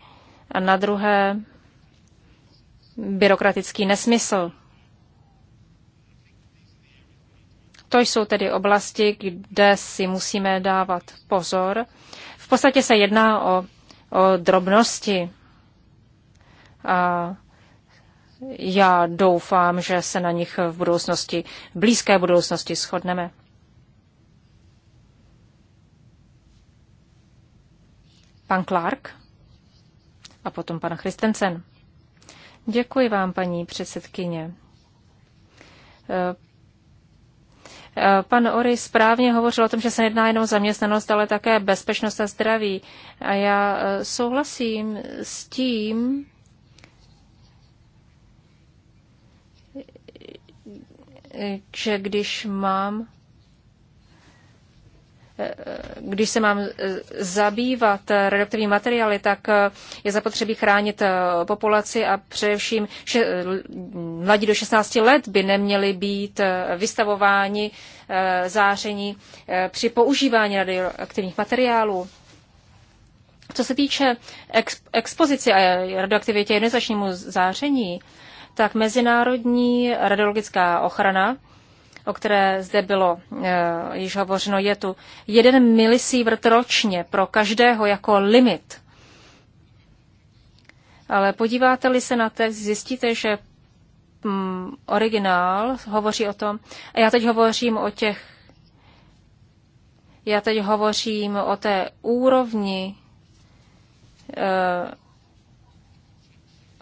a na druhé byrokratický nesmysl. To jsou tedy oblasti, kde si musíme dávat pozor. V podstatě se jedná o, o drobnosti. A já doufám, že se na nich v budoucnosti, v blízké budoucnosti shodneme. Pan Clark a potom pan Christensen. Děkuji vám, paní předsedkyně. Eh, pan Ory správně hovořil o tom, že se nejedná jenom zaměstnanost, ale také bezpečnost a zdraví. A já eh, souhlasím s tím, eh, že když mám když se mám eh, zabývat radioaktivní materiály, tak eh, je zapotřebí chránit eh, populaci a především že mladí do 16 let by neměli být vystavováni záření při používání radioaktivních materiálů. Co se týče ex- a radioaktivitě jednoznačnému záření, tak mezinárodní radiologická ochrana o které zde bylo eh, již hovořeno, je tu jeden milisievert ročně pro každého jako limit. Ale podíváte-li se na text, zjistíte, že mm, originál hovoří o tom, a já teď hovořím o těch, já teď hovořím o té úrovni, eh,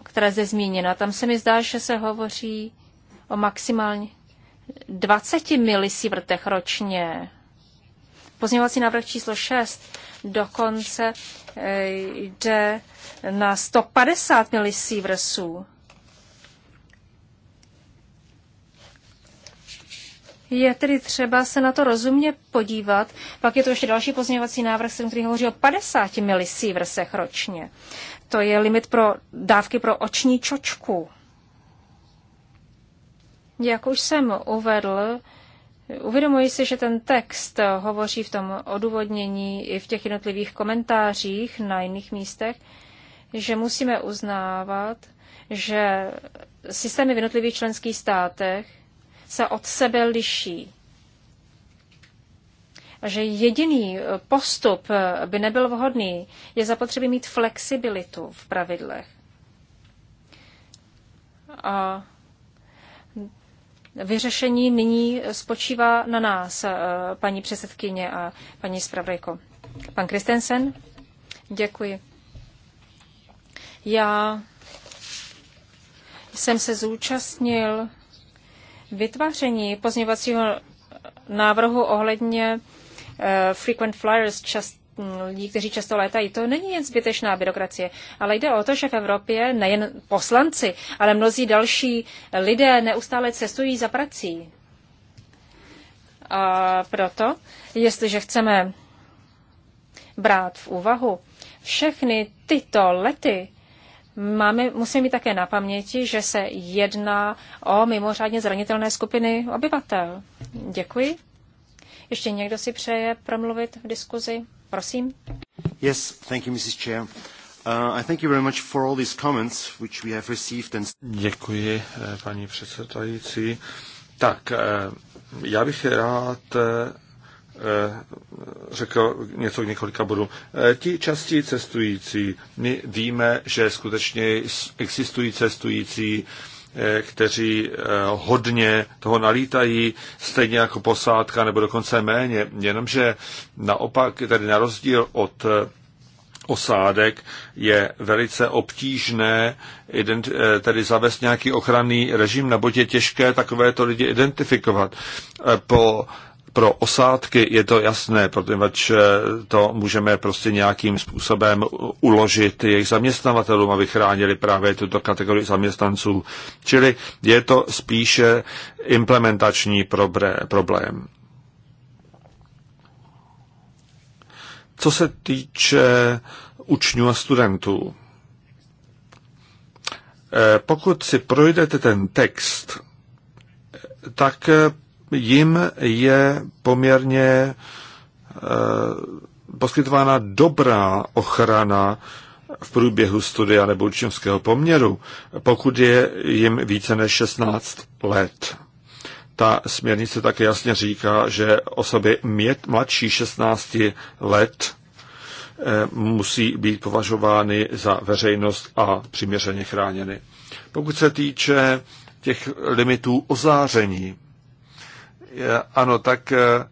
která je zde zmíněna. Tam se mi zdá, že se hovoří o maximálně 20 milisievertech ročně. Pozměňovací návrh číslo 6 dokonce eh, jde na 150 milisieversů. Je tedy třeba se na to rozumně podívat. Pak je to ještě další pozměňovací návrh, který hovoří o 50 milisieversech ročně. To je limit pro dávky pro oční čočku. Jak už jsem uvedl, uvědomuji si, že ten text hovoří v tom odůvodnění i v těch jednotlivých komentářích na jiných místech, že musíme uznávat, že systémy v jednotlivých členských státech se od sebe liší. A že jediný postup by nebyl vhodný, je zapotřebí mít flexibilitu v pravidlech. A Vyřešení nyní spočívá na nás, eh, paní předsedkyně a paní zpravodajko. Pan Kristensen, děkuji. Já jsem se zúčastnil vytváření pozměňovacího návrhu ohledně eh, frequent flyers, čast, lidí, kteří často létají. To není jen zbytečná byrokracie, ale jde o to, že v Evropě nejen poslanci, ale mnozí další lidé neustále cestují za prací. A proto, jestliže chceme brát v úvahu všechny tyto lety, máme, musíme mít také na paměti, že se jedná o mimořádně zranitelné skupiny obyvatel. Děkuji. Ještě někdo si přeje promluvit v diskuzi? Prosím. Yes, thank you, Mrs. Chair. Děkuji, eh, paní předsedající. Tak, eh, já bych rád eh, řekl něco k několika bodům. Ti častí cestující, my víme, že skutečně existují cestující, Eh, kteří eh, hodně toho nalítají, stejně jako posádka, nebo dokonce méně. Jenomže naopak, tedy na rozdíl od eh, osádek, je velice obtížné tedy zavést nějaký ochranný režim, nebo je těžké takovéto lidi identifikovat. Po pro osádky je to jasné, protože eh, to můžeme prostě nějakým způsobem uložit jejich zaměstnavatelům, aby chránili právě tuto kategorii zaměstnanců. Čili je to spíše implementační problém. Co se týče učňů a studentů, eh, pokud si projdete ten text, tak eh, jim je poměrně eh, poskytována dobrá ochrana v průběhu studia nebo učňovského poměru, pokud je jim více než 16 let. Ta směrnice také jasně říká, že osoby mět mladší 16 let eh, musí být považovány za veřejnost a přiměřeně chráněny. Pokud se týče těch limitů ozáření, ano, tak eh,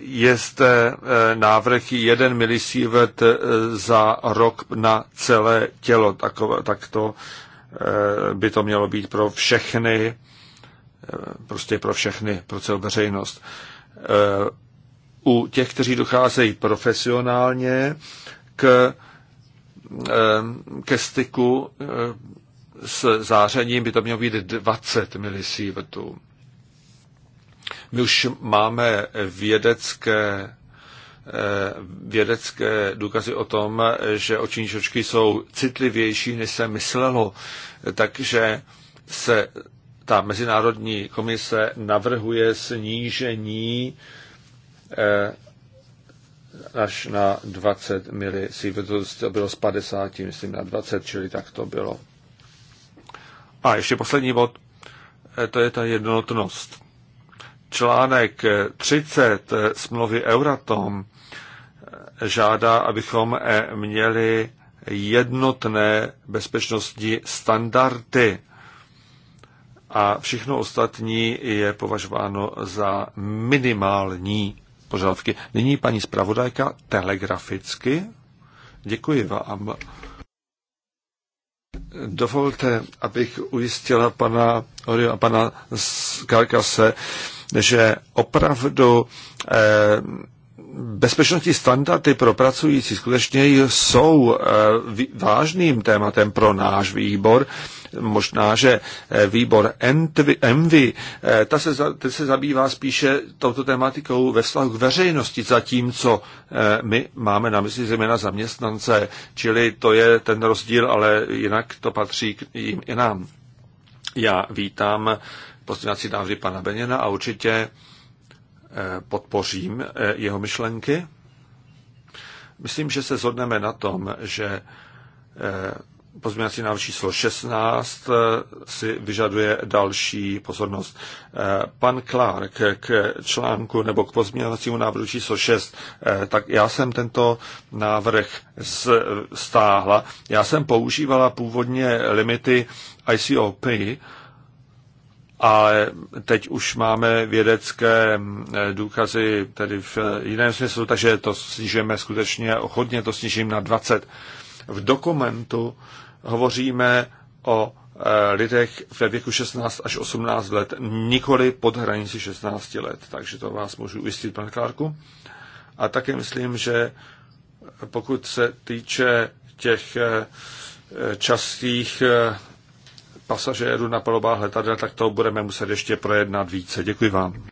je zde eh, návrh 1 milisievert eh, za rok na celé tělo. Takové, tak to by to mělo být pro všechny, prostě pro všechny, pro celou veřejnost. U těch, kteří docházejí profesionálně k ke styku s zářením by to mělo být 20 milisievertů. My už máme vědecké eh, vědecké důkazy o tom, že oční čočky jsou citlivější, než se myslelo. Takže se ta mezinárodní komise navrhuje snížení eh, až na 20 milisievertů, to bylo z 50, myslím, na 20, čili tak to bylo. A ještě poslední bod, e, to je ta jednotnost. Článek 30 smlouvy Euratom e, žádá, abychom e, měli jednotné bezpečnostní standardy a všechno ostatní je považováno za minimální požadavky. Nyní paní zpravodajka telegraficky. Děkuji vám. Dovolte, abych ujistila pana Orio a pana Skarkase, že opravdu eh, bezpečnostní standardy pro pracující skutečně jsou eh, vážným tématem pro náš výbor Možná, že eh, výbor Envy, eh, ta se, ta se zabývá spíše touto tematikou ve vztahu k veřejnosti, zatímco eh, my máme na mysli zejména zaměstnance, čili to je ten rozdíl, ale jinak to patří k jim i nám. Já vítám pozměňovací návrhy pana Beněna a určitě podpořím jeho myšlenky. Myslím, že se zhodneme na tom, že pozměňovací návrh číslo 16 eh, si vyžaduje další pozornost. Eh, pan Clark k článku nebo k pozměňovacímu návrhu číslo 6, eh, tak já jsem tento návrh stáhla. Já jsem používala původně limity ICOP, ale teď už máme vědecké důkazy tedy v jiném smyslu, takže to snižujeme skutečně hodně, to snižím na 20 v dokumentu hovoříme o e, lidech ve věku 16 až 18 let, nikoli pod hranici 16 let. Takže to vás můžu ujistit, pane Klárku. A také myslím, že pokud se týče těch e, častých e, pasažérů na palobách letadla, tak to budeme muset ještě projednat více. Děkuji vám.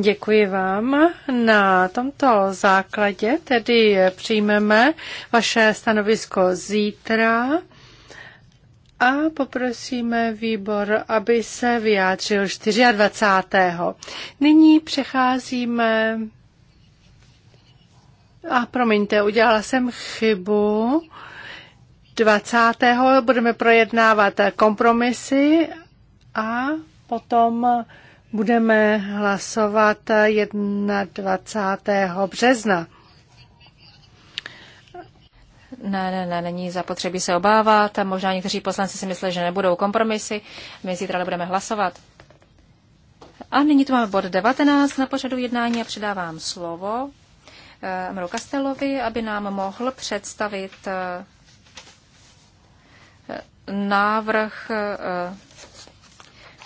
Děkuji vám. Na tomto základě tedy přijmeme vaše stanovisko zítra a poprosíme výbor, aby se vyjádřil 24. Nyní přecházíme. A promiňte, udělala jsem chybu. 20. budeme projednávat kompromisy a potom budeme hlasovat 21. března. Ne, ne, ne, není zapotřebí se obávat. možná někteří poslanci si myslí, že nebudou kompromisy. My zítra nebudeme hlasovat. A nyní tu máme bod 19 na pořadu jednání a předávám slovo eh, Mru Kastelovi, aby nám mohl představit eh, návrh, eh,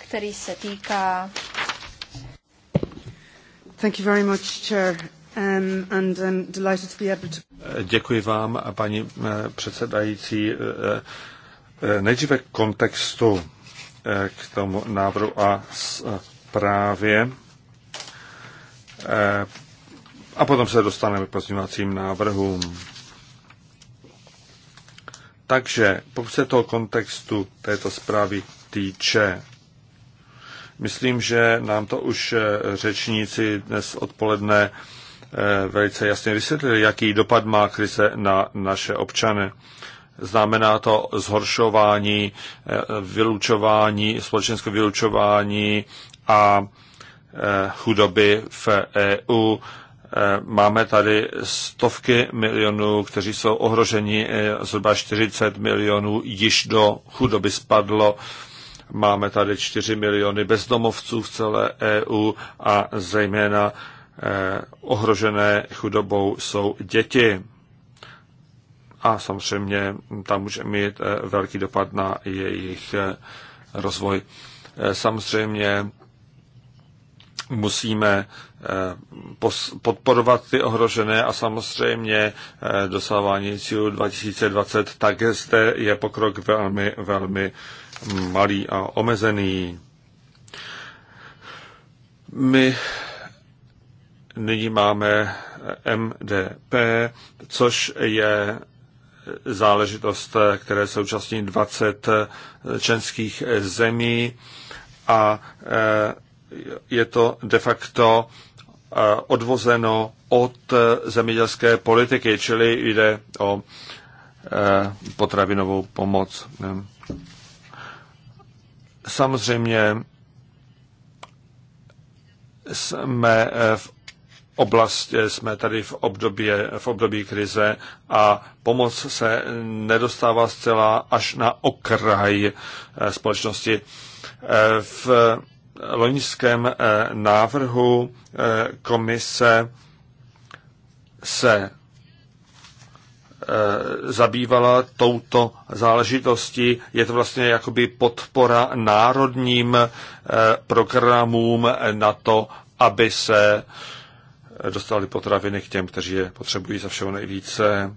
který se týká Thank you very much, Chair. Um, Děkuji vám, paní eh, předsedající. Eh, eh, nejdříve k kontextu k tomu návrhu a právě. A potom se dostaneme k pozměňovacím návrhům. Takže pokud se toho kontextu této zprávy týče, myslím, že nám to už řečníci dnes odpoledne Eh, velice jasně vysvětlil, jaký dopad má krize na naše občany. Znamená to zhoršování, eh, vylučování, společenské vylučování a eh, chudoby v EU. Máme tady stovky milionů, kteří jsou ohroženi, zhruba 40 milionů již do chudoby spadlo. Máme tady 4 miliony bezdomovců v celé EU a zejména Eh, ohrožené chudobou jsou děti. A samozřejmě tam může mít eh, velký dopad na jejich eh, rozvoj. Samozřejmě musíme podporovat ty ohrožené a samozřejmě dosávání cílu 2020, tak zde je pokrok velmi, velmi malý a omezený. My nyní máme MDP, což je záležitost, které jsou účastní 20 členských zemí a eh, je to de facto eh, odvozeno od zemědělské politiky, čili jde o eh, potravinovou pomoc. Samozřejmě jsme v oblast jsme tady v, období v období krize a pomoc se nedostává zcela až na okraj eh, společnosti. Eh, v loňském eh, návrhu komise se zabývala touto záležitostí. Je to vlastně jakoby podpora národním programům na to, aby se eh, dostali potraviny k těm, kteří je potřebují za všeho nejvíce.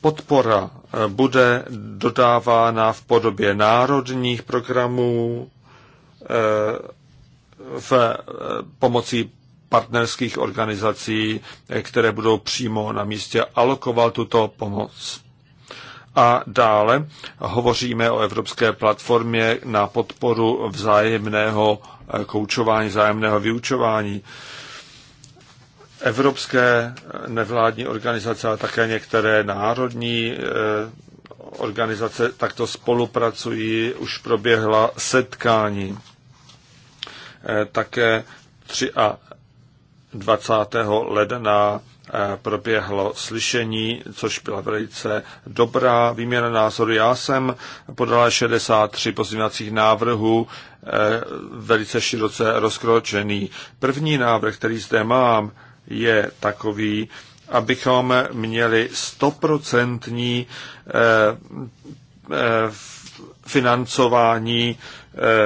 Podpora eh, bude dodávána v podobě národních programů, eh, v eh, pomocí partnerských organizací, které budou přímo na místě alokoval tuto pomoc. A dále hovoříme o Evropské platformě na podporu vzájemného koučování, zájemného vyučování. Evropské nevládní organizace, ale také některé národní eh, organizace takto spolupracují. Už proběhla setkání eh, také 23. ledna eh, proběhlo slyšení, což byla velice dobrá výměna názoru. Já jsem podala 63 pozměňovacích návrhů Eh, velice široce rozkročený. První návrh, který zde mám, je takový, abychom měli stoprocentní eh, eh, financování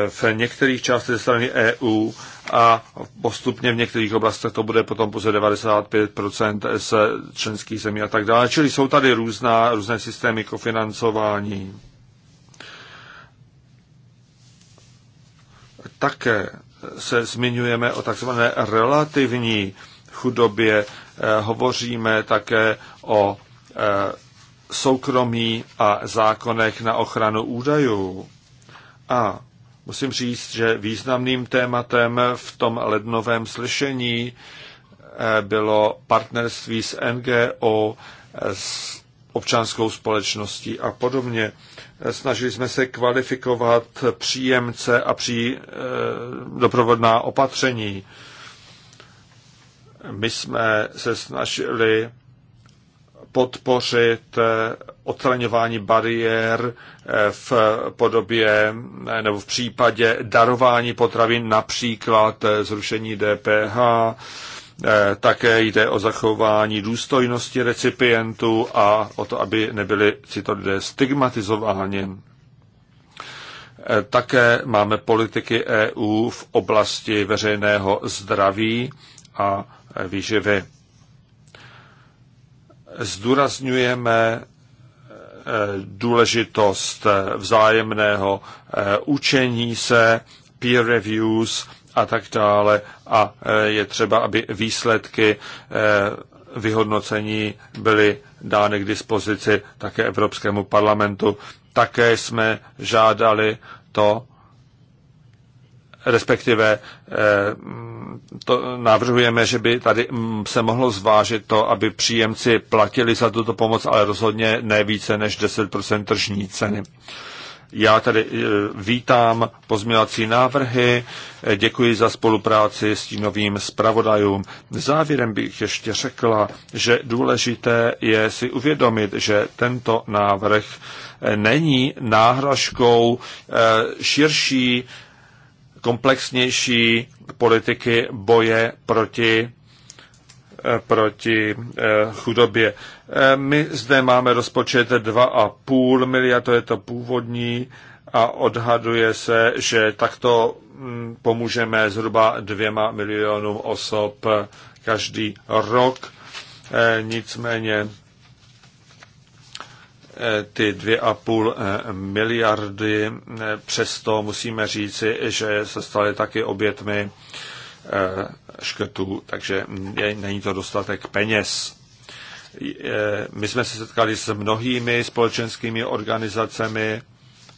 v některých částech ze strany EU a postupně v některých oblastech to bude potom pouze 95% z členských zemí a tak dále. Čili jsou tady různá, různé systémy kofinancování. také se zmiňujeme o takzvané relativní chudobě, eh, hovoříme také o eh, soukromí a zákonech na ochranu údajů. A musím říct, že významným tématem v tom lednovém slyšení eh, bylo partnerství s NGO, s občanskou společností a podobně snažili jsme se kvalifikovat příjemce a e, doprovodná opatření. My jsme se snažili podpořit eh, odstraňování bariér eh, v podobě nebo v případě darování potravin, například zrušení DPH, Eh, také jde o zachování důstojnosti recipientů a o to, aby nebyli tyto lidé stigmatizováni. Eh, také máme politiky EU v oblasti veřejného zdraví a výživy. Zdůrazňujeme eh, důležitost vzájemného učení se, peer reviews a tak dále. A e, je třeba, aby výsledky e, vyhodnocení byly dány k dispozici také Evropskému parlamentu. Také jsme žádali to, respektive e, to navrhujeme, že by tady se mohlo zvážit to, aby příjemci platili za tuto pomoc, ale rozhodně ne více než 10% tržní ceny. Hmm. Já tady eh, vítám pozměňovací návrhy, eh, děkuji za spolupráci s tím novým zpravodajům. Závěrem bych ještě řekla, že důležité je si uvědomit, že tento návrh eh, není náhražkou širší, komplexnější politiky boje proti proti eh, chudobě. Eh, my zde máme rozpočet 2,5 miliard, to je to původní, a odhaduje se, že takto hm, pomůžeme zhruba dvěma milionům osob eh, každý rok. Nicméně ty dvě a půl miliardy, přesto musíme říci, že se staly taky obětmi Eh, škrtů, takže není to dostatek peněz. My jsme se setkali s mnohými společenskými organizacemi,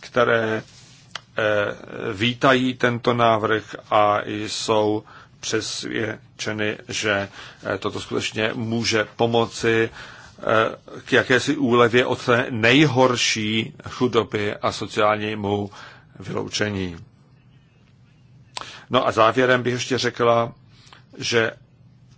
které eh, vítají tento návrh a jsou přesvědčeny, že eh, toto skutečně může pomoci k jakési úlevě od té nejhorší chudoby a sociálnímu vyloučení. No a závěrem bych ještě řekla, že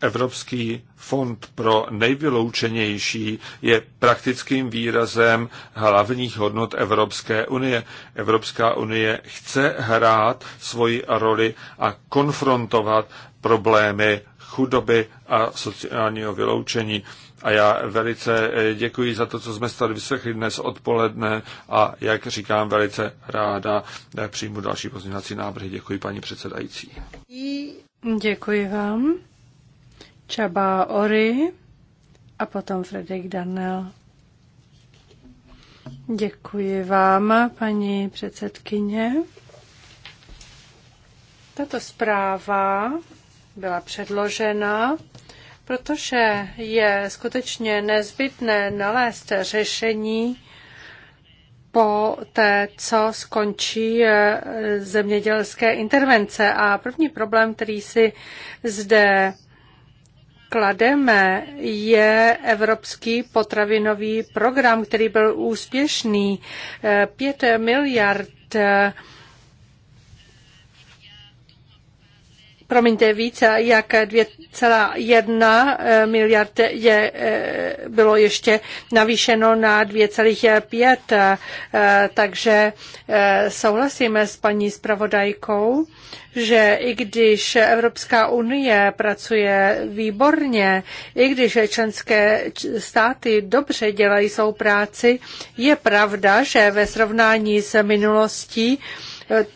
Evropský fond pro nejvyloučenější je praktickým výrazem hlavních hodnot Evropské unie. Evropská unie chce hrát svoji roli a konfrontovat problémy chudoby a sociálního vyloučení. A já velice eh, děkuji za to, co jsme tady vyslechli dnes odpoledne a jak říkám, velice ráda eh, přijmu další pozměňovací návrhy. Děkuji paní předsedající. Děkuji vám. Čaba Ory a potom Fredrik Danel. Děkuji vám, paní předsedkyně. Tato zpráva byla předložena protože je skutečně nezbytné nalézt řešení po té, co skončí eh, zemědělské intervence. A první problém, který si zde klademe, je Evropský potravinový program, který byl úspěšný. 5 eh, miliard eh, promiňte, více jak 1,1 eh, miliard je, eh, bylo ještě navýšeno na 2,5, eh, takže souhlasíme s paní zpravodajkou, že i když Evropská unie pracuje výborně, i když členské státy dobře dělají svou práci, je pravda, že ve srovnání s minulostí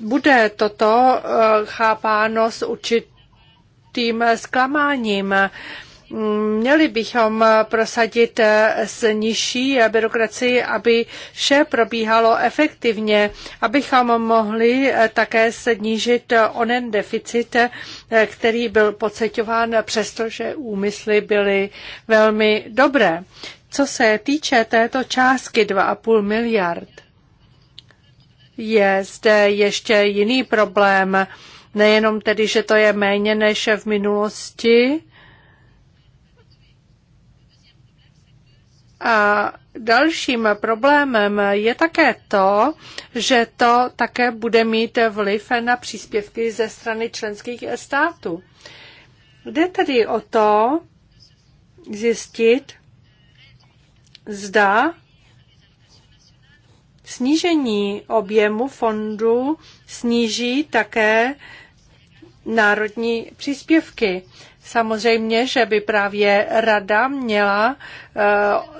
bude toto chápáno s určitým určitým zklamáním. Měli bychom prosadit s nižší byrokracii, aby vše probíhalo efektivně, abychom mohli také snížit onen deficit, který byl pocitován, přestože úmysly byly velmi dobré. Co se týče této částky 2,5 miliard, je zde ještě jiný problém. Nejenom tedy, že to je méně než v minulosti. A dalším problémem je také to, že to také bude mít vliv na příspěvky ze strany členských států. Jde tedy o to zjistit, zda snížení objemu fondu sníží také národní příspěvky. Samozřejmě, že by právě rada měla eh,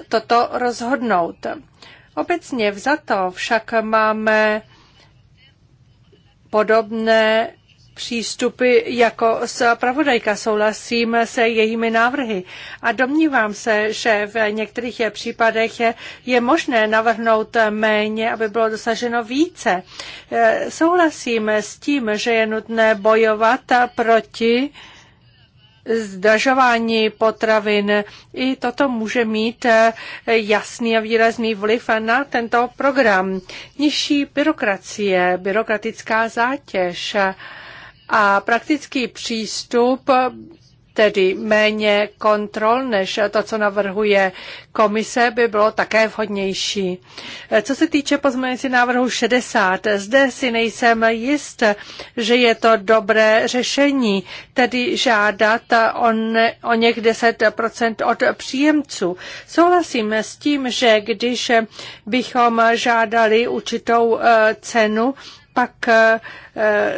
toto rozhodnout. Obecně vzato však máme podobné přístupy jako zpravodajka. Souhlasím se jejími návrhy a domnívám se, že v některých případech je možné navrhnout méně, aby bylo dosaženo více. E, souhlasím s tím, že je nutné bojovat proti zdražování potravin. I toto může mít e, jasný a výrazný vliv na tento program. Nižší byrokracie, byrokratická zátěž a praktický přístup tedy méně kontrol než to, co navrhuje komise, by bylo také vhodnější. Co se týče pozměňující návrhu 60, zde si nejsem jist, že je to dobré řešení, tedy žádat on, o něch 10 od příjemců. Souhlasím s tím, že když bychom žádali určitou eh, cenu, pak eh, eh,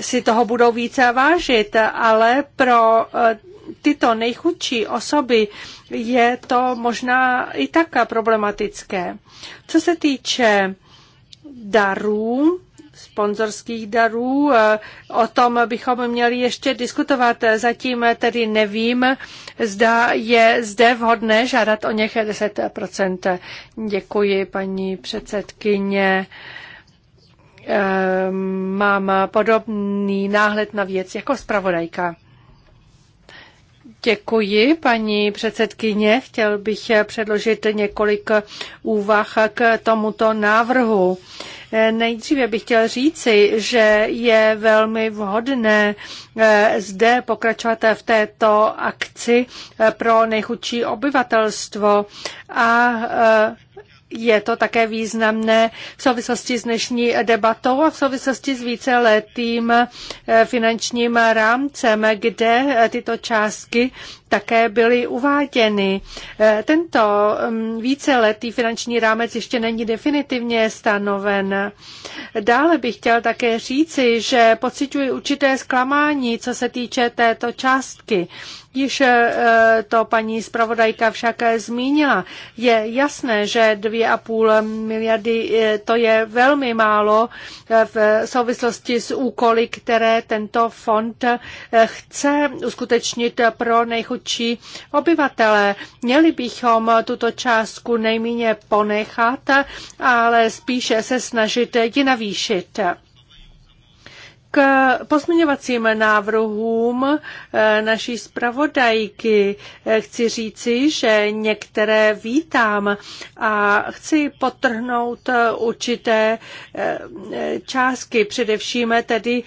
si toho budou více vážit, ale pro eh, tyto nejchudší osoby je to možná i tak problematické. Co se týče darů, sponzorských darů. O tom bychom měli ještě diskutovat. Zatím tedy nevím, zda je zde vhodné žádat o něch 10 Děkuji, paní předsedkyně. Ehm, mám podobný náhled na věc jako zpravodajka. Děkuji, paní předsedkyně. Chtěl bych předložit několik úvah k tomuto návrhu. Nejdříve bych chtěl říci, že je velmi vhodné eh, zde pokračovat v této akci eh, pro nejchudší obyvatelstvo a eh, je to také významné v souvislosti s dnešní debatou a v souvislosti s víceletým eh, finančním rámcem, kde eh, tyto částky také byly uváděny. E, tento mm, víceletý finanční rámec ještě není definitivně stanoven. Dále bych chtěl také říci, že pocituji určité zklamání, co se týče této částky. Již e, to paní zpravodajka však zmínila. Je jasné, že 2,5 miliardy e, to je velmi málo v souvislosti s úkoly, které tento fond chce uskutečnit pro nejchudší chudší obyvatele. Měli bychom tuto částku nejméně ponechat, ale spíše se snažit ji navýšit k pozměňovacím návrhům eh, naší zpravodajky eh, chci říci, že některé vítám a chci potrhnout eh, určité částky, především tedy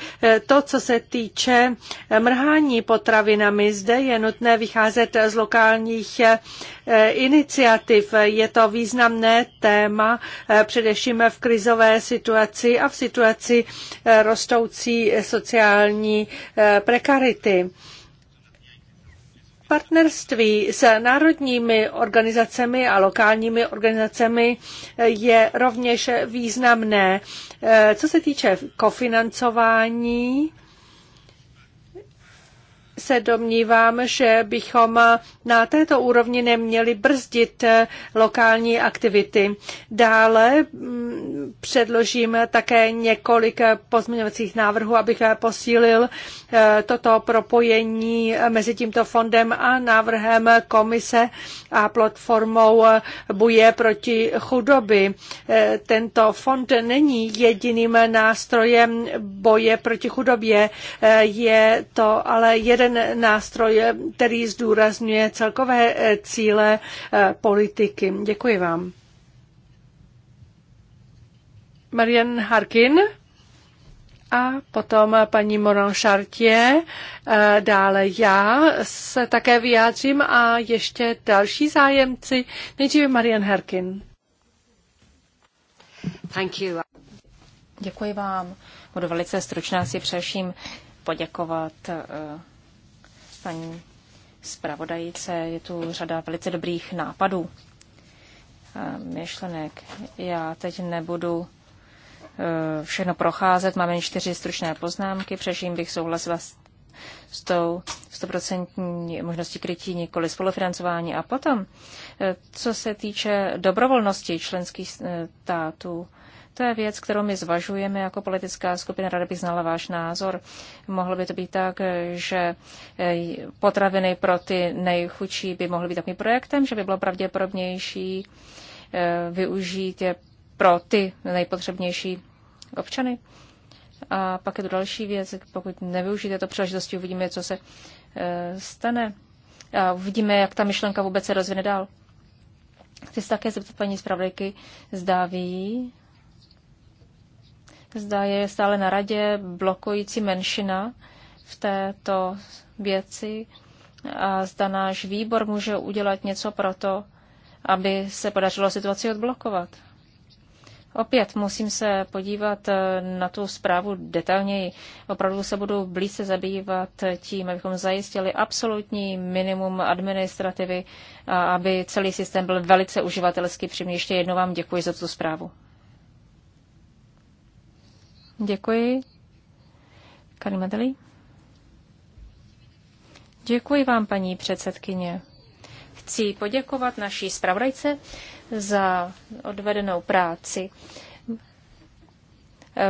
to, co se týče mrhání potravinami. Zde je nutné vycházet z lokálních iniciativ. Je to významné téma, především v krizové situaci a v situaci rostoucí větší sociální eh, prekarity partnerství s národními organizacemi a lokálními organizacemi eh, je rovněž významné. Eh, co se týče kofinancování, se domnívám, že bychom na této úrovni neměli brzdit lokální aktivity. Dále mm, předložím také několik pozměňovacích návrhů, abych posílil eh, toto propojení mezi tímto fondem a návrhem komise a platformou Buje proti chudoby. Eh, tento fond není jediným nástrojem boje proti chudobě, eh, je to ale jeden jeden nástroj, který zdůrazňuje celkové eh, cíle eh, politiky. Děkuji vám. Marian Harkin a potom paní Moran Chartier, eh, dále já se také vyjádřím a ještě další zájemci, nejdříve Marian Harkin. Thank you. Děkuji vám. Budu velice stručná si především poděkovat paní zpravodajice. Je tu řada velice dobrých nápadů, ehm, myšlenek. Já teď nebudu e, všechno procházet, máme jen čtyři stručné poznámky, přeším bych souhlasila s s tou stoprocentní možností krytí, nikoli spolufinancování. A potom, e, co se týče dobrovolnosti členských e, států, to je věc, kterou my zvažujeme jako politická skupina. Rada bych znala váš názor. Mohlo by to být tak, že e, potraviny pro ty nejchudší by mohly být takovým projektem, že by bylo pravděpodobnější e, využít je pro ty nejpotřebnější občany. A pak je to další věc, pokud nevyužijete to příležitosti, uvidíme, co se e, stane. A uvidíme, jak ta myšlenka vůbec se rozvine dál. Chci se také zeptat paní zpravodajky, zdá ví, Zda je stále na radě blokující menšina v této věci a zda náš výbor může udělat něco pro to, aby se podařilo situaci odblokovat. Opět musím se podívat eh, na tu zprávu detailněji. Opravdu se budu blíze zabývat tím, abychom zajistili absolutní minimum administrativy, aby celý systém byl velice uživatelsky přímě. Ještě jednou vám děkuji za tu zprávu. Děkuji. Karim Madeli. Děkuji vám, paní předsedkyně. Chci poděkovat naší zpravodajce za odvedenou práci.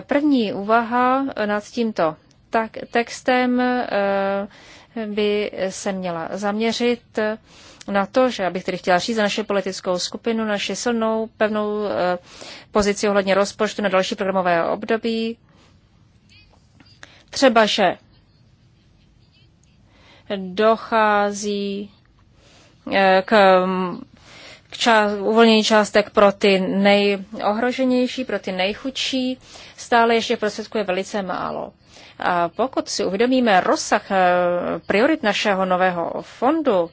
První úvaha nad tímto tak textem eh, by se měla zaměřit na to, že abych tedy chtěla říct za naše politickou skupinu, naši silnou pevnou eh, pozici ohledně rozpočtu na další programové období. Třeba, že dochází eh, k, mm, k část, uvolnění částek pro ty nejohroženější, pro ty nejchudší, stále ještě prostředků je velice málo. A pokud si uvědomíme rozsah eh, priorit našeho nového fondu,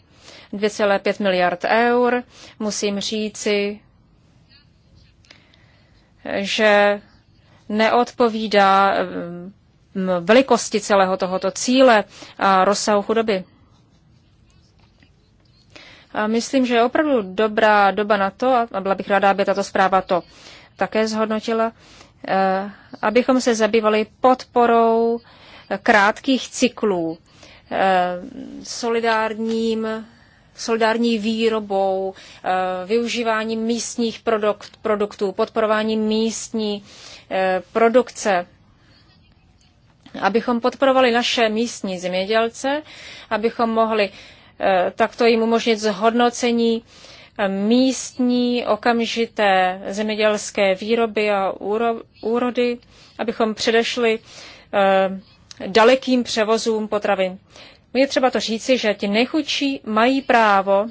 2,5 miliard eur. Musím říci, že neodpovídá mm, mm, velikosti celého tohoto cíle a rozsahu chudoby. A myslím, že je opravdu dobrá doba na to, a byla bych ráda, aby tato zpráva to také zhodnotila, eh, abychom se zabývali podporou krátkých cyklů, eh, solidárním solidární výrobou, eh, využíváním místních produkt, produktů, podporováním místní eh, produkce, abychom podporovali naše místní zemědělce, abychom mohli eh, takto jim umožnit zhodnocení místní okamžité zemědělské výroby a úrody, abychom předešli dalekým převozům potravin je třeba to říci, že ti nejchudší mají právo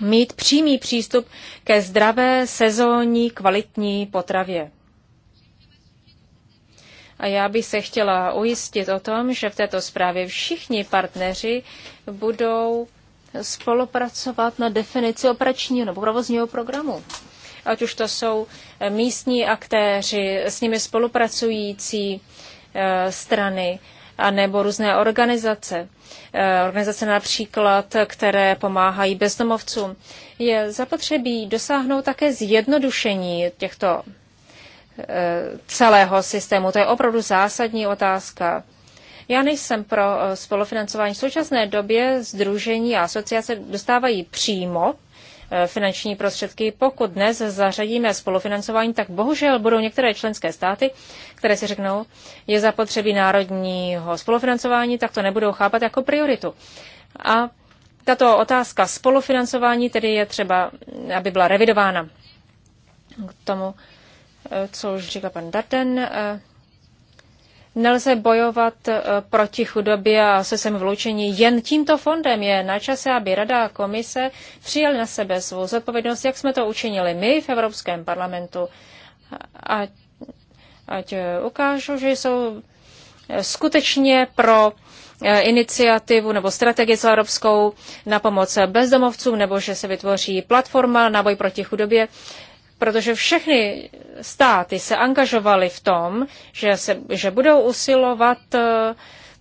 mít přímý přístup ke zdravé, sezónní, kvalitní potravě. A já bych se chtěla ujistit o tom, že v této zprávě všichni partneři budou spolupracovat na definici operačního nebo provozního programu. Ať už to jsou místní aktéři, s nimi spolupracující eh, strany, a nebo různé organizace. Eh, organizace například, které pomáhají bezdomovcům. Je zapotřebí dosáhnout také zjednodušení těchto eh, celého systému. To je opravdu zásadní otázka. Já nejsem pro eh, spolufinancování. V současné době združení a asociace dostávají přímo Eh, finanční prostředky. Pokud dnes zařadíme spolufinancování, tak bohužel budou některé členské státy, které si řeknou, je zapotřebí národního spolufinancování, tak to nebudou chápat jako prioritu. A tato otázka spolufinancování tedy je třeba, aby byla revidována k tomu, eh, co už říká pan Darden. Eh, Nelze bojovat eh, proti chudobě a sem vloučení jen tímto fondem. Je na čase, aby Rada a Komise přijali na sebe svou zodpovědnost, jak jsme to učinili my v Evropském parlamentu. Ať, ať eh, ukážu, že jsou eh, skutečně pro iniciativu nebo strategii celoevropskou na pomoc bezdomovcům, nebo že se vytvoří platforma na boj proti chudobě protože všechny státy se angažovaly v tom, že, se, že budou usilovat eh,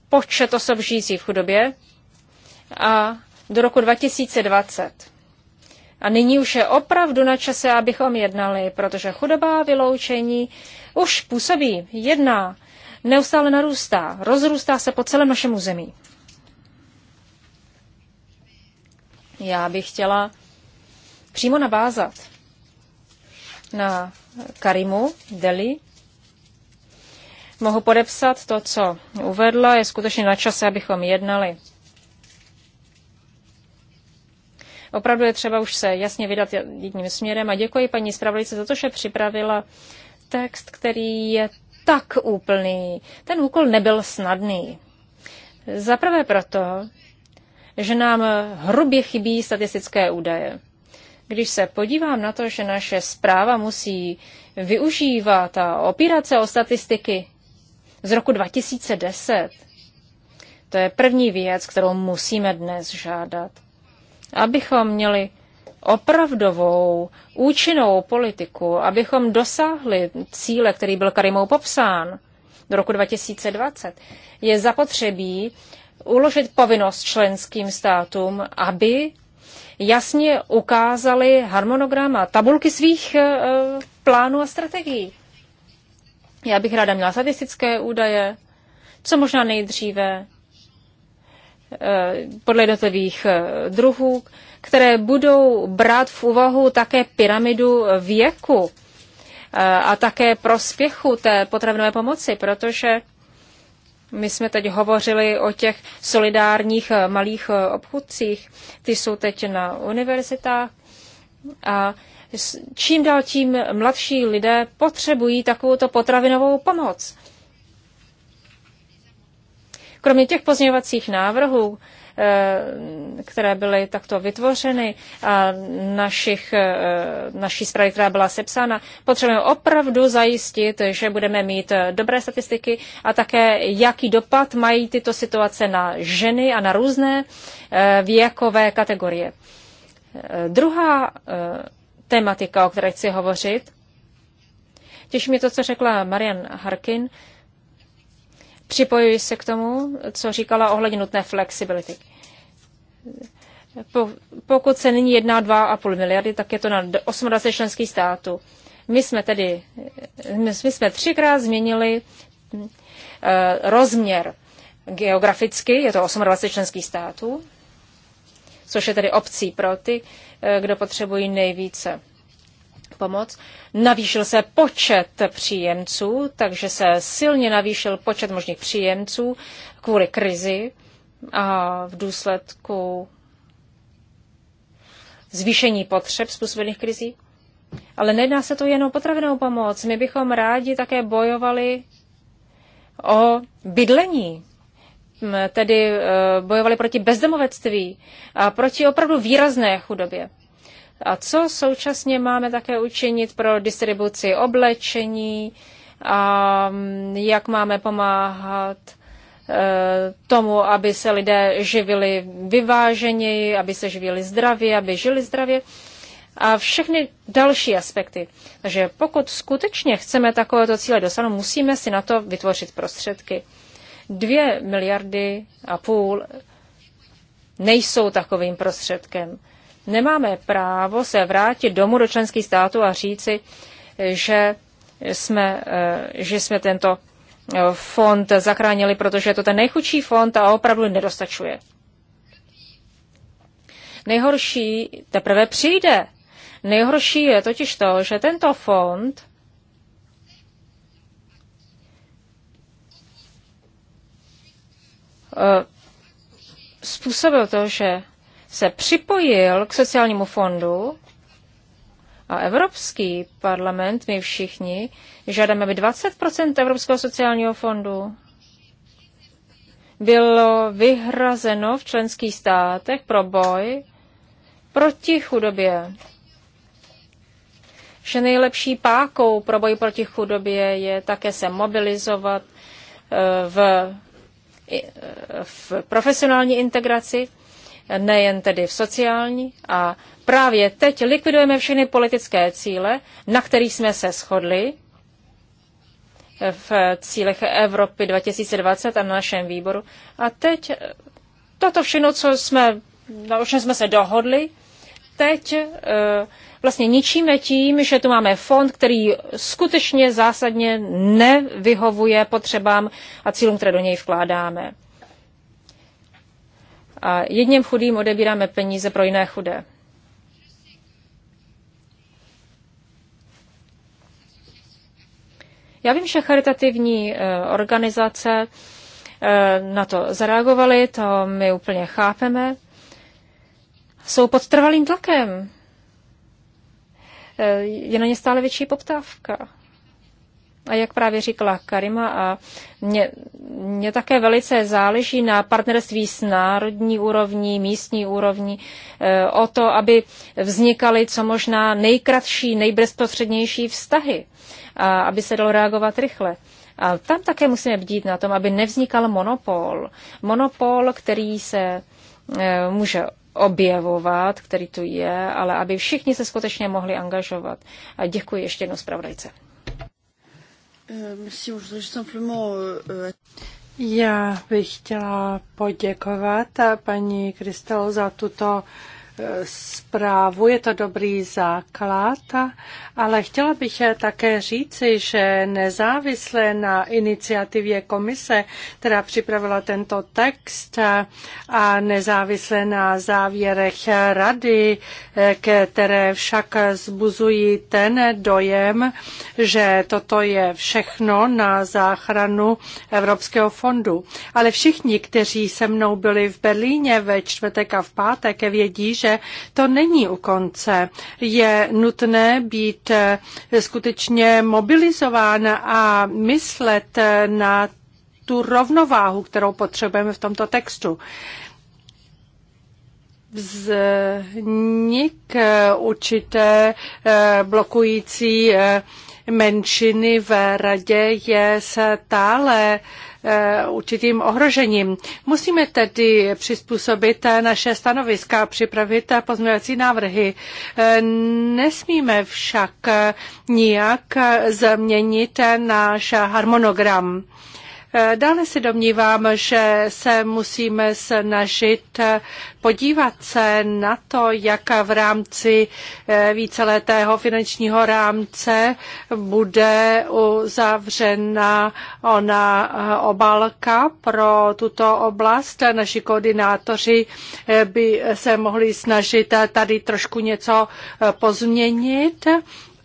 počet osob žijící v chudobě a do roku 2020. A nyní už je opravdu na čase, abychom jednali, protože chudoba vyloučení už působí, jedná, neustále narůstá, rozrůstá se po celém našem území. Já bych chtěla přímo navázat na Karimu, Deli. Mohu podepsat to, co uvedla. Je skutečně na čase, abychom jednali. Opravdu je třeba už se jasně vydat jedním směrem a děkuji paní zpravodajce za to, že připravila text, který je tak úplný. Ten úkol nebyl snadný. Zaprvé proto, že nám hrubě chybí statistické údaje. Když se podívám na to, že naše zpráva musí využívat a opírat se o statistiky z roku 2010, to je první věc, kterou musíme dnes žádat. Abychom měli opravdovou, účinnou politiku, abychom dosáhli cíle, který byl Karimou popsán do roku 2020, je zapotřebí uložit povinnost členským státům, aby jasně ukázali harmonogram a tabulky svých eh, plánů a strategií. Já bych ráda měla statistické údaje, co možná nejdříve, eh, podle jednotlivých eh, druhů, které budou brát v úvahu také pyramidu věku a také prospěchu té potravinové pomoci, protože my jsme teď hovořili o těch solidárních eh, malých eh, obchodcích. Ty jsou teď na univerzitách a čím dál tím mladší lidé potřebují takovouto potravinovou pomoc. Kromě těch pozměňovacích návrhů, Eh, které byly takto vytvořeny a našich, eh, naší zprávy, která byla sepsána, potřebujeme opravdu zajistit, že budeme mít eh, dobré statistiky a také, jaký dopad mají tyto situace na ženy a na různé věkové kategorie. Druhá tematika, o které chci hovořit, těší mě to, co řekla Marian Harkin, Připojuji se k tomu, co říkala ohledně nutné flexibility. Pokud se nyní jedná 2,5 miliardy, tak je to na 28 členských států. My jsme tedy, my jsme třikrát změnili eh, rozměr geograficky, je to 28 členských států, což je tedy obcí pro ty, eh, kdo potřebují nejvíce pomoc. Navýšil se počet příjemců, takže se silně navýšil počet možných příjemců kvůli krizi a v důsledku zvýšení potřeb způsobených krizí. Ale nedá se to jen o potravinou pomoc. My bychom rádi také bojovali o bydlení, tedy eh, bojovali proti bezdomovectví a proti opravdu výrazné chudobě. A co současně máme také učinit pro distribuci oblečení a mm, jak máme pomáhat e, tomu, aby se lidé živili vyváženěji, aby se živili zdravě, aby žili zdravě a všechny další aspekty. Takže pokud skutečně chceme takovéto cíle dosáhnout, musíme si na to vytvořit prostředky. Dvě miliardy a půl nejsou takovým prostředkem. Nemáme právo se vrátit domů do členských států a říci, že jsme, eh, že jsme tento eh, fond zachránili, protože je to ten nejchudší fond a opravdu nedostačuje. Nejhorší teprve přijde. Nejhorší je totiž to, že tento fond eh, způsobil to, že se připojil k sociálnímu fondu a Evropský parlament, my všichni, žádáme, aby 20 Evropského sociálního fondu bylo vyhrazeno v členských státech pro boj proti chudobě. Že nejlepší pákou pro boj proti chudobě je také se mobilizovat eh, v, eh, v profesionální integraci nejen tedy v sociální. A právě teď likvidujeme všechny politické cíle, na kterých jsme se shodli v cílech Evropy 2020 a na našem výboru. A teď toto všechno, co jsme, na čem jsme se dohodli, teď eh, vlastně ničíme tím, že tu máme fond, který skutečně zásadně nevyhovuje potřebám a cílům, které do něj vkládáme. A jedním chudým odebíráme peníze pro jiné chudé. Já vím, že charitativní eh, organizace eh, na to zareagovaly, to my úplně chápeme. Jsou pod trvalým tlakem. Eh, je na ně stále větší poptávka. A jak právě říkala Karima, a mě, mě také velice záleží na partnerství s národní úrovní, místní úrovní, eh, o to, aby vznikaly co možná nejkratší, nejbezprostřednější vztahy, a aby se dalo reagovat rychle. A tam také musíme bdít na tom, aby nevznikal monopol. Monopol, který se eh, může objevovat, který tu je, ale aby všichni se skutečně mohli angažovat. A děkuji ještě jednou zpravodajce. Euh, euh, euh, Já bych chtěla poděkovat paní Kristel za tuto zprávu, je to dobrý základ, ale chtěla bych také říci, že nezávisle na iniciativě komise, která připravila tento text a nezávisle na závěrech rady, které však zbuzují ten dojem, že toto je všechno na záchranu Evropského fondu. Ale všichni, kteří se mnou byli v Berlíně ve čtvrtek a v pátek, vědí, že že to není u konce. Je nutné být eh, skutečně mobilizován a myslet eh, na tu rovnováhu, kterou potřebujeme v tomto textu vznik eh, určité blokující menšiny v radě je stále eh, určitým ohrožením. Musíme tedy přizpůsobit naše stanoviska, připravit pozměňovací návrhy. Eh, nesmíme však nijak změnit náš harmonogram. Dále se domnívám, že se musíme snažit podívat se na to, jak v rámci eh, víceletého finančního rámce bude uzavřena ona eh, obálka pro tuto oblast. Naši koordinátoři eh, by se mohli snažit tady trošku něco pozměnit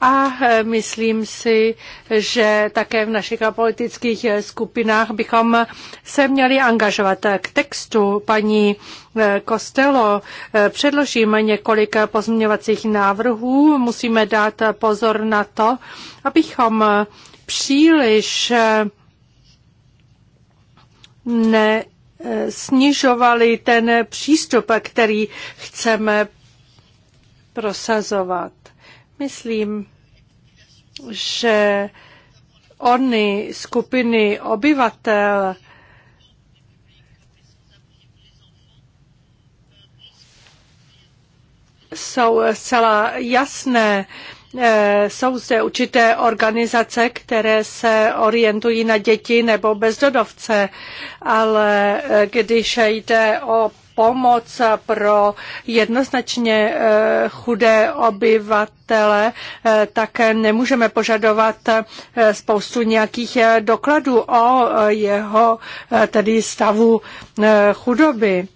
a e, myslím si, že také v našich politických e, skupinách bychom se měli angažovat. K textu paní e, Kostelo předložím několik pozměňovacích návrhů. Musíme dát pozor na to, abychom příliš nesnižovali ten přístup, který chceme prosazovat. Myslím, že ony skupiny obyvatel jsou zcela jasné. Eh, jsou zde určité organizace, které se orientují na děti nebo bezdodovce, ale eh, když jde o pomoc pro jednoznačně eh, chudé obyvatele, eh, tak nemůžeme požadovat eh, spoustu nějakých dokladů o jeho tedy stavu chudoby.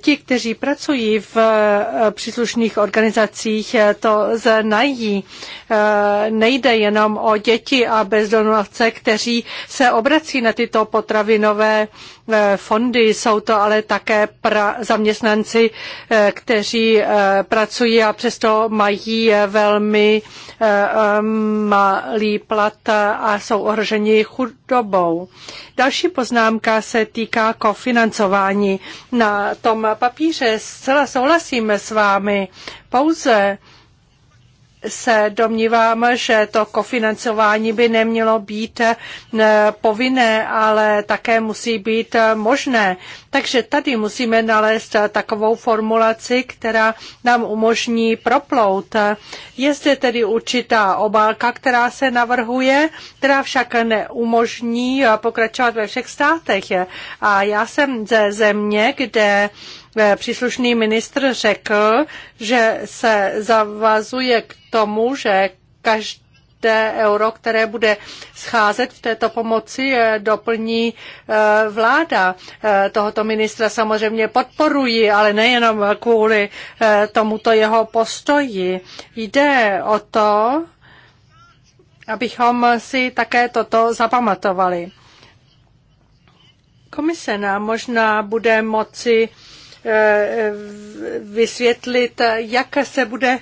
Ti, kteří pracují v eh, příslušných organizacích, eh, to znají. Eh, nejde jenom o děti a bezdomovce, kteří se obrací na tyto potravinové fondy, jsou to ale také pra- zaměstnanci, kteří pracují a přesto mají velmi malý plat a jsou ohroženi chudobou. Další poznámka se týká kofinancování. Na to tom papíře. Zcela souhlasím s vámi. Pouze se domnívám, že to kofinancování by nemělo být eh, povinné, ale také musí být eh, možné. Takže tady musíme nalézt eh, takovou formulaci, která nám umožní proplout. Je zde tedy určitá obálka, která se navrhuje, která však neumožní pokračovat ve všech státech. A já jsem ze země, kde Eh, příslušný ministr řekl, že se zavazuje k tomu, že každý té euro, které bude scházet v této pomoci, eh, doplní eh, vláda. Tohoto ministra samozřejmě podporuji, ale nejenom kvůli tomuto jeho postoji. Jde o to, abychom si také toto zapamatovali. Komise nám možná bude moci Eh, vysvětlit, jak se bude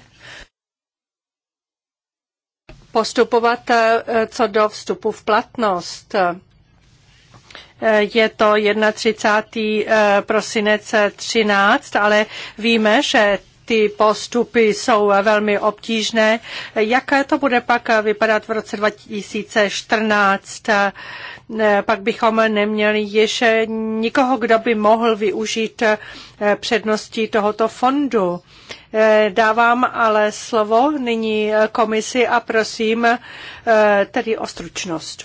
postupovat eh, co do vstupu v platnost. Eh, je to 31. prosinec 13, ale víme, že ty postupy jsou velmi obtížné. Jaké to bude pak vypadat v roce 2014? pak bychom neměli již nikoho, kdo by mohl využít eh, předností tohoto fondu. Eh, dávám ale slovo nyní komisi a prosím eh, tedy o stručnost.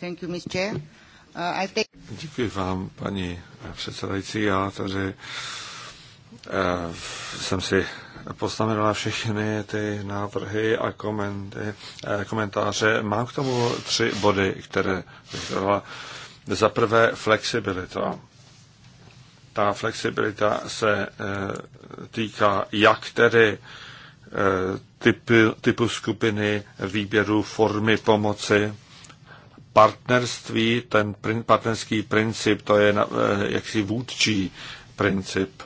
Thank you, Ms. Chair. Uh, Děkuji vám, paní předsedající. Já tady jsem si poznamenala všechny ty návrhy a komenty, eh, komentáře. Mám k tomu tři body, které bych dala. Za prvé flexibilita. Ta flexibilita se eh, týká jak tedy eh, typu, typu skupiny, výběru formy pomoci, partnerství, ten partnerský princip, to je jaksi vůdčí princip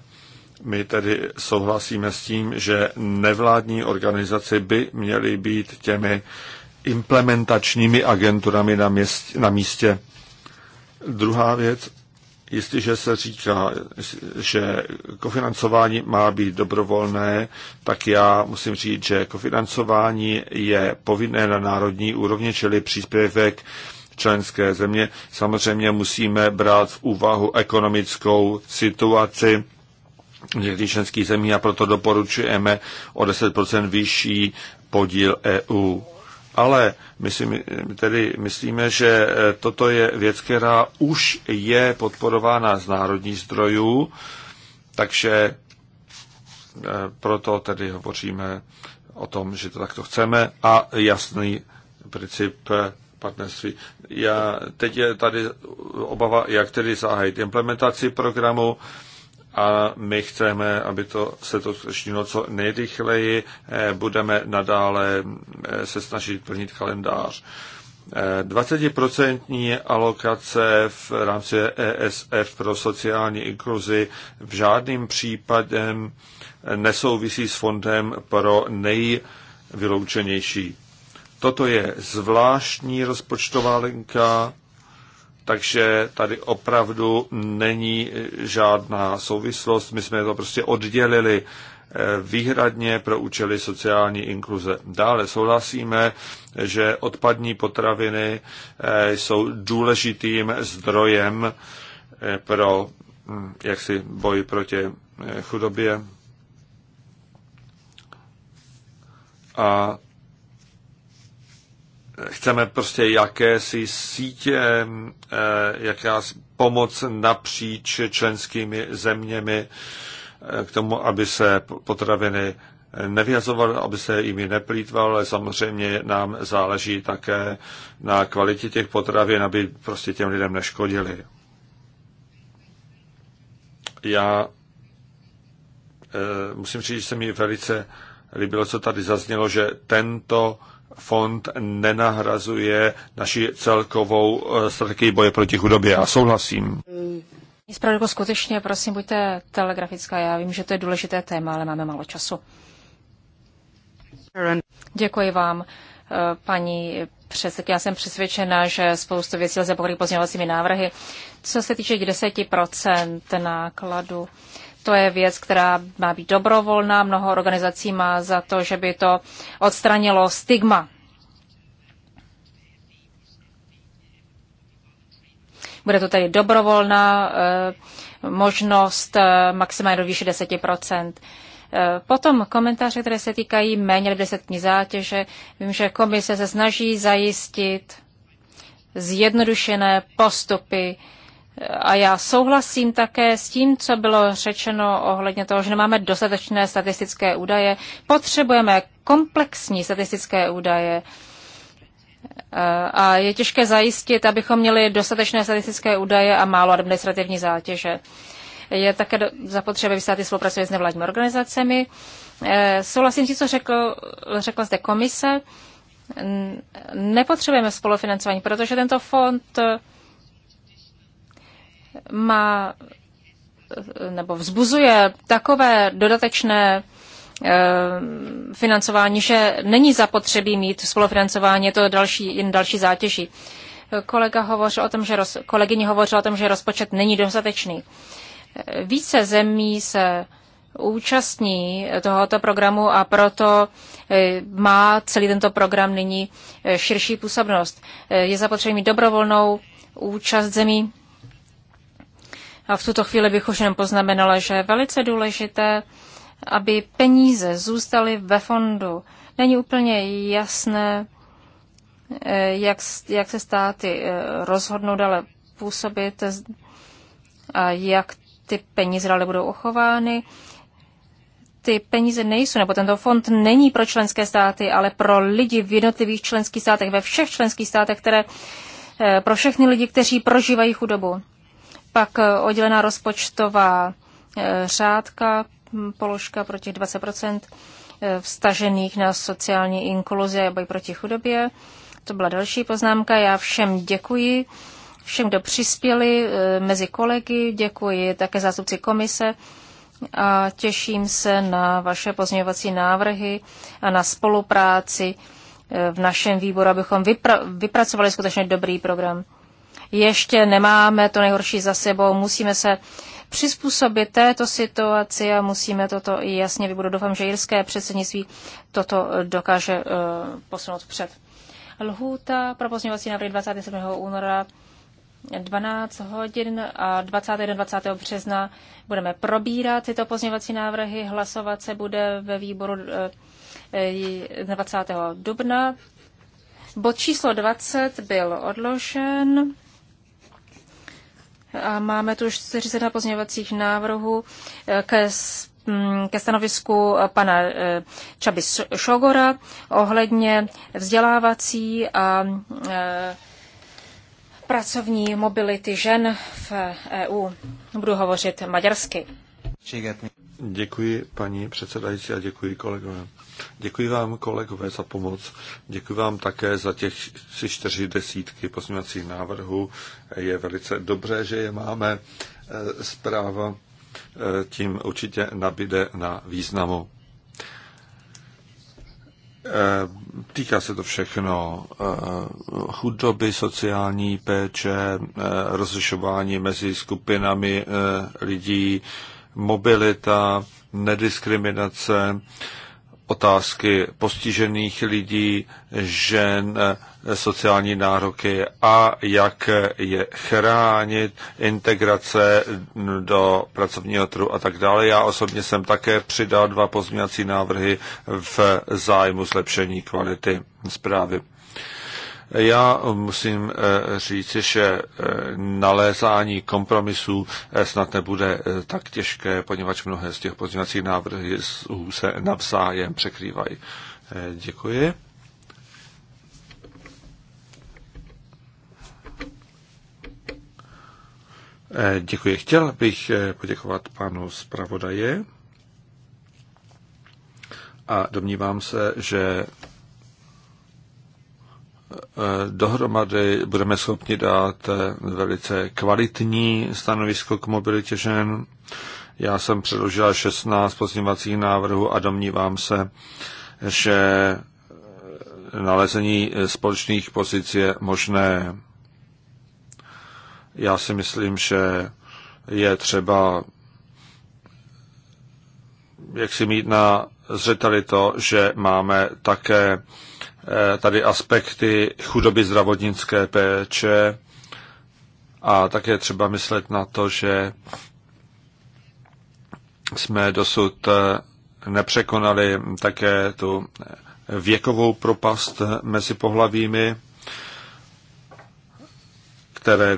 my tedy souhlasíme s tím, že nevládní organizace by měly být těmi implementačními agenturami na, měst, na místě. Druhá věc, jestliže se říká, že kofinancování má být dobrovolné, tak já musím říct, že kofinancování je povinné na národní úrovni, čili příspěvek členské země. Samozřejmě musíme brát v úvahu ekonomickou situaci některých členských zemí a proto doporučujeme o 10% vyšší podíl EU. Ale my si tedy myslíme, že eh, toto je věc, která už je podporována z národních zdrojů, takže eh, proto tedy hovoříme o tom, že to takto chceme a jasný princip eh, partnerství. Já, teď je tady obava, jak tedy zahájit implementaci programu, a my chceme, aby to se to skutečnilo co nejrychleji. Eh, budeme nadále eh, se snažit plnit kalendář. 20% eh, alokace v rámci ESF pro sociální inkluzi v žádném případě nesouvisí s fondem pro nejvyloučenější. Toto je zvláštní rozpočtová linka, takže tady opravdu není žádná souvislost. My jsme to prostě oddělili eh, výhradně pro účely sociální inkluze. Dále souhlasíme, že odpadní potraviny eh, jsou důležitým zdrojem eh, pro hm, jaksi boj proti chudobě. A chceme prostě jakési sítě, eh, jakási pomoc napříč členskými zeměmi eh, k tomu, aby se potraviny nevyhazoval, aby se jimi neplýtval, ale samozřejmě nám záleží také na kvalitě těch potravin, aby prostě těm lidem neškodili. Já eh, musím říct, že se mi velice líbilo, co tady zaznělo, že tento fond nenahrazuje naši celkovou eh, strategii boje proti chudobě. a souhlasím. Spravedlivou skutečně, prosím, buďte telegrafická. Já vím, že to je důležité téma, ale máme málo času. Děkuji vám, eh, paní předsedky. Já jsem přesvědčena, že spoustu věcí lze pokryt pozměňovacími návrhy. Co se týče 10% nákladu, to je věc, která má být dobrovolná. Mnoho organizací má za to, že by to odstranilo stigma. Bude to tedy dobrovolná eh, možnost eh, maximálně do výše 10 eh, Potom komentáře, které se týkají méně než 10 dní zátěže. Vím, že komise se snaží zajistit zjednodušené postupy a já souhlasím také s tím, co bylo řečeno ohledně toho, že nemáme dostatečné statistické údaje. Potřebujeme komplexní statistické údaje. A je těžké zajistit, abychom měli dostatečné statistické údaje a málo administrativní zátěže. Je také zapotřebí státy spolupracovat s nevládními organizacemi. Eh, souhlasím s tím, co řekl, řekla zde komise. Nepotřebujeme spolufinancování, protože tento fond má nebo vzbuzuje takové dodatečné eh, financování, že není zapotřebí mít spolufinancování, je to další, jen další zátěží. Kolega hovořil o tom, že roz, kolegyně hovořila o tom, že rozpočet není dostatečný. Více zemí se účastní tohoto programu a proto eh, má celý tento program nyní eh, širší působnost. Je zapotřebí mít dobrovolnou účast zemí a v tuto chvíli bych už jen poznamenala, že je velice důležité, aby peníze zůstaly ve fondu. Není úplně jasné, eh, jak, jak se státy eh, rozhodnou dále působit a jak ty peníze dále budou ochovány. Ty peníze nejsou, nebo tento fond není pro členské státy, ale pro lidi v jednotlivých členských státech, ve všech členských státech, které eh, pro všechny lidi, kteří prožívají chudobu. Pak eh, oddělená rozpočtová eh, řádka, hm, položka pro těch 20 eh, vstažených na sociální inkluzi a boj proti chudobě. To byla další poznámka. Já všem děkuji, všem, kdo přispěli mezi kolegy, děkuji také zástupci komise a těším se na vaše pozměňovací návrhy a na spolupráci v našem výboru, abychom vypra- vypracovali skutečně dobrý program ještě nemáme to nejhorší za sebou, musíme se přizpůsobit této situaci a musíme toto i jasně vybudovat. Doufám, že jirské předsednictví toto eh, dokáže eh, posunout vpřed. Lhůta pro pozměňovací návrhy 27. února 12 hodin a 21. 20. března budeme probírat tyto pozměňovací návrhy. Hlasovat se bude ve výboru 20. Eh, dubna. Bod číslo 20 byl odložen. A máme tu 41 pozměňovacích návrhů eh, ke mm, ke stanovisku eh, pana eh, Čaby Šogora ohledně vzdělávací a pracovní mobility žen v EU. Budu hovořit maďarsky. Děkuji paní předsedající a děkuji kolegové. Děkuji vám kolegové za pomoc. Děkuji vám také za těch si čtyři desítky pozměňovacích návrhů. Je velice dobře, že je máme. Eh, zpráva eh, tím určitě nabide na významu. Eh, týká se to všechno chudoby, sociální péče, rozlišování mezi skupinami lidí, mobilita, nediskriminace, otázky postižených lidí, žen, sociální nároky a jak je chránit, integrace do pracovního trhu a tak dále. Já osobně jsem také přidal dva pozměňovací návrhy v zájmu zlepšení kvality zprávy. Já musím eh, říci, že eh, nalézání kompromisů eh, snad nebude tak těžké, poněvadž mnohé z těch pozměňovacích návrhů se navzájem překrývají. Děkuji. Děkuji. Chtěl bych poděkovat panu zpravodaje a domnívám se, že Eh, dohromady budeme schopni dát eh, velice kvalitní stanovisko k mobilitě žen. Já jsem předložila 16 pozměňovacích návrhů a domnívám se, že eh, nalezení společných pozic je možné. Já si myslím, že je třeba jak si mít na zřeteli to, že máme také Eh, tady aspekty chudoby zdravotnické péče a také třeba myslet na to, že jsme dosud eh, nepřekonali také tu věkovou propast mezi pohlavími, které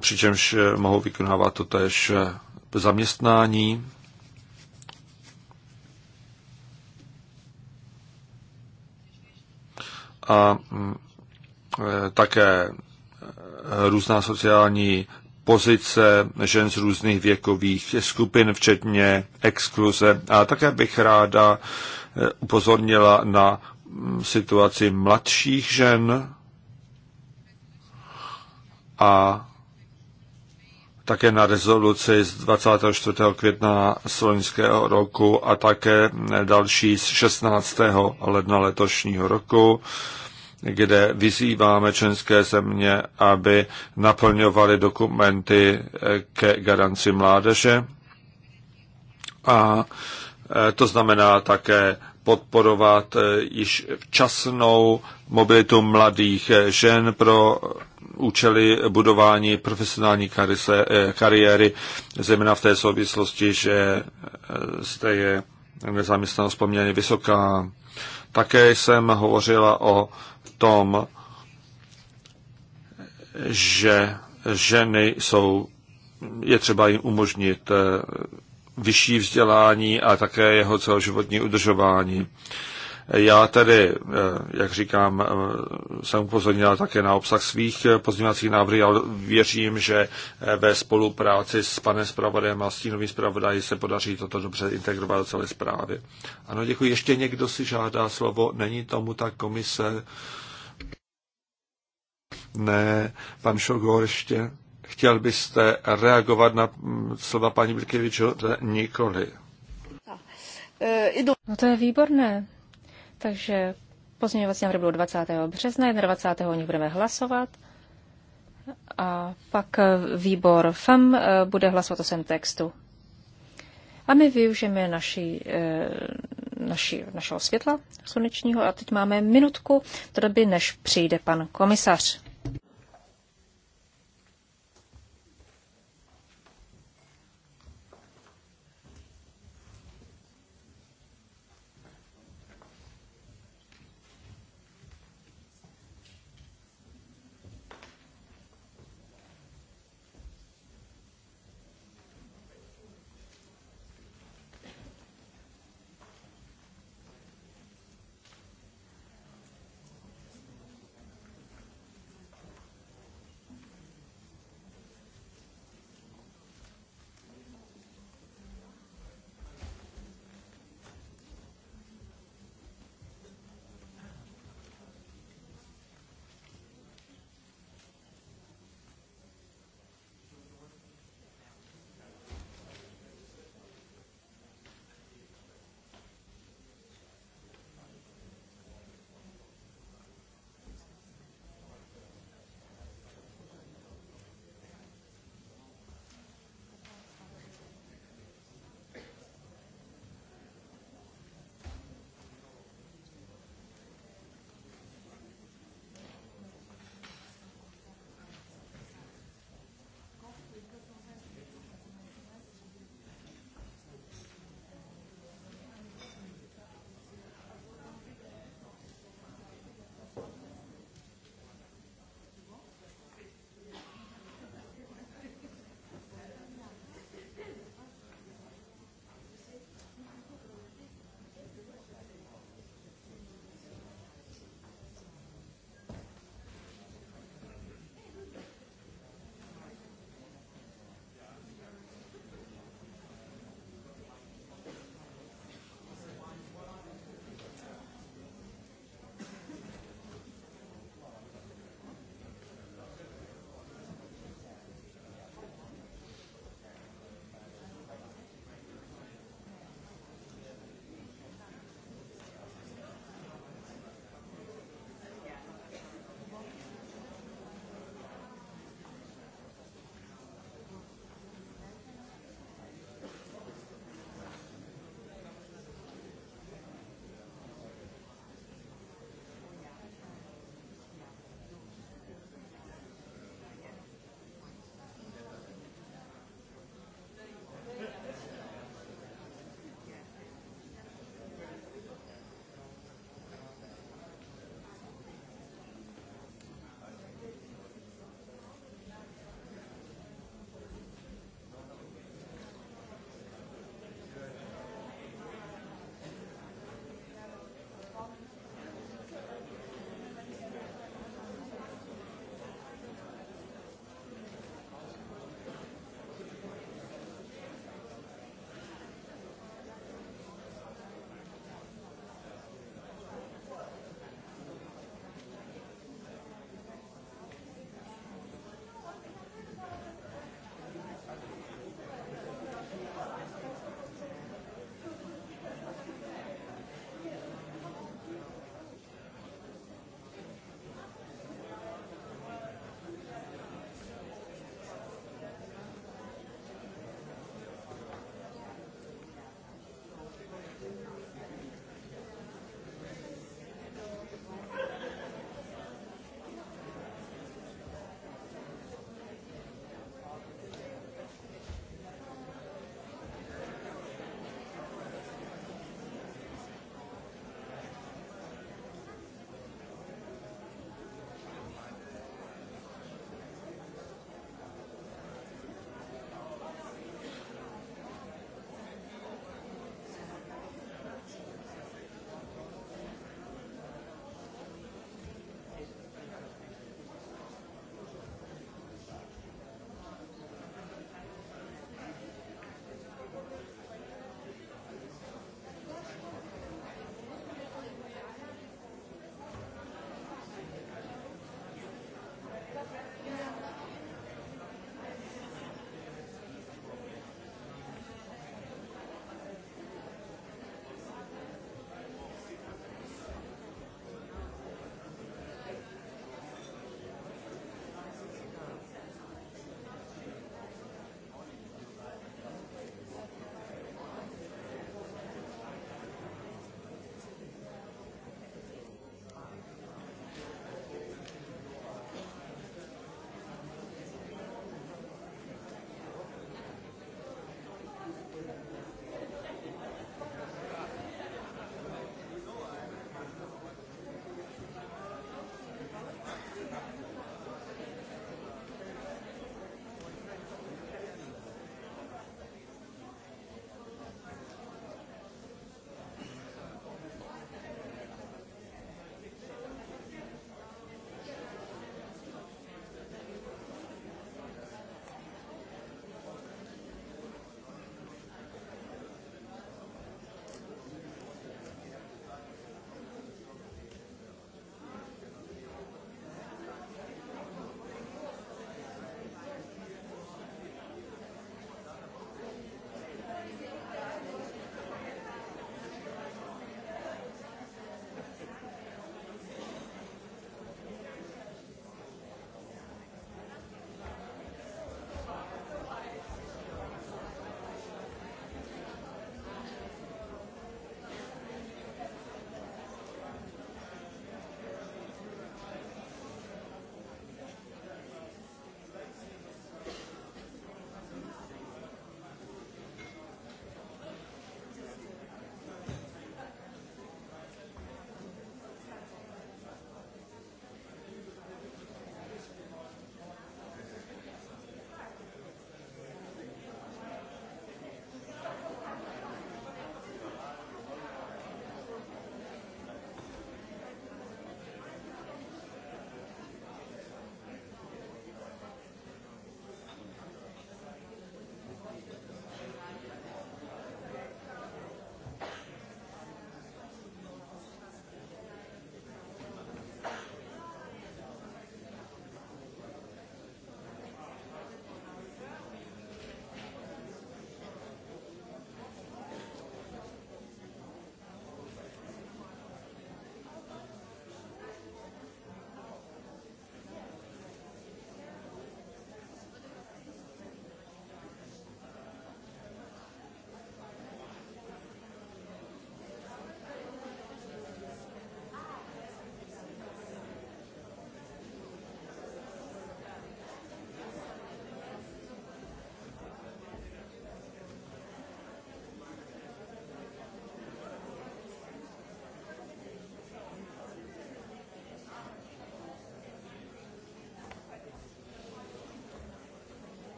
přičemž mohou vykonávat totéž eh, zaměstnání. a mm, e, také e, různá sociální pozice žen z různých věkových skupin, včetně exkluze. A také bych ráda e, upozornila na mm, situaci mladších žen a také na rezoluci z 24. května slovenského roku a také další z 16. ledna letošního roku, kde vyzýváme členské země, aby naplňovaly dokumenty ke garanci mládeže. A e, to znamená také podporovat e, již včasnou mobilitu mladých e, žen pro účely budování profesionální karise, eh, kariéry, zejména v té souvislosti, že eh, zde je nezaměstnanost poměrně vysoká. Také jsem hovořila o tom, že ženy jsou, je třeba jim umožnit eh, vyšší vzdělání a také jeho celoživotní udržování. Já tedy, eh, jak říkám, eh, jsem upozornil také na obsah svých eh, pozměňovacích návrhů, ale věřím, že ve spolupráci s panem zpravodajem a stínovým zpravodají se podaří toto dobře integrovat do celé zprávy. Ano, děkuji. Ještě někdo si žádá slovo? Není tomu ta komise? Ne, pan Šogor ještě. Chtěl byste reagovat na mm, slova paní Bilkeviče? Nikoli. No to je výborné. Takže pozměňovací návrh byl 20. března, 21. o nich budeme hlasovat. A pak výbor FEM eh, bude hlasovat o svém textu. A my využijeme naši, eh, naši, našeho světla slunečního a teď máme minutku do doby, než přijde pan komisař.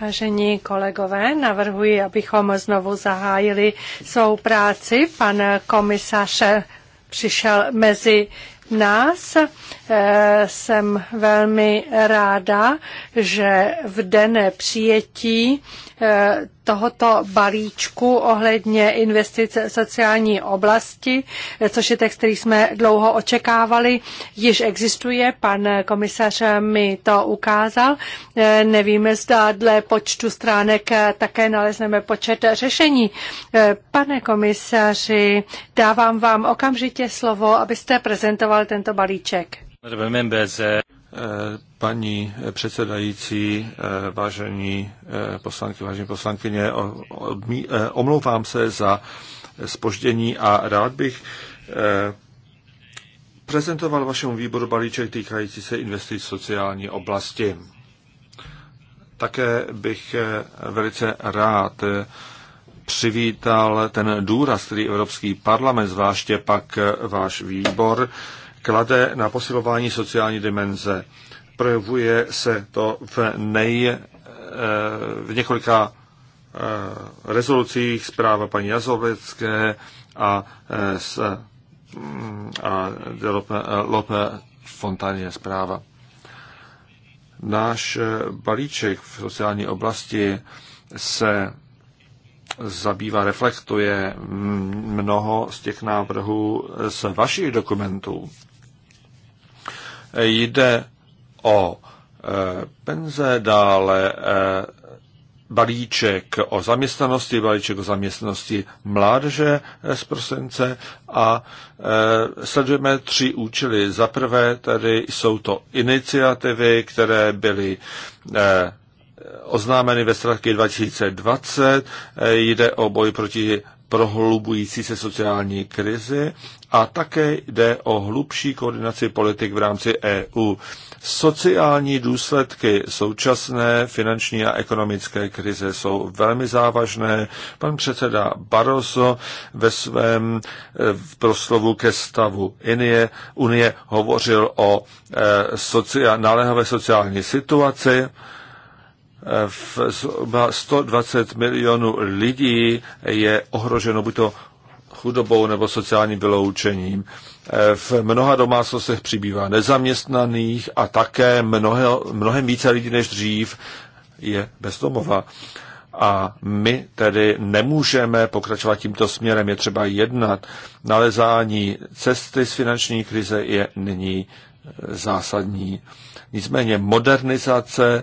Vážení kolegové, navrhuji, abychom znovu zahájili svou práci. Pan komisař přišel mezi nás. E, jsem velmi ráda, že v den přijetí Eh, tohoto balíčku ohledně investic sociální oblasti, eh, což je text, který jsme dlouho očekávali, již existuje. Pan komisař mi to ukázal. Eh, nevíme, zda dle počtu stránek také nalezneme počet řešení. Pane komisaři, dávám vám okamžitě slovo, abyste prezentoval tento balíček. Eh, paní předsedající, eh, vážení eh, poslanky, vážení poslankyně, omlouvám se za spoždění a rád bych prezentoval vašemu výboru balíček týkající se investic v sociální oblasti. Také bych velice rád přivítal ten důraz, který Evropský parlament, zvláště pak váš výbor, klade na posilování sociální dimenze. Projevuje se to v, nej, eh, v několika eh, rezolucích zpráva paní Jazovecké a, eh, s, mm, a Lope, Lope zpráva. Náš balíček v sociální oblasti se zabývá, reflektuje mm, mnoho z těch návrhů z vašich dokumentů. Jde o e, penze, dále e, balíček o zaměstnanosti, balíček o zaměstnanosti mládeže z prosince a e, sledujeme tři účely. Za prvé tedy jsou to iniciativy, které byly oznámeny ve strategii 2020. jde o boj proti prohlubující se sociální krizi a také jde o hlubší koordinaci politik v rámci EU. Sociální důsledky současné finanční a ekonomické krize jsou velmi závažné. Pan předseda Barroso ve svém eh, proslovu ke stavu Unie, Unie hovořil o eh, sociál, naléhavé sociální situaci eh, v 120 milionů lidí je ohroženo buď to chudobou nebo sociálním vyloučením. E, v mnoha domácnostech přibývá nezaměstnaných a také mnohé, mnohem více lidí než dřív je bezdomova. A my tedy nemůžeme pokračovat tímto směrem, je třeba jednat. Nalezání cesty z finanční krize je nyní e, zásadní. Nicméně modernizace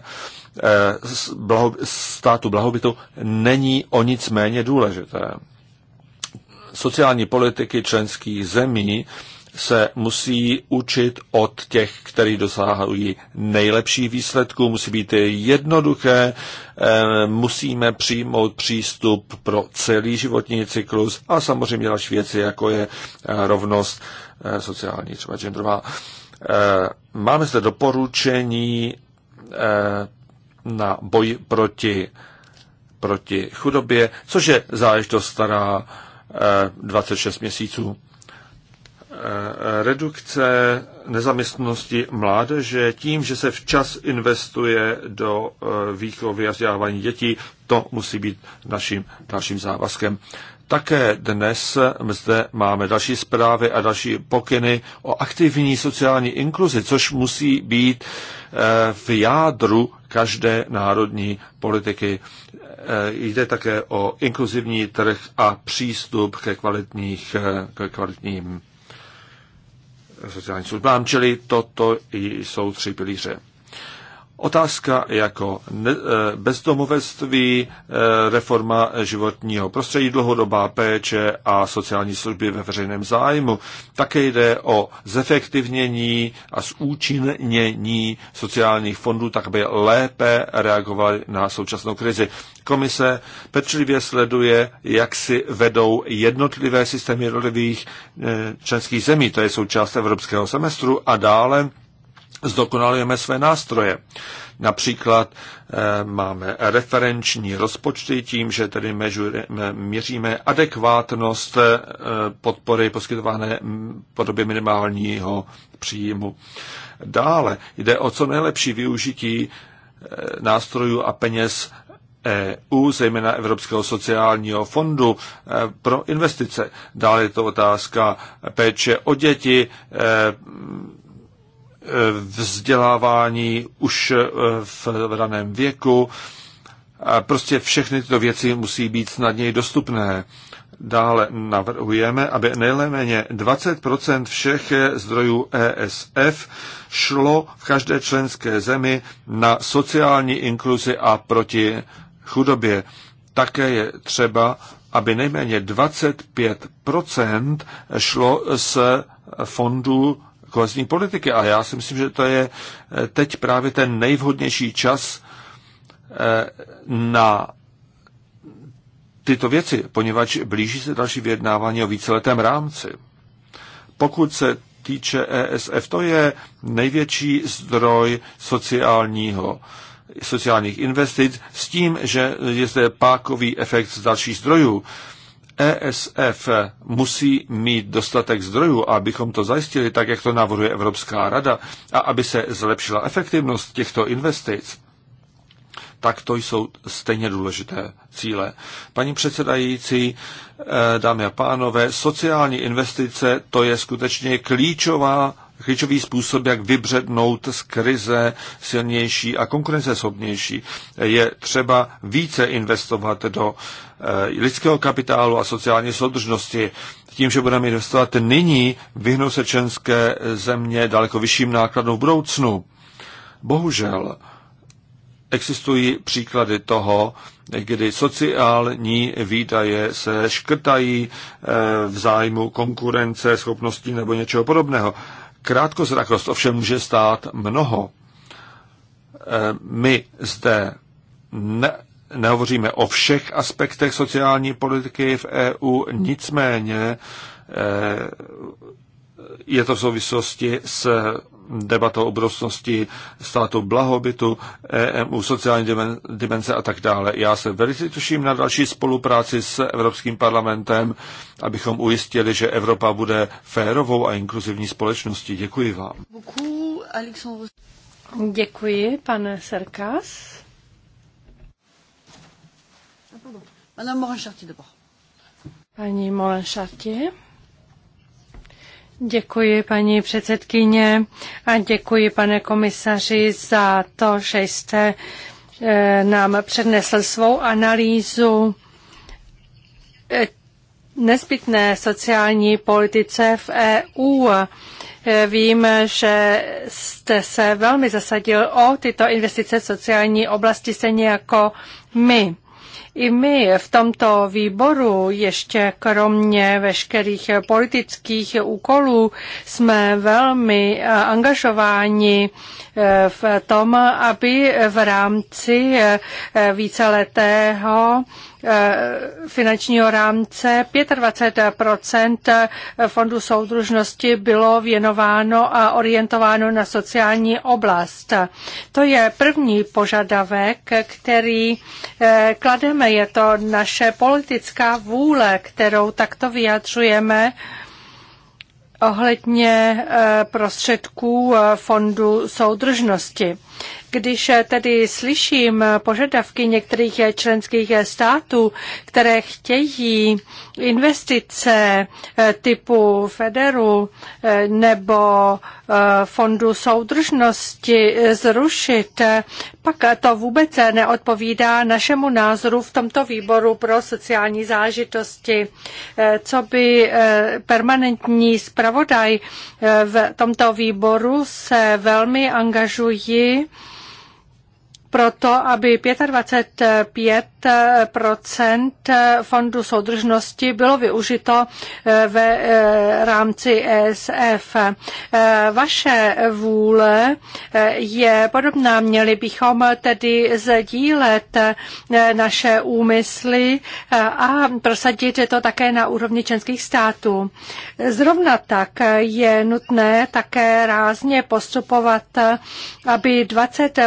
e, státu blahobytu není o nic méně důležité sociální politiky členských zemí se musí učit od těch, kteří dosáhají nejlepší výsledků, musí být jednoduché, eh, musíme přijmout přístup pro celý životní cyklus a samozřejmě další věci, jako je eh, rovnost eh, sociální, třeba genderová. Máme zde doporučení na boj proti, proti chudobě, což je záležitost, stará 26 eh, měsíců. Eh, redukce nezaměstnanosti mládeže tím, že se včas investuje do eh, výchovy a vzdělávání dětí, to musí být naším dalším závazkem. Také dnes zde máme další zprávy a další pokyny o aktivní sociální inkluzi, což musí být v jádru každé národní politiky. Eh, jde také o inkluzivní trh a přístup ke, kvalitních, eh, ke kvalitním eh, sociálním službám, čili toto jsou tři pilíře. Otázka jako eh, bezdomovectví, eh, reforma životního prostředí, dlouhodobá péče a sociální služby ve veřejném zájmu. Také jde o zefektivnění a zúčinnění sociálních fondů, tak aby lépe reagovali na současnou krizi. Komise pečlivě sleduje, jak si vedou jednotlivé systémy jednotlivých eh, členských zemí, to je součást evropského semestru a dále zdokonalujeme své nástroje. Například eh, máme referenční rozpočty tím, že tedy měříme adekvátnost eh, podpory poskytované podobě minimálního příjmu. Dále jde o co nejlepší využití eh, nástrojů a peněz EU, zejména Evropského sociálního fondu pro investice. Dále je to otázka péče o děti, vzdělávání už eh, v raném věku. Prostě všechny tyto věci musí být snadněji dostupné. Dále navrhujeme, aby nejméně 20 všech zdrojů ESF šlo v každé členské zemi na sociální inkluzi a proti chudobě. Také je třeba, aby nejméně 25 šlo z fondů kohezní politiky. A já si myslím, že to je eh, teď právě ten nejvhodnější čas eh, na tyto věci, poněvadž blíží se další vyjednávání o víceletém rámci. Pokud se týče ESF, to je největší zdroj sociálního sociálních investic s tím, že je zde pákový efekt z dalších zdrojů. ESF musí mít dostatek zdrojů, abychom to zajistili tak, jak to navrhuje Evropská rada, a aby se zlepšila efektivnost těchto investic, tak to jsou stejně důležité cíle. Paní předsedající, e, dámy a pánové, sociální investice to je skutečně klíčová klíčový způsob, jak vybřednout z krize silnější a konkurenceschopnější. Je třeba více investovat do eh, lidského kapitálu a sociální soudržnosti. Tím, že budeme investovat nyní, vyhnou se členské země daleko vyšším nákladům v budoucnu. Bohužel existují příklady toho, kdy sociální výdaje se škrtají eh, v zájmu konkurence, schopností nebo něčeho podobného. Krátkozrakost ovšem může stát mnoho. Eh, my zde ne, nehovoříme o všech aspektech sociální politiky v EU, nicméně eh, je to v souvislosti s debata o budoucnosti státu blahobytu, EMU, sociální dimenze a tak dále. Já se velice těším na další spolupráci s Evropským parlamentem, abychom ujistili, že Evropa bude férovou a inkluzivní společností. Děkuji vám. Děkuji, pane Serkas. Paní Molen Děkuji, paní předsedkyně, a děkuji, pane komisaři, za to, že jste eh, nám přednesl svou analýzu eh, nezbytné sociální politice v EU. Eh, vím, že jste se velmi zasadil o tyto investice v sociální oblasti, stejně jako my. I my v tomto výboru ještě kromě veškerých politických úkolů jsme velmi eh, angažováni eh, v tom, aby v rámci eh, víceletého Eh, finančního rámce 25 fondu soudružnosti bylo věnováno a orientováno na sociální oblast. To je první požadavek, který eh, klademe. Je to naše politická vůle, kterou takto vyjadřujeme ohledně eh, prostředků fondu soudržnosti. Když eh, tedy slyším eh, požadavky některých eh, členských států, které chtějí investice typu Federu nebo fondu soudržnosti zrušit, pak to vůbec neodpovídá našemu názoru v tomto výboru pro sociální zážitosti. Co by permanentní zpravodaj v tomto výboru se velmi angažují proto, aby 25 fondu soudržnosti bylo využito eh, ve eh, rámci ESF. Eh, vaše vůle je podobná. Měli bychom tedy sdílet naše úmysly a prosadit to také na úrovni členských států. Zrovna tak je nutné také rázně postupovat, aby 20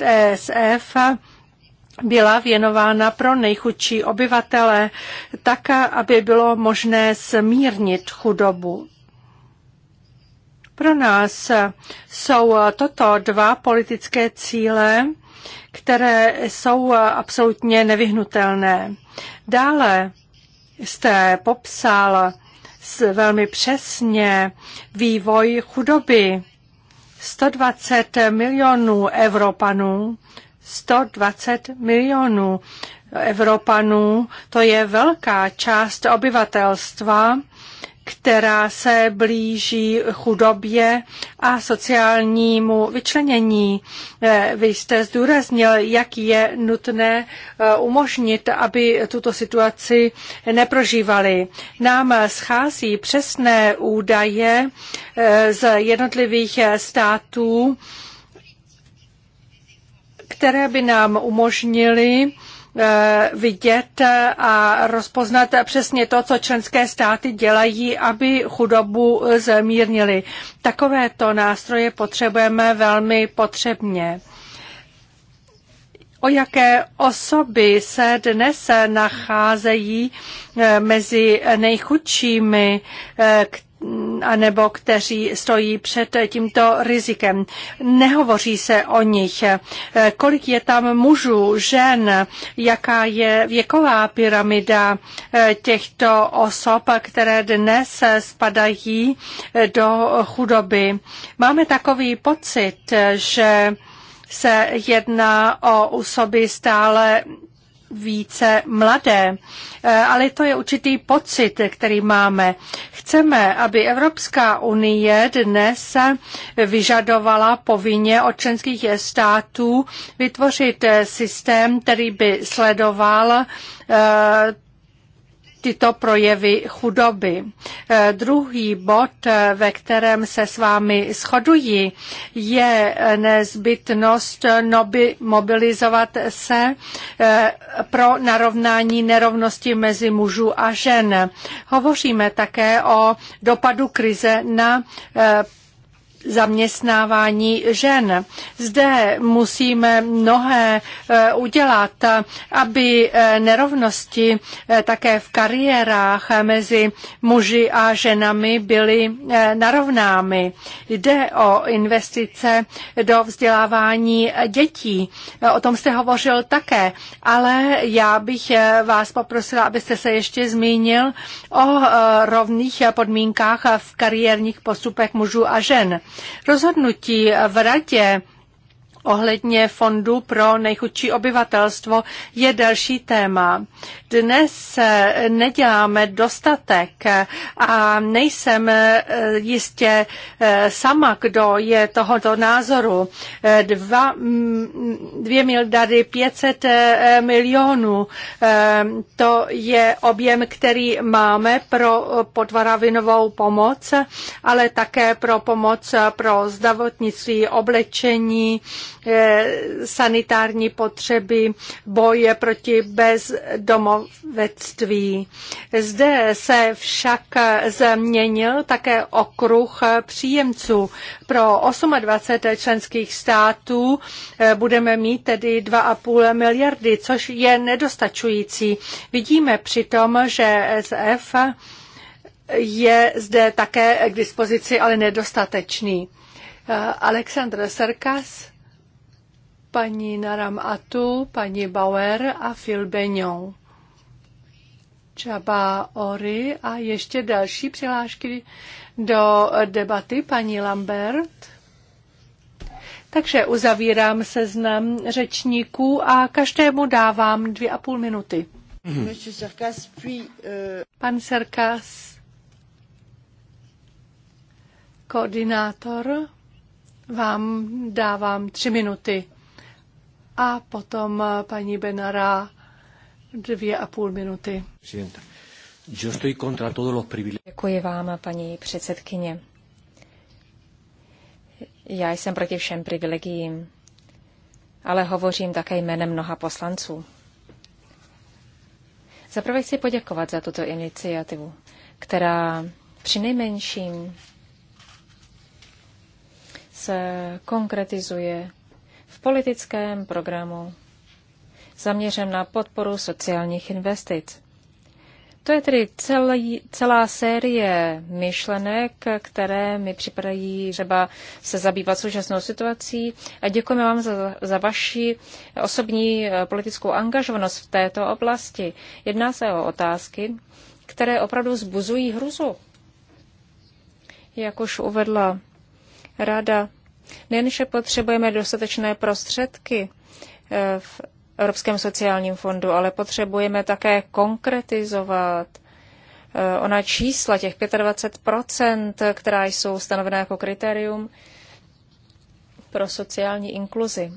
ESF ESF byla věnována pro nejchudší obyvatele, tak, aby bylo možné smírnit chudobu. Pro nás jsou toto dva politické cíle, které jsou absolutně nevyhnutelné. Dále jste popsal velmi přesně vývoj chudoby. 120 milionů Evropanů 120 milionů Evropanů, to je velká část obyvatelstva, která se blíží chudobě a sociálnímu vyčlenění. Eh, vy jste zdůraznil, jak je nutné eh, umožnit, aby tuto situaci neprožívali. Nám schází přesné údaje eh, z jednotlivých států, které by nám umožnily eh, vidět a rozpoznat přesně to, co členské státy dělají, aby chudobu zmírnili. Takovéto nástroje potřebujeme velmi potřebně. O jaké osoby se dnes nacházejí eh, mezi nejchudšími, které eh, anebo kteří stojí před tímto rizikem. Nehovoří se o nich. Kolik je tam mužů, žen, jaká je věková pyramida eh, těchto osob, které dnes spadají eh, do chudoby. Máme takový pocit, eh, že se jedná o osoby stále více mladé. Eh, ale to je určitý pocit, který máme. Chceme, aby Evropská unie dnes vyžadovala povinně od členských států vytvořit eh, systém, který by sledoval eh, tyto projevy chudoby. Eh, druhý bod, eh, ve kterém se s vámi shodují, je nezbytnost eh, mobilizovat se pro narovnání nerovnosti mezi mužů a žen. Hovoříme také o dopadu krize na zaměstnávání žen. Zde musíme mnohé eh, udělat, aby eh, nerovnosti eh, také v kariérách mezi muži a ženami byly narovnámi. Jde o investice do vzdělávání dětí. O tom jste hovořil také, ale já bych vás poprosila, abyste se ještě zmínil o rovných podmínkách v kariérních postupech mužů a žen. Rozhodnutí v radě ohledně fondu pro nejchudší obyvatelstvo je další téma. Dnes eh, neděláme dostatek a nejsem eh, jistě eh, sama, kdo je tohoto názoru. Dva, mm, dvě miliardy 500 milionů, to je objem, který máme pro podvaravinovou pomoc, ale také pro pomoc pro zdravotnictví, oblečení, Eh, sanitární potřeby, boje proti bezdomovectví. Zde se však změnil také okruh příjemců. Pro 28 členských států eh, budeme mít tedy 2,5 miliardy, což je nedostačující. Vidíme přitom, že SF je zde také k dispozici, ale nedostatečný. Eh, Aleksandr Serkas paní Naram Atu, paní Bauer a Phil Benyon. Čaba Ory a ještě další přihlášky do debaty, paní Lambert. Takže uzavírám seznam řečníků a každému dávám dvě a půl minuty. Mhm. Euh, Pan Serkas, koordinátor, vám dávám tři minuty. A potom eh, paní Benara dvě a půl minuty. Děkuji vám, paní předsedkyně. Já jsem proti všem privilegiím, ale hovořím také jménem mnoha poslanců. Zaprvé chci poděkovat za tuto iniciativu, která při nejmenším se konkretizuje politickém programu zaměřen na podporu sociálních investic. To je tedy celý, celá série myšlenek, které mi připadají třeba se zabývat současnou situací. A děkujeme vám za, za vaši osobní eh, politickou angažovanost v této oblasti. Jedná se o otázky, které opravdu zbuzují hruzu. Jak už uvedla Rada Nejenže potřebujeme dostatečné prostředky eh, v Evropském sociálním fondu, ale potřebujeme také konkretizovat eh, ona čísla, těch 25%, která jsou stanovená jako kritérium pro sociální inkluzi.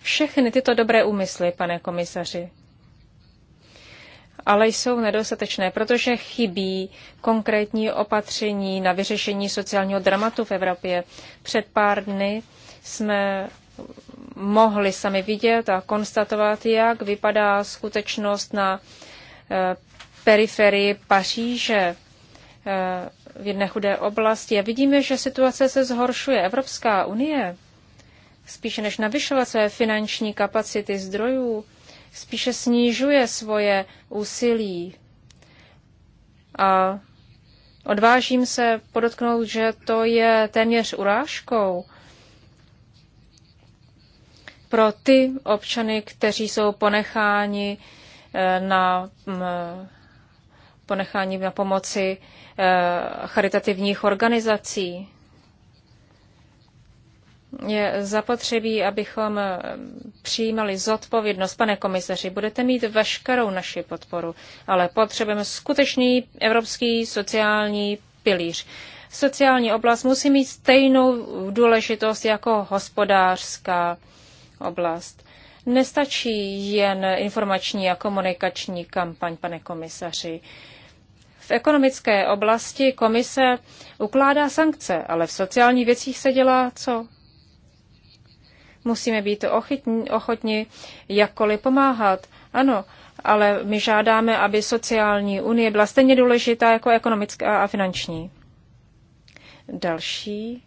Všechny tyto dobré úmysly, pane komisaři, ale jsou nedostatečné, protože chybí konkrétní opatření na vyřešení sociálního dramatu v Evropě. Před pár dny jsme mohli sami vidět a konstatovat, jak vypadá skutečnost na eh, periferii Paříže eh, v jedné chudé oblasti. A vidíme, že situace se zhoršuje. Evropská unie spíše než navyšovat své finanční kapacity zdrojů, spíše snižuje svoje úsilí. A odvážím se podotknout, že to je téměř urážkou pro ty občany, kteří jsou ponecháni eh, na mm, eh, ponecháni na pomoci eh, charitativních organizací je zapotřebí, abychom eh, přijímali zodpovědnost. Pane komisaři, budete mít veškerou naši podporu, ale potřebujeme skutečný evropský sociální pilíř. Sociální oblast musí mít stejnou důležitost jako hospodářská oblast. Nestačí jen informační a komunikační kampaň, pane komisaři. V ekonomické oblasti komise ukládá sankce, ale v sociálních věcích se dělá co? Musíme být ochotní, ochotni jakkoliv pomáhat. Ano, ale my žádáme, aby sociální unie byla stejně důležitá jako ekonomická a finanční. Další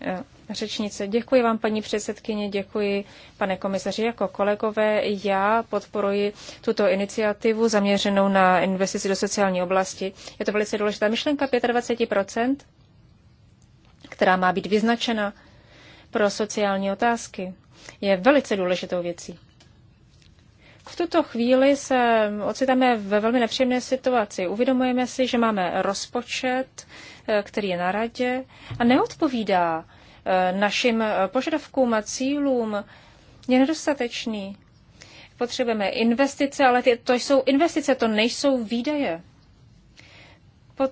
eh, řečnice. Děkuji vám, paní předsedkyně, děkuji, pane komisaři, jako kolegové. Já podporuji tuto iniciativu zaměřenou na investici do sociální oblasti. Je to velice důležitá myšlenka 25 která má být vyznačena pro sociální otázky je velice důležitou věcí. V tuto chvíli se ocitáme ve velmi nepříjemné situaci. Uvědomujeme si, že máme rozpočet, eh, který je na radě a neodpovídá eh, našim eh, požadavkům a cílům. Je nedostatečný. Potřebujeme investice, ale ty, to jsou investice, to nejsou výdaje. Pot,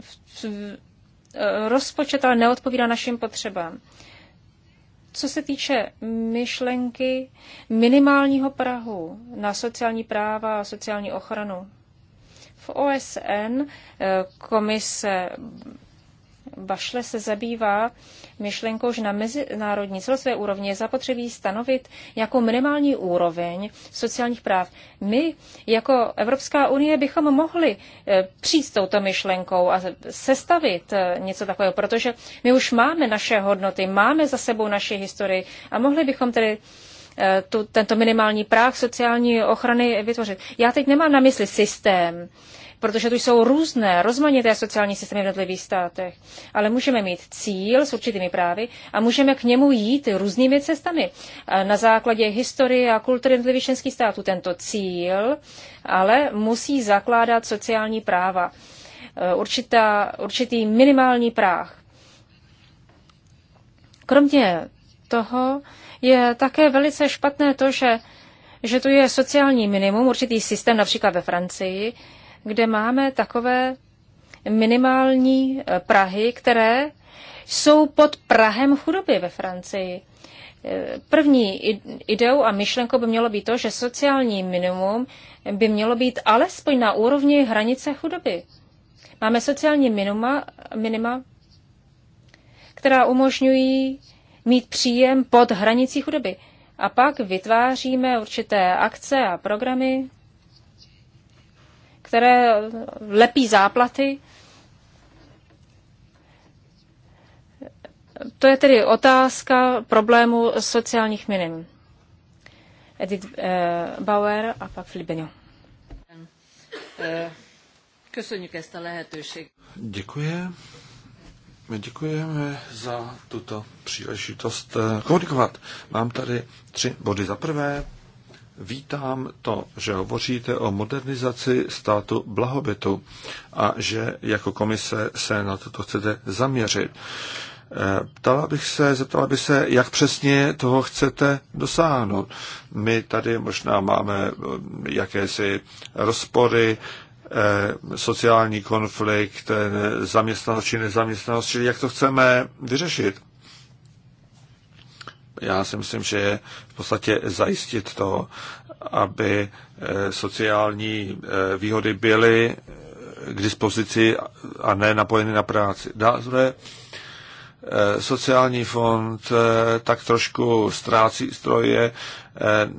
v, v, Eh, rozpočet ale neodpovídá našim potřebám. Co se týče myšlenky minimálního Prahu na sociální práva a sociální ochranu, v OSN eh, komise Bašle se zabývá myšlenkou, že na mezinárodní celosvé úrovni je zapotřebí stanovit jako minimální úroveň sociálních práv. My jako Evropská unie bychom mohli eh, přijít s touto myšlenkou a sestavit eh, něco takového, protože my už máme naše hodnoty, máme za sebou naši historii a mohli bychom tedy eh, tu, tento minimální práh sociální ochrany vytvořit. Já teď nemám na mysli systém, protože tu jsou různé, rozmanité sociální systémy v jednotlivých státech. Ale můžeme mít cíl s určitými právy a můžeme k němu jít různými cestami. Na základě historie a kultury jednotlivých členských států tento cíl ale musí zakládat sociální práva. E, určitá, určitý minimální práh. Kromě toho je také velice špatné to, že že to je sociální minimum, určitý systém, například ve Francii, kde máme takové minimální eh, Prahy, které jsou pod Prahem chudoby ve Francii. Eh, první ideou a myšlenkou by mělo být to, že sociální minimum by mělo být alespoň na úrovni hranice chudoby. Máme sociální minima, minima která umožňují mít příjem pod hranicí chudoby. A pak vytváříme určité akce a programy, které lepí záplaty. To je tedy otázka problému sociálních minim. Edith eh, Bauer a pak Filipeňo. Eh, köszönjük Děkuji. My děkujeme za tuto příležitost eh, komunikovat. Mám tady tři body. Za prvé, Vítám to, že hovoříte o modernizaci státu blahobytu a že jako komise se na toto chcete zaměřit. Eh, ptala bych se, zeptala bych se, jak přesně toho chcete dosáhnout. My tady možná máme eh, jakési rozpory, eh, sociální konflikt, zaměstnanost či nezaměstnanost, čili jak to chceme vyřešit já si myslím, že je v podstatě zajistit to, aby eh, sociální eh, výhody byly eh, k dispozici a ne napojeny na práci. Dále sociální fond tak trošku ztrácí stroje.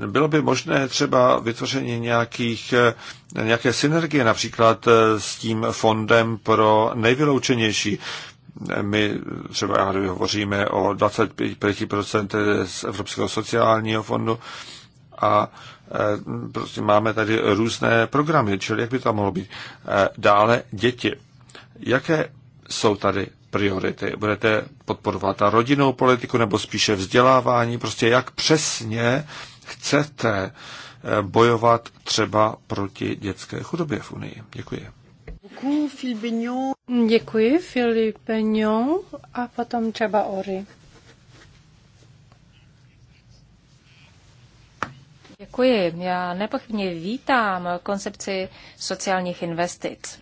Bylo by možné třeba vytvoření nějakých, nějaké synergie například s tím fondem pro nejvyloučenější my třeba já nevím, hovoříme o 25% z Evropského sociálního fondu a e, prostě máme tady různé programy, čili jak by to mohlo být. E, dále děti. Jaké jsou tady priority? Budete podporovat a rodinnou politiku nebo spíše vzdělávání? Prostě jak přesně chcete e, bojovat třeba proti dětské chudobě v Unii? Děkuji. Děkuji, Filip Bignon a potom třeba Ory. Děkuji. Já nepochybně vítám koncepci sociálních investic.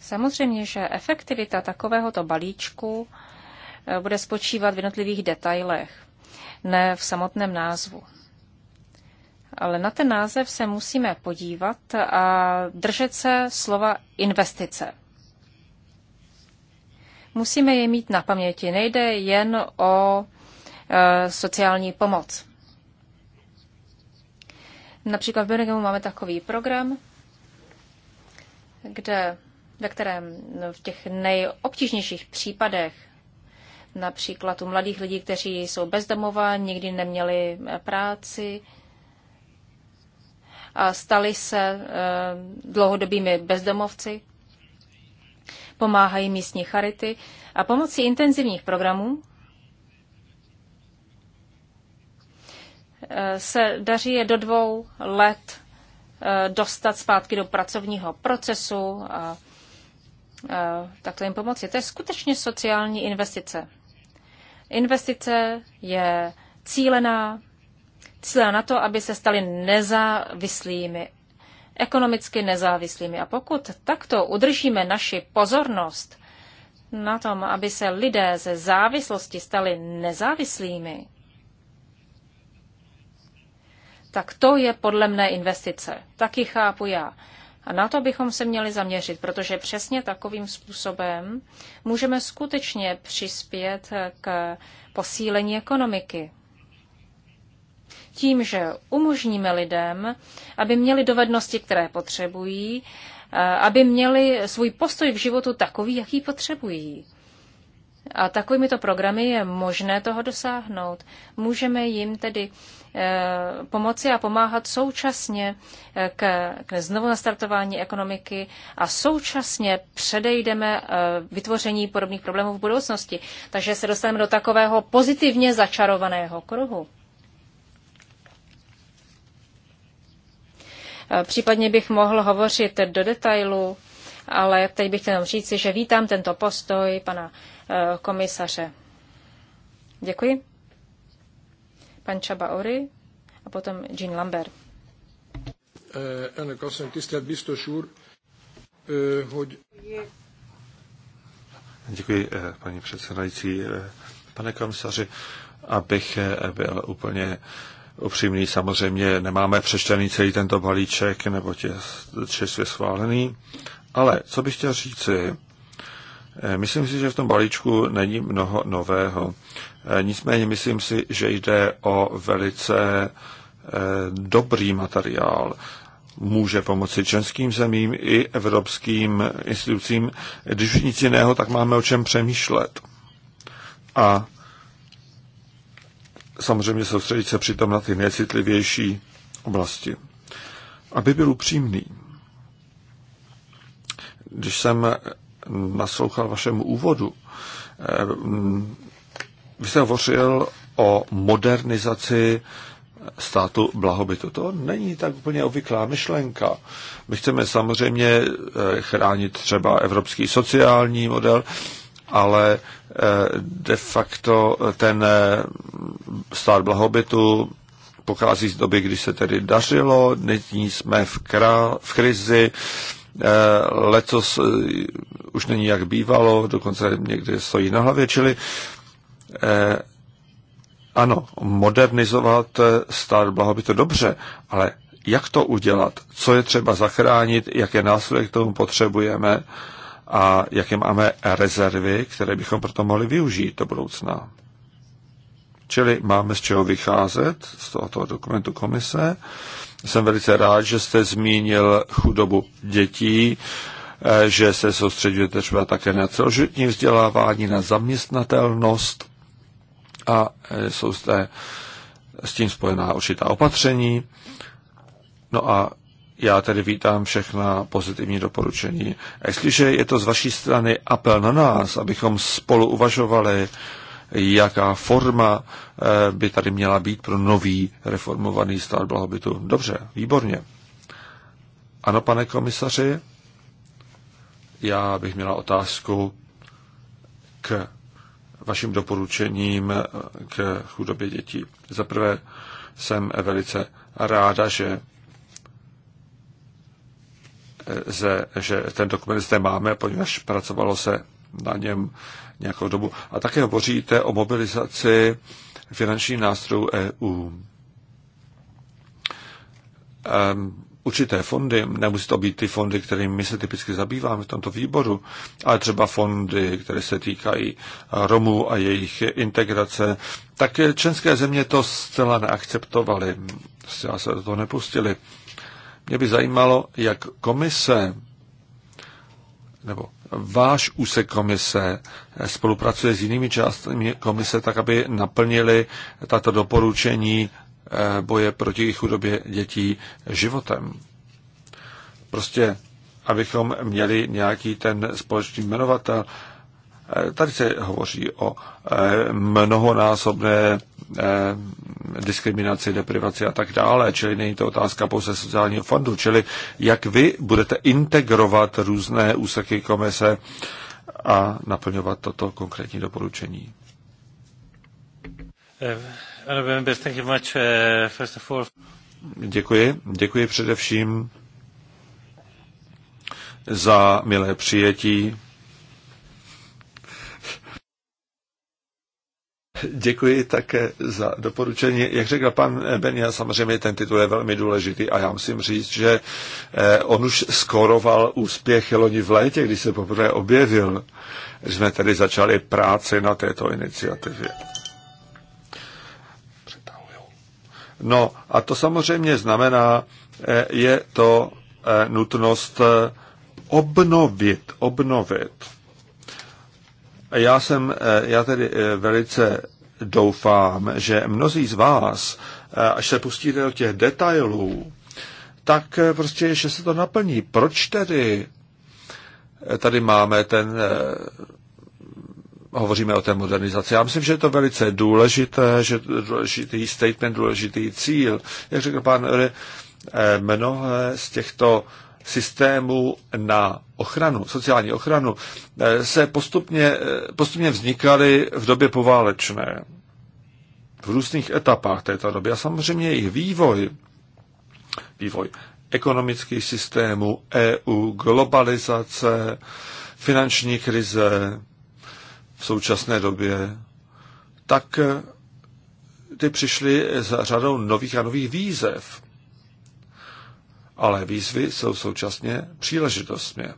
Samozřejmě, že efektivita takovéhoto balíčku eh, bude spočívat v jednotlivých detailech, ne v samotném názvu ale na ten název se musíme podívat a držet se slova investice. Musíme je mít na paměti. Nejde jen o e, sociální pomoc. Například v Birminghamu máme takový program, kde, ve kterém v těch nejobtížnějších případech například u mladých lidí, kteří jsou bezdomová, nikdy neměli práci, stali se eh, dlouhodobými bezdomovci. Pomáhají místní charity a pomocí intenzivních programů eh, se daří je do dvou let eh, dostat zpátky do pracovního procesu a takto jim pomoci. To je skutečně sociální investice. Investice je cílená, cíle na to, aby se stali nezávislými, ekonomicky nezávislými. A pokud takto udržíme naši pozornost na tom, aby se lidé ze závislosti stali nezávislými, tak to je podle mne investice. Taky chápu já. A na to bychom se měli zaměřit, protože přesně takovým způsobem můžeme skutečně přispět k posílení ekonomiky tím, že umožníme lidem, aby měli dovednosti, které potřebují, aby měli svůj postoj k životu takový, jaký potřebují. A takovými to programy je možné toho dosáhnout. Můžeme jim tedy e, pomoci a pomáhat současně e, k, k znovu nastartování ekonomiky a současně předejdeme e, vytvoření podobných problémů v budoucnosti. Takže se dostaneme do takového pozitivně začarovaného kruhu. Případně bych mohl hovořit do detailu, ale teď bych chtěl jenom říci, že vítám tento postoj pana eh, komisaře. Děkuji. Pan Čaba Ory a potom Jean Lambert. Ennek eh, asszony, tisztelt biztos úr, eh, hogy... Děkuji, paní předsedající. Pane komisaři, abych byl úplně upřímný. Samozřejmě nemáme přečtený celý tento balíček, nebo je čerstvě schválený. Ale co bych chtěl říci, eh, myslím si, že v tom balíčku není mnoho nového. Eh, nicméně myslím si, že jde o velice eh, dobrý materiál. Může pomoci českým zemím i evropským institucím. Když nic jiného, tak máme o čem přemýšlet. A samozřejmě soustředit se přitom na ty nejcitlivější oblasti. Aby byl upřímný, když jsem naslouchal vašemu úvodu, eh, vy jste hovořil o modernizaci státu blahobytu. To není tak úplně obvyklá myšlenka. My chceme samozřejmě eh, chránit třeba evropský sociální model, ale eh, de facto ten eh, stát blahobytu pochází z doby, kdy se tedy dařilo, nyní jsme v, krá, v krizi, eh, letos už není jak bývalo, dokonce někdy stojí na hlavě, čili ano, modernizovat stát blahobytu dobře, ale jak to udělat, co je třeba zachránit, jaké nástroje k tomu potřebujeme, a jaké máme rezervy, které bychom proto mohli využít do budoucna. Čili máme z čeho vycházet z tohoto dokumentu komise. Jsem velice rád, že jste zmínil chudobu dětí, eh, že se soustředujete třeba také na celoživotní vzdělávání, na zaměstnatelnost a eh, jsou zde s tím spojená určitá opatření. No a já tedy vítám všechna pozitivní doporučení. A jestliže je to z vaší strany apel na nás, abychom spolu uvažovali, jaká forma eh, by tady měla být pro nový reformovaný stát blahobytu. Dobře, výborně. Ano, pane komisaři, já bych měla otázku k vašim doporučením eh, k chudobě dětí. Za prvé jsem velice ráda, že že ten dokument zde máme, poněvadž pracovalo se na něm nějakou dobu. A také hovoříte o mobilizaci finančních nástrojů EU. Um, ehm, určité fondy, nemusí to být ty fondy, kterými my se typicky zabýváme v tomto výboru, ale třeba fondy, které se týkají Romů a jejich integrace, tak české země to zcela neakceptovaly, zcela se do toho nepustili. Mě by zajímalo, jak komise nebo váš úsek komise eh, spolupracuje s jinými částmi komise tak, aby naplnili tato doporučení eh, boje proti chudobě dětí životem. Prostě, abychom měli nějaký ten společný jmenovatel. Eh, tady se hovoří o mnohonásobné Eh, diskriminaci, deprivaci a tak dále, čili není to otázka pouze sociálního fondu, čili jak vy budete integrovat různé úseky komise a naplňovat toto konkrétní doporučení. Eh, eh, Děkuji. Děkuji především za milé přijetí Děkuji také za doporučení. Jak řekl pan Benja, samozřejmě ten titul je velmi důležitý a já musím říct, že eh, on už skoroval úspěch loni v létě, když se poprvé objevil. že Jsme tedy začali práci na této iniciativě. No a to samozřejmě znamená, eh, je to eh, nutnost obnovit, obnovit já jsem, eh, já tedy eh, velice doufám, že mnozí z vás, eh, až se pustíte do těch detailů, tak prostě, že se to naplní. Proč tedy tady máme ten, hovoříme o té modernizaci. Já myslím, že je to velice důležité, že důležitý statement, důležitý cíl. Jak řekl pán Öry, mnohé z těchto systému na ochranu, sociální ochranu, eh, se postupně, eh, postupně vznikaly v době poválečné, v různých etapách této doby. A samozřejmě jejich vývoj, vývoj ekonomických systémů EU, globalizace, finanční krize v současné době, tak eh, ty přišly za řadou nových a nových výzev ale výzvy jsou současně příležitostmi.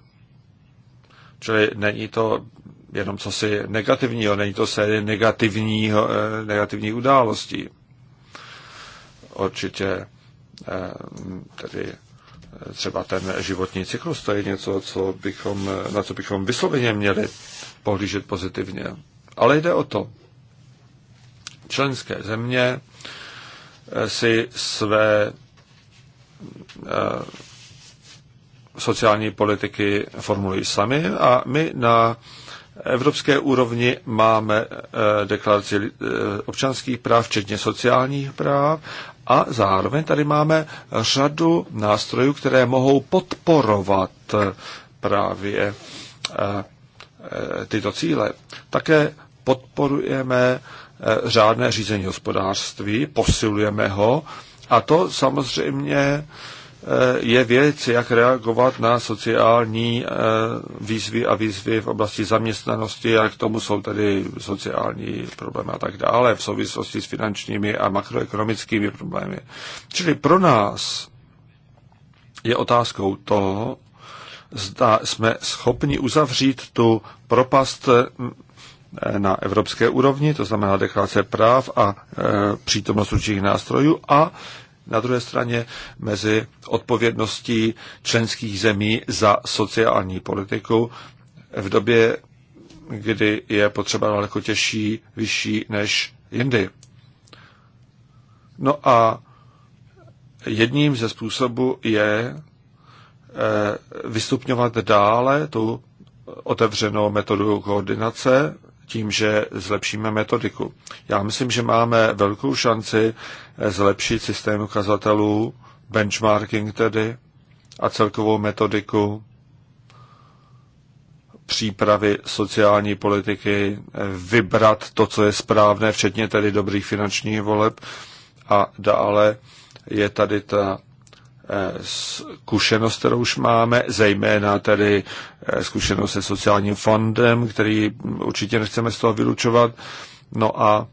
Čili není to jenom cosi negativního, není to série negativních eh, negativních událostí. Určitě eh, tedy eh, třeba ten životní cyklus, to je něco, co bychom, na co bychom vysloveně měli pohlížet pozitivně. Ale jde o to. Členské země si své Eh, sociální politiky formulují sami a my na evropské úrovni máme eh, deklaraci eh, občanských práv, včetně sociálních práv a zároveň tady máme řadu nástrojů, které mohou podporovat právě tyto cíle. Také podporujeme řádné řízení hospodářství, posilujeme ho a to samozřejmě eh, je věc, jak reagovat na sociální eh, výzvy a výzvy v oblasti zaměstnanosti a k tomu jsou tady sociální problémy a tak dále v souvislosti s finančními a makroekonomickými problémy. Čili pro nás je otázkou to, zda jsme schopni uzavřít tu propast na evropské úrovni, to znamená deklarace práv a e, přítomnost určitých nástrojů a na druhé straně mezi odpovědností členských zemí za sociální politiku v době, kdy je potřeba daleko těžší, vyšší než jindy. No a jedním ze způsobů je e, vystupňovat dále tu otevřenou metodu koordinace tím, že zlepšíme metodiku. Já myslím, že máme velkou šanci eh, zlepšit systém ukazatelů, benchmarking tedy, a celkovou metodiku přípravy sociální politiky, eh, vybrat to, co je správné, včetně tedy dobrých finančních voleb. A dále je tady ta zkušenost, kterou už máme, zejména tedy eh, zkušenost se sociálním fondem, který určitě nechceme z toho vylučovat, no a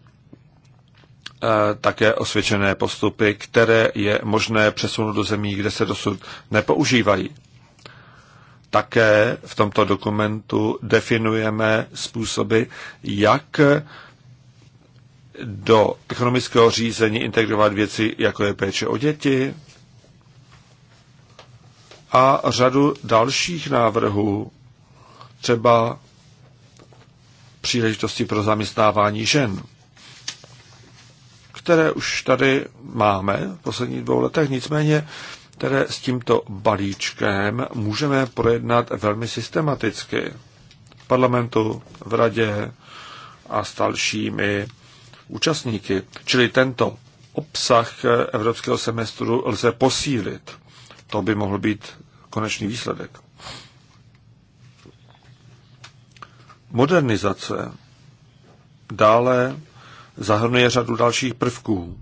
eh, také osvědčené postupy, které je možné přesunout do zemí, kde se dosud nepoužívají. Také v tomto dokumentu definujeme způsoby, jak do ekonomického řízení integrovat věci, jako je péče o děti, a řadu dalších návrhů, třeba příležitosti pro zaměstnávání žen, které už tady máme v posledních dvou letech, nicméně které s tímto balíčkem můžeme projednat velmi systematicky v parlamentu, v radě a s dalšími účastníky. Čili tento obsah evropského semestru lze posílit. To by mohl být konečný výsledek. Modernizace dále zahrnuje řadu dalších prvků.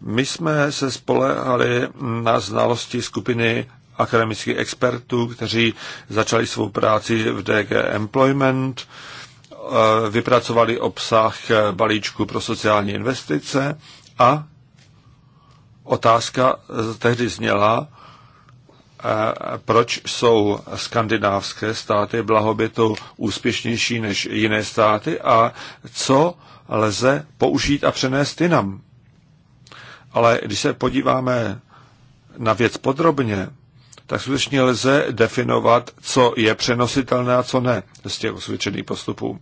My jsme se spolehali na znalosti skupiny akademických expertů, kteří začali svou práci v DG Employment, eh, vypracovali obsah balíčku pro sociální investice a otázka eh, tehdy zněla, proč jsou skandinávské státy blahobytu úspěšnější než jiné státy a co lze použít a přenést jinam. Ale když se podíváme na věc podrobně, tak skutečně lze definovat, co je přenositelné a co ne z těch osvědčených postupů.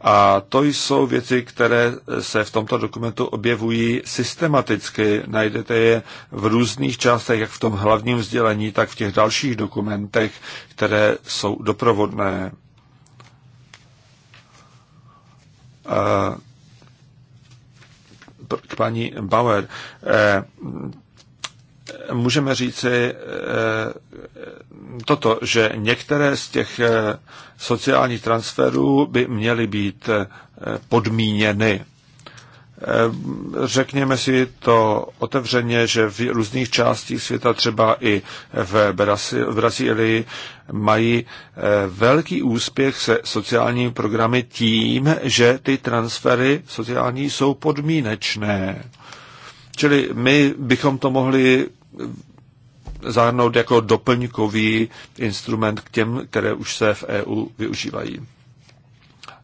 A to jsou věci, které se v tomto dokumentu objevují systematicky. Najdete je v různých částech, jak v tom hlavním vzdělení, tak v těch dalších dokumentech, které jsou doprovodné. K paní Bauer eh, můžeme říci eh, toto, že některé z těch eh, sociálních transferů by měly být eh, podmíněny. Řekněme si to otevřeně, že v různých částích světa, třeba i v Brazílii, mají velký úspěch se sociálními programy tím, že ty transfery sociální jsou podmínečné. Čili my bychom to mohli zahrnout jako doplňkový instrument k těm, které už se v EU využívají.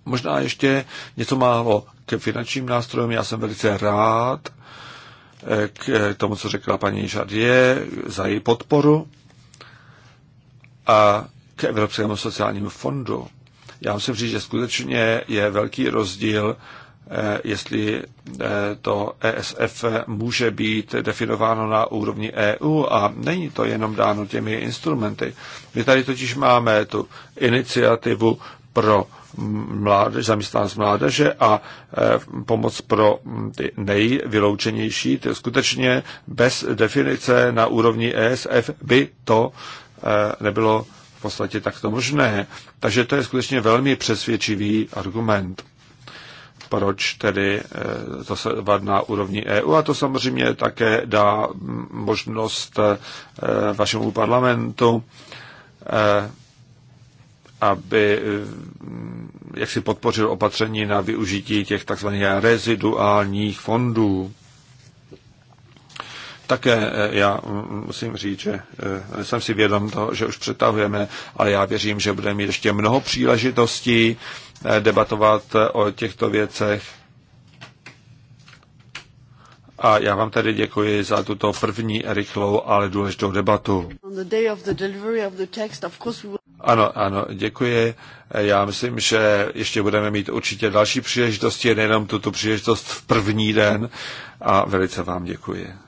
Možná ještě něco málo k finančním nástrojům. Já jsem velice rád eh, k tomu, co řekla paní Žadě, za její podporu a k Evropskému sociálnímu fondu. Já musím říct, že skutečně je velký rozdíl Eh, jestli eh, to ESF může být definováno na úrovni EU a není to jenom dáno těmi instrumenty. My tady totiž máme tu iniciativu pro mládež, zaměstnanost mládeže a eh, pomoc pro hm, ty nejvyloučenější. To skutečně bez definice na úrovni ESF by to nebylo v podstatě takto možné. Takže to je skutečně velmi přesvědčivý argument proč tedy eh, to na úrovni EU a to samozřejmě také dá možnost eh, vašemu parlamentu, eh, aby jak si podpořil opatření na využití těch tzv. reziduálních fondů. Také já mm, mm, musím říct, že jsem si vědom toho, že už přetahujeme, ale já věřím, že budeme mít ještě mnoho příležitostí debatovat o těchto věcech. A já vám tady děkuji za tuto první rychlou, ale důležitou debatu. Ano, ano, děkuji. Já myslím, že ještě budeme mít určitě další příležitosti, nejenom tuto příležitost v první den a velice vám děkuji.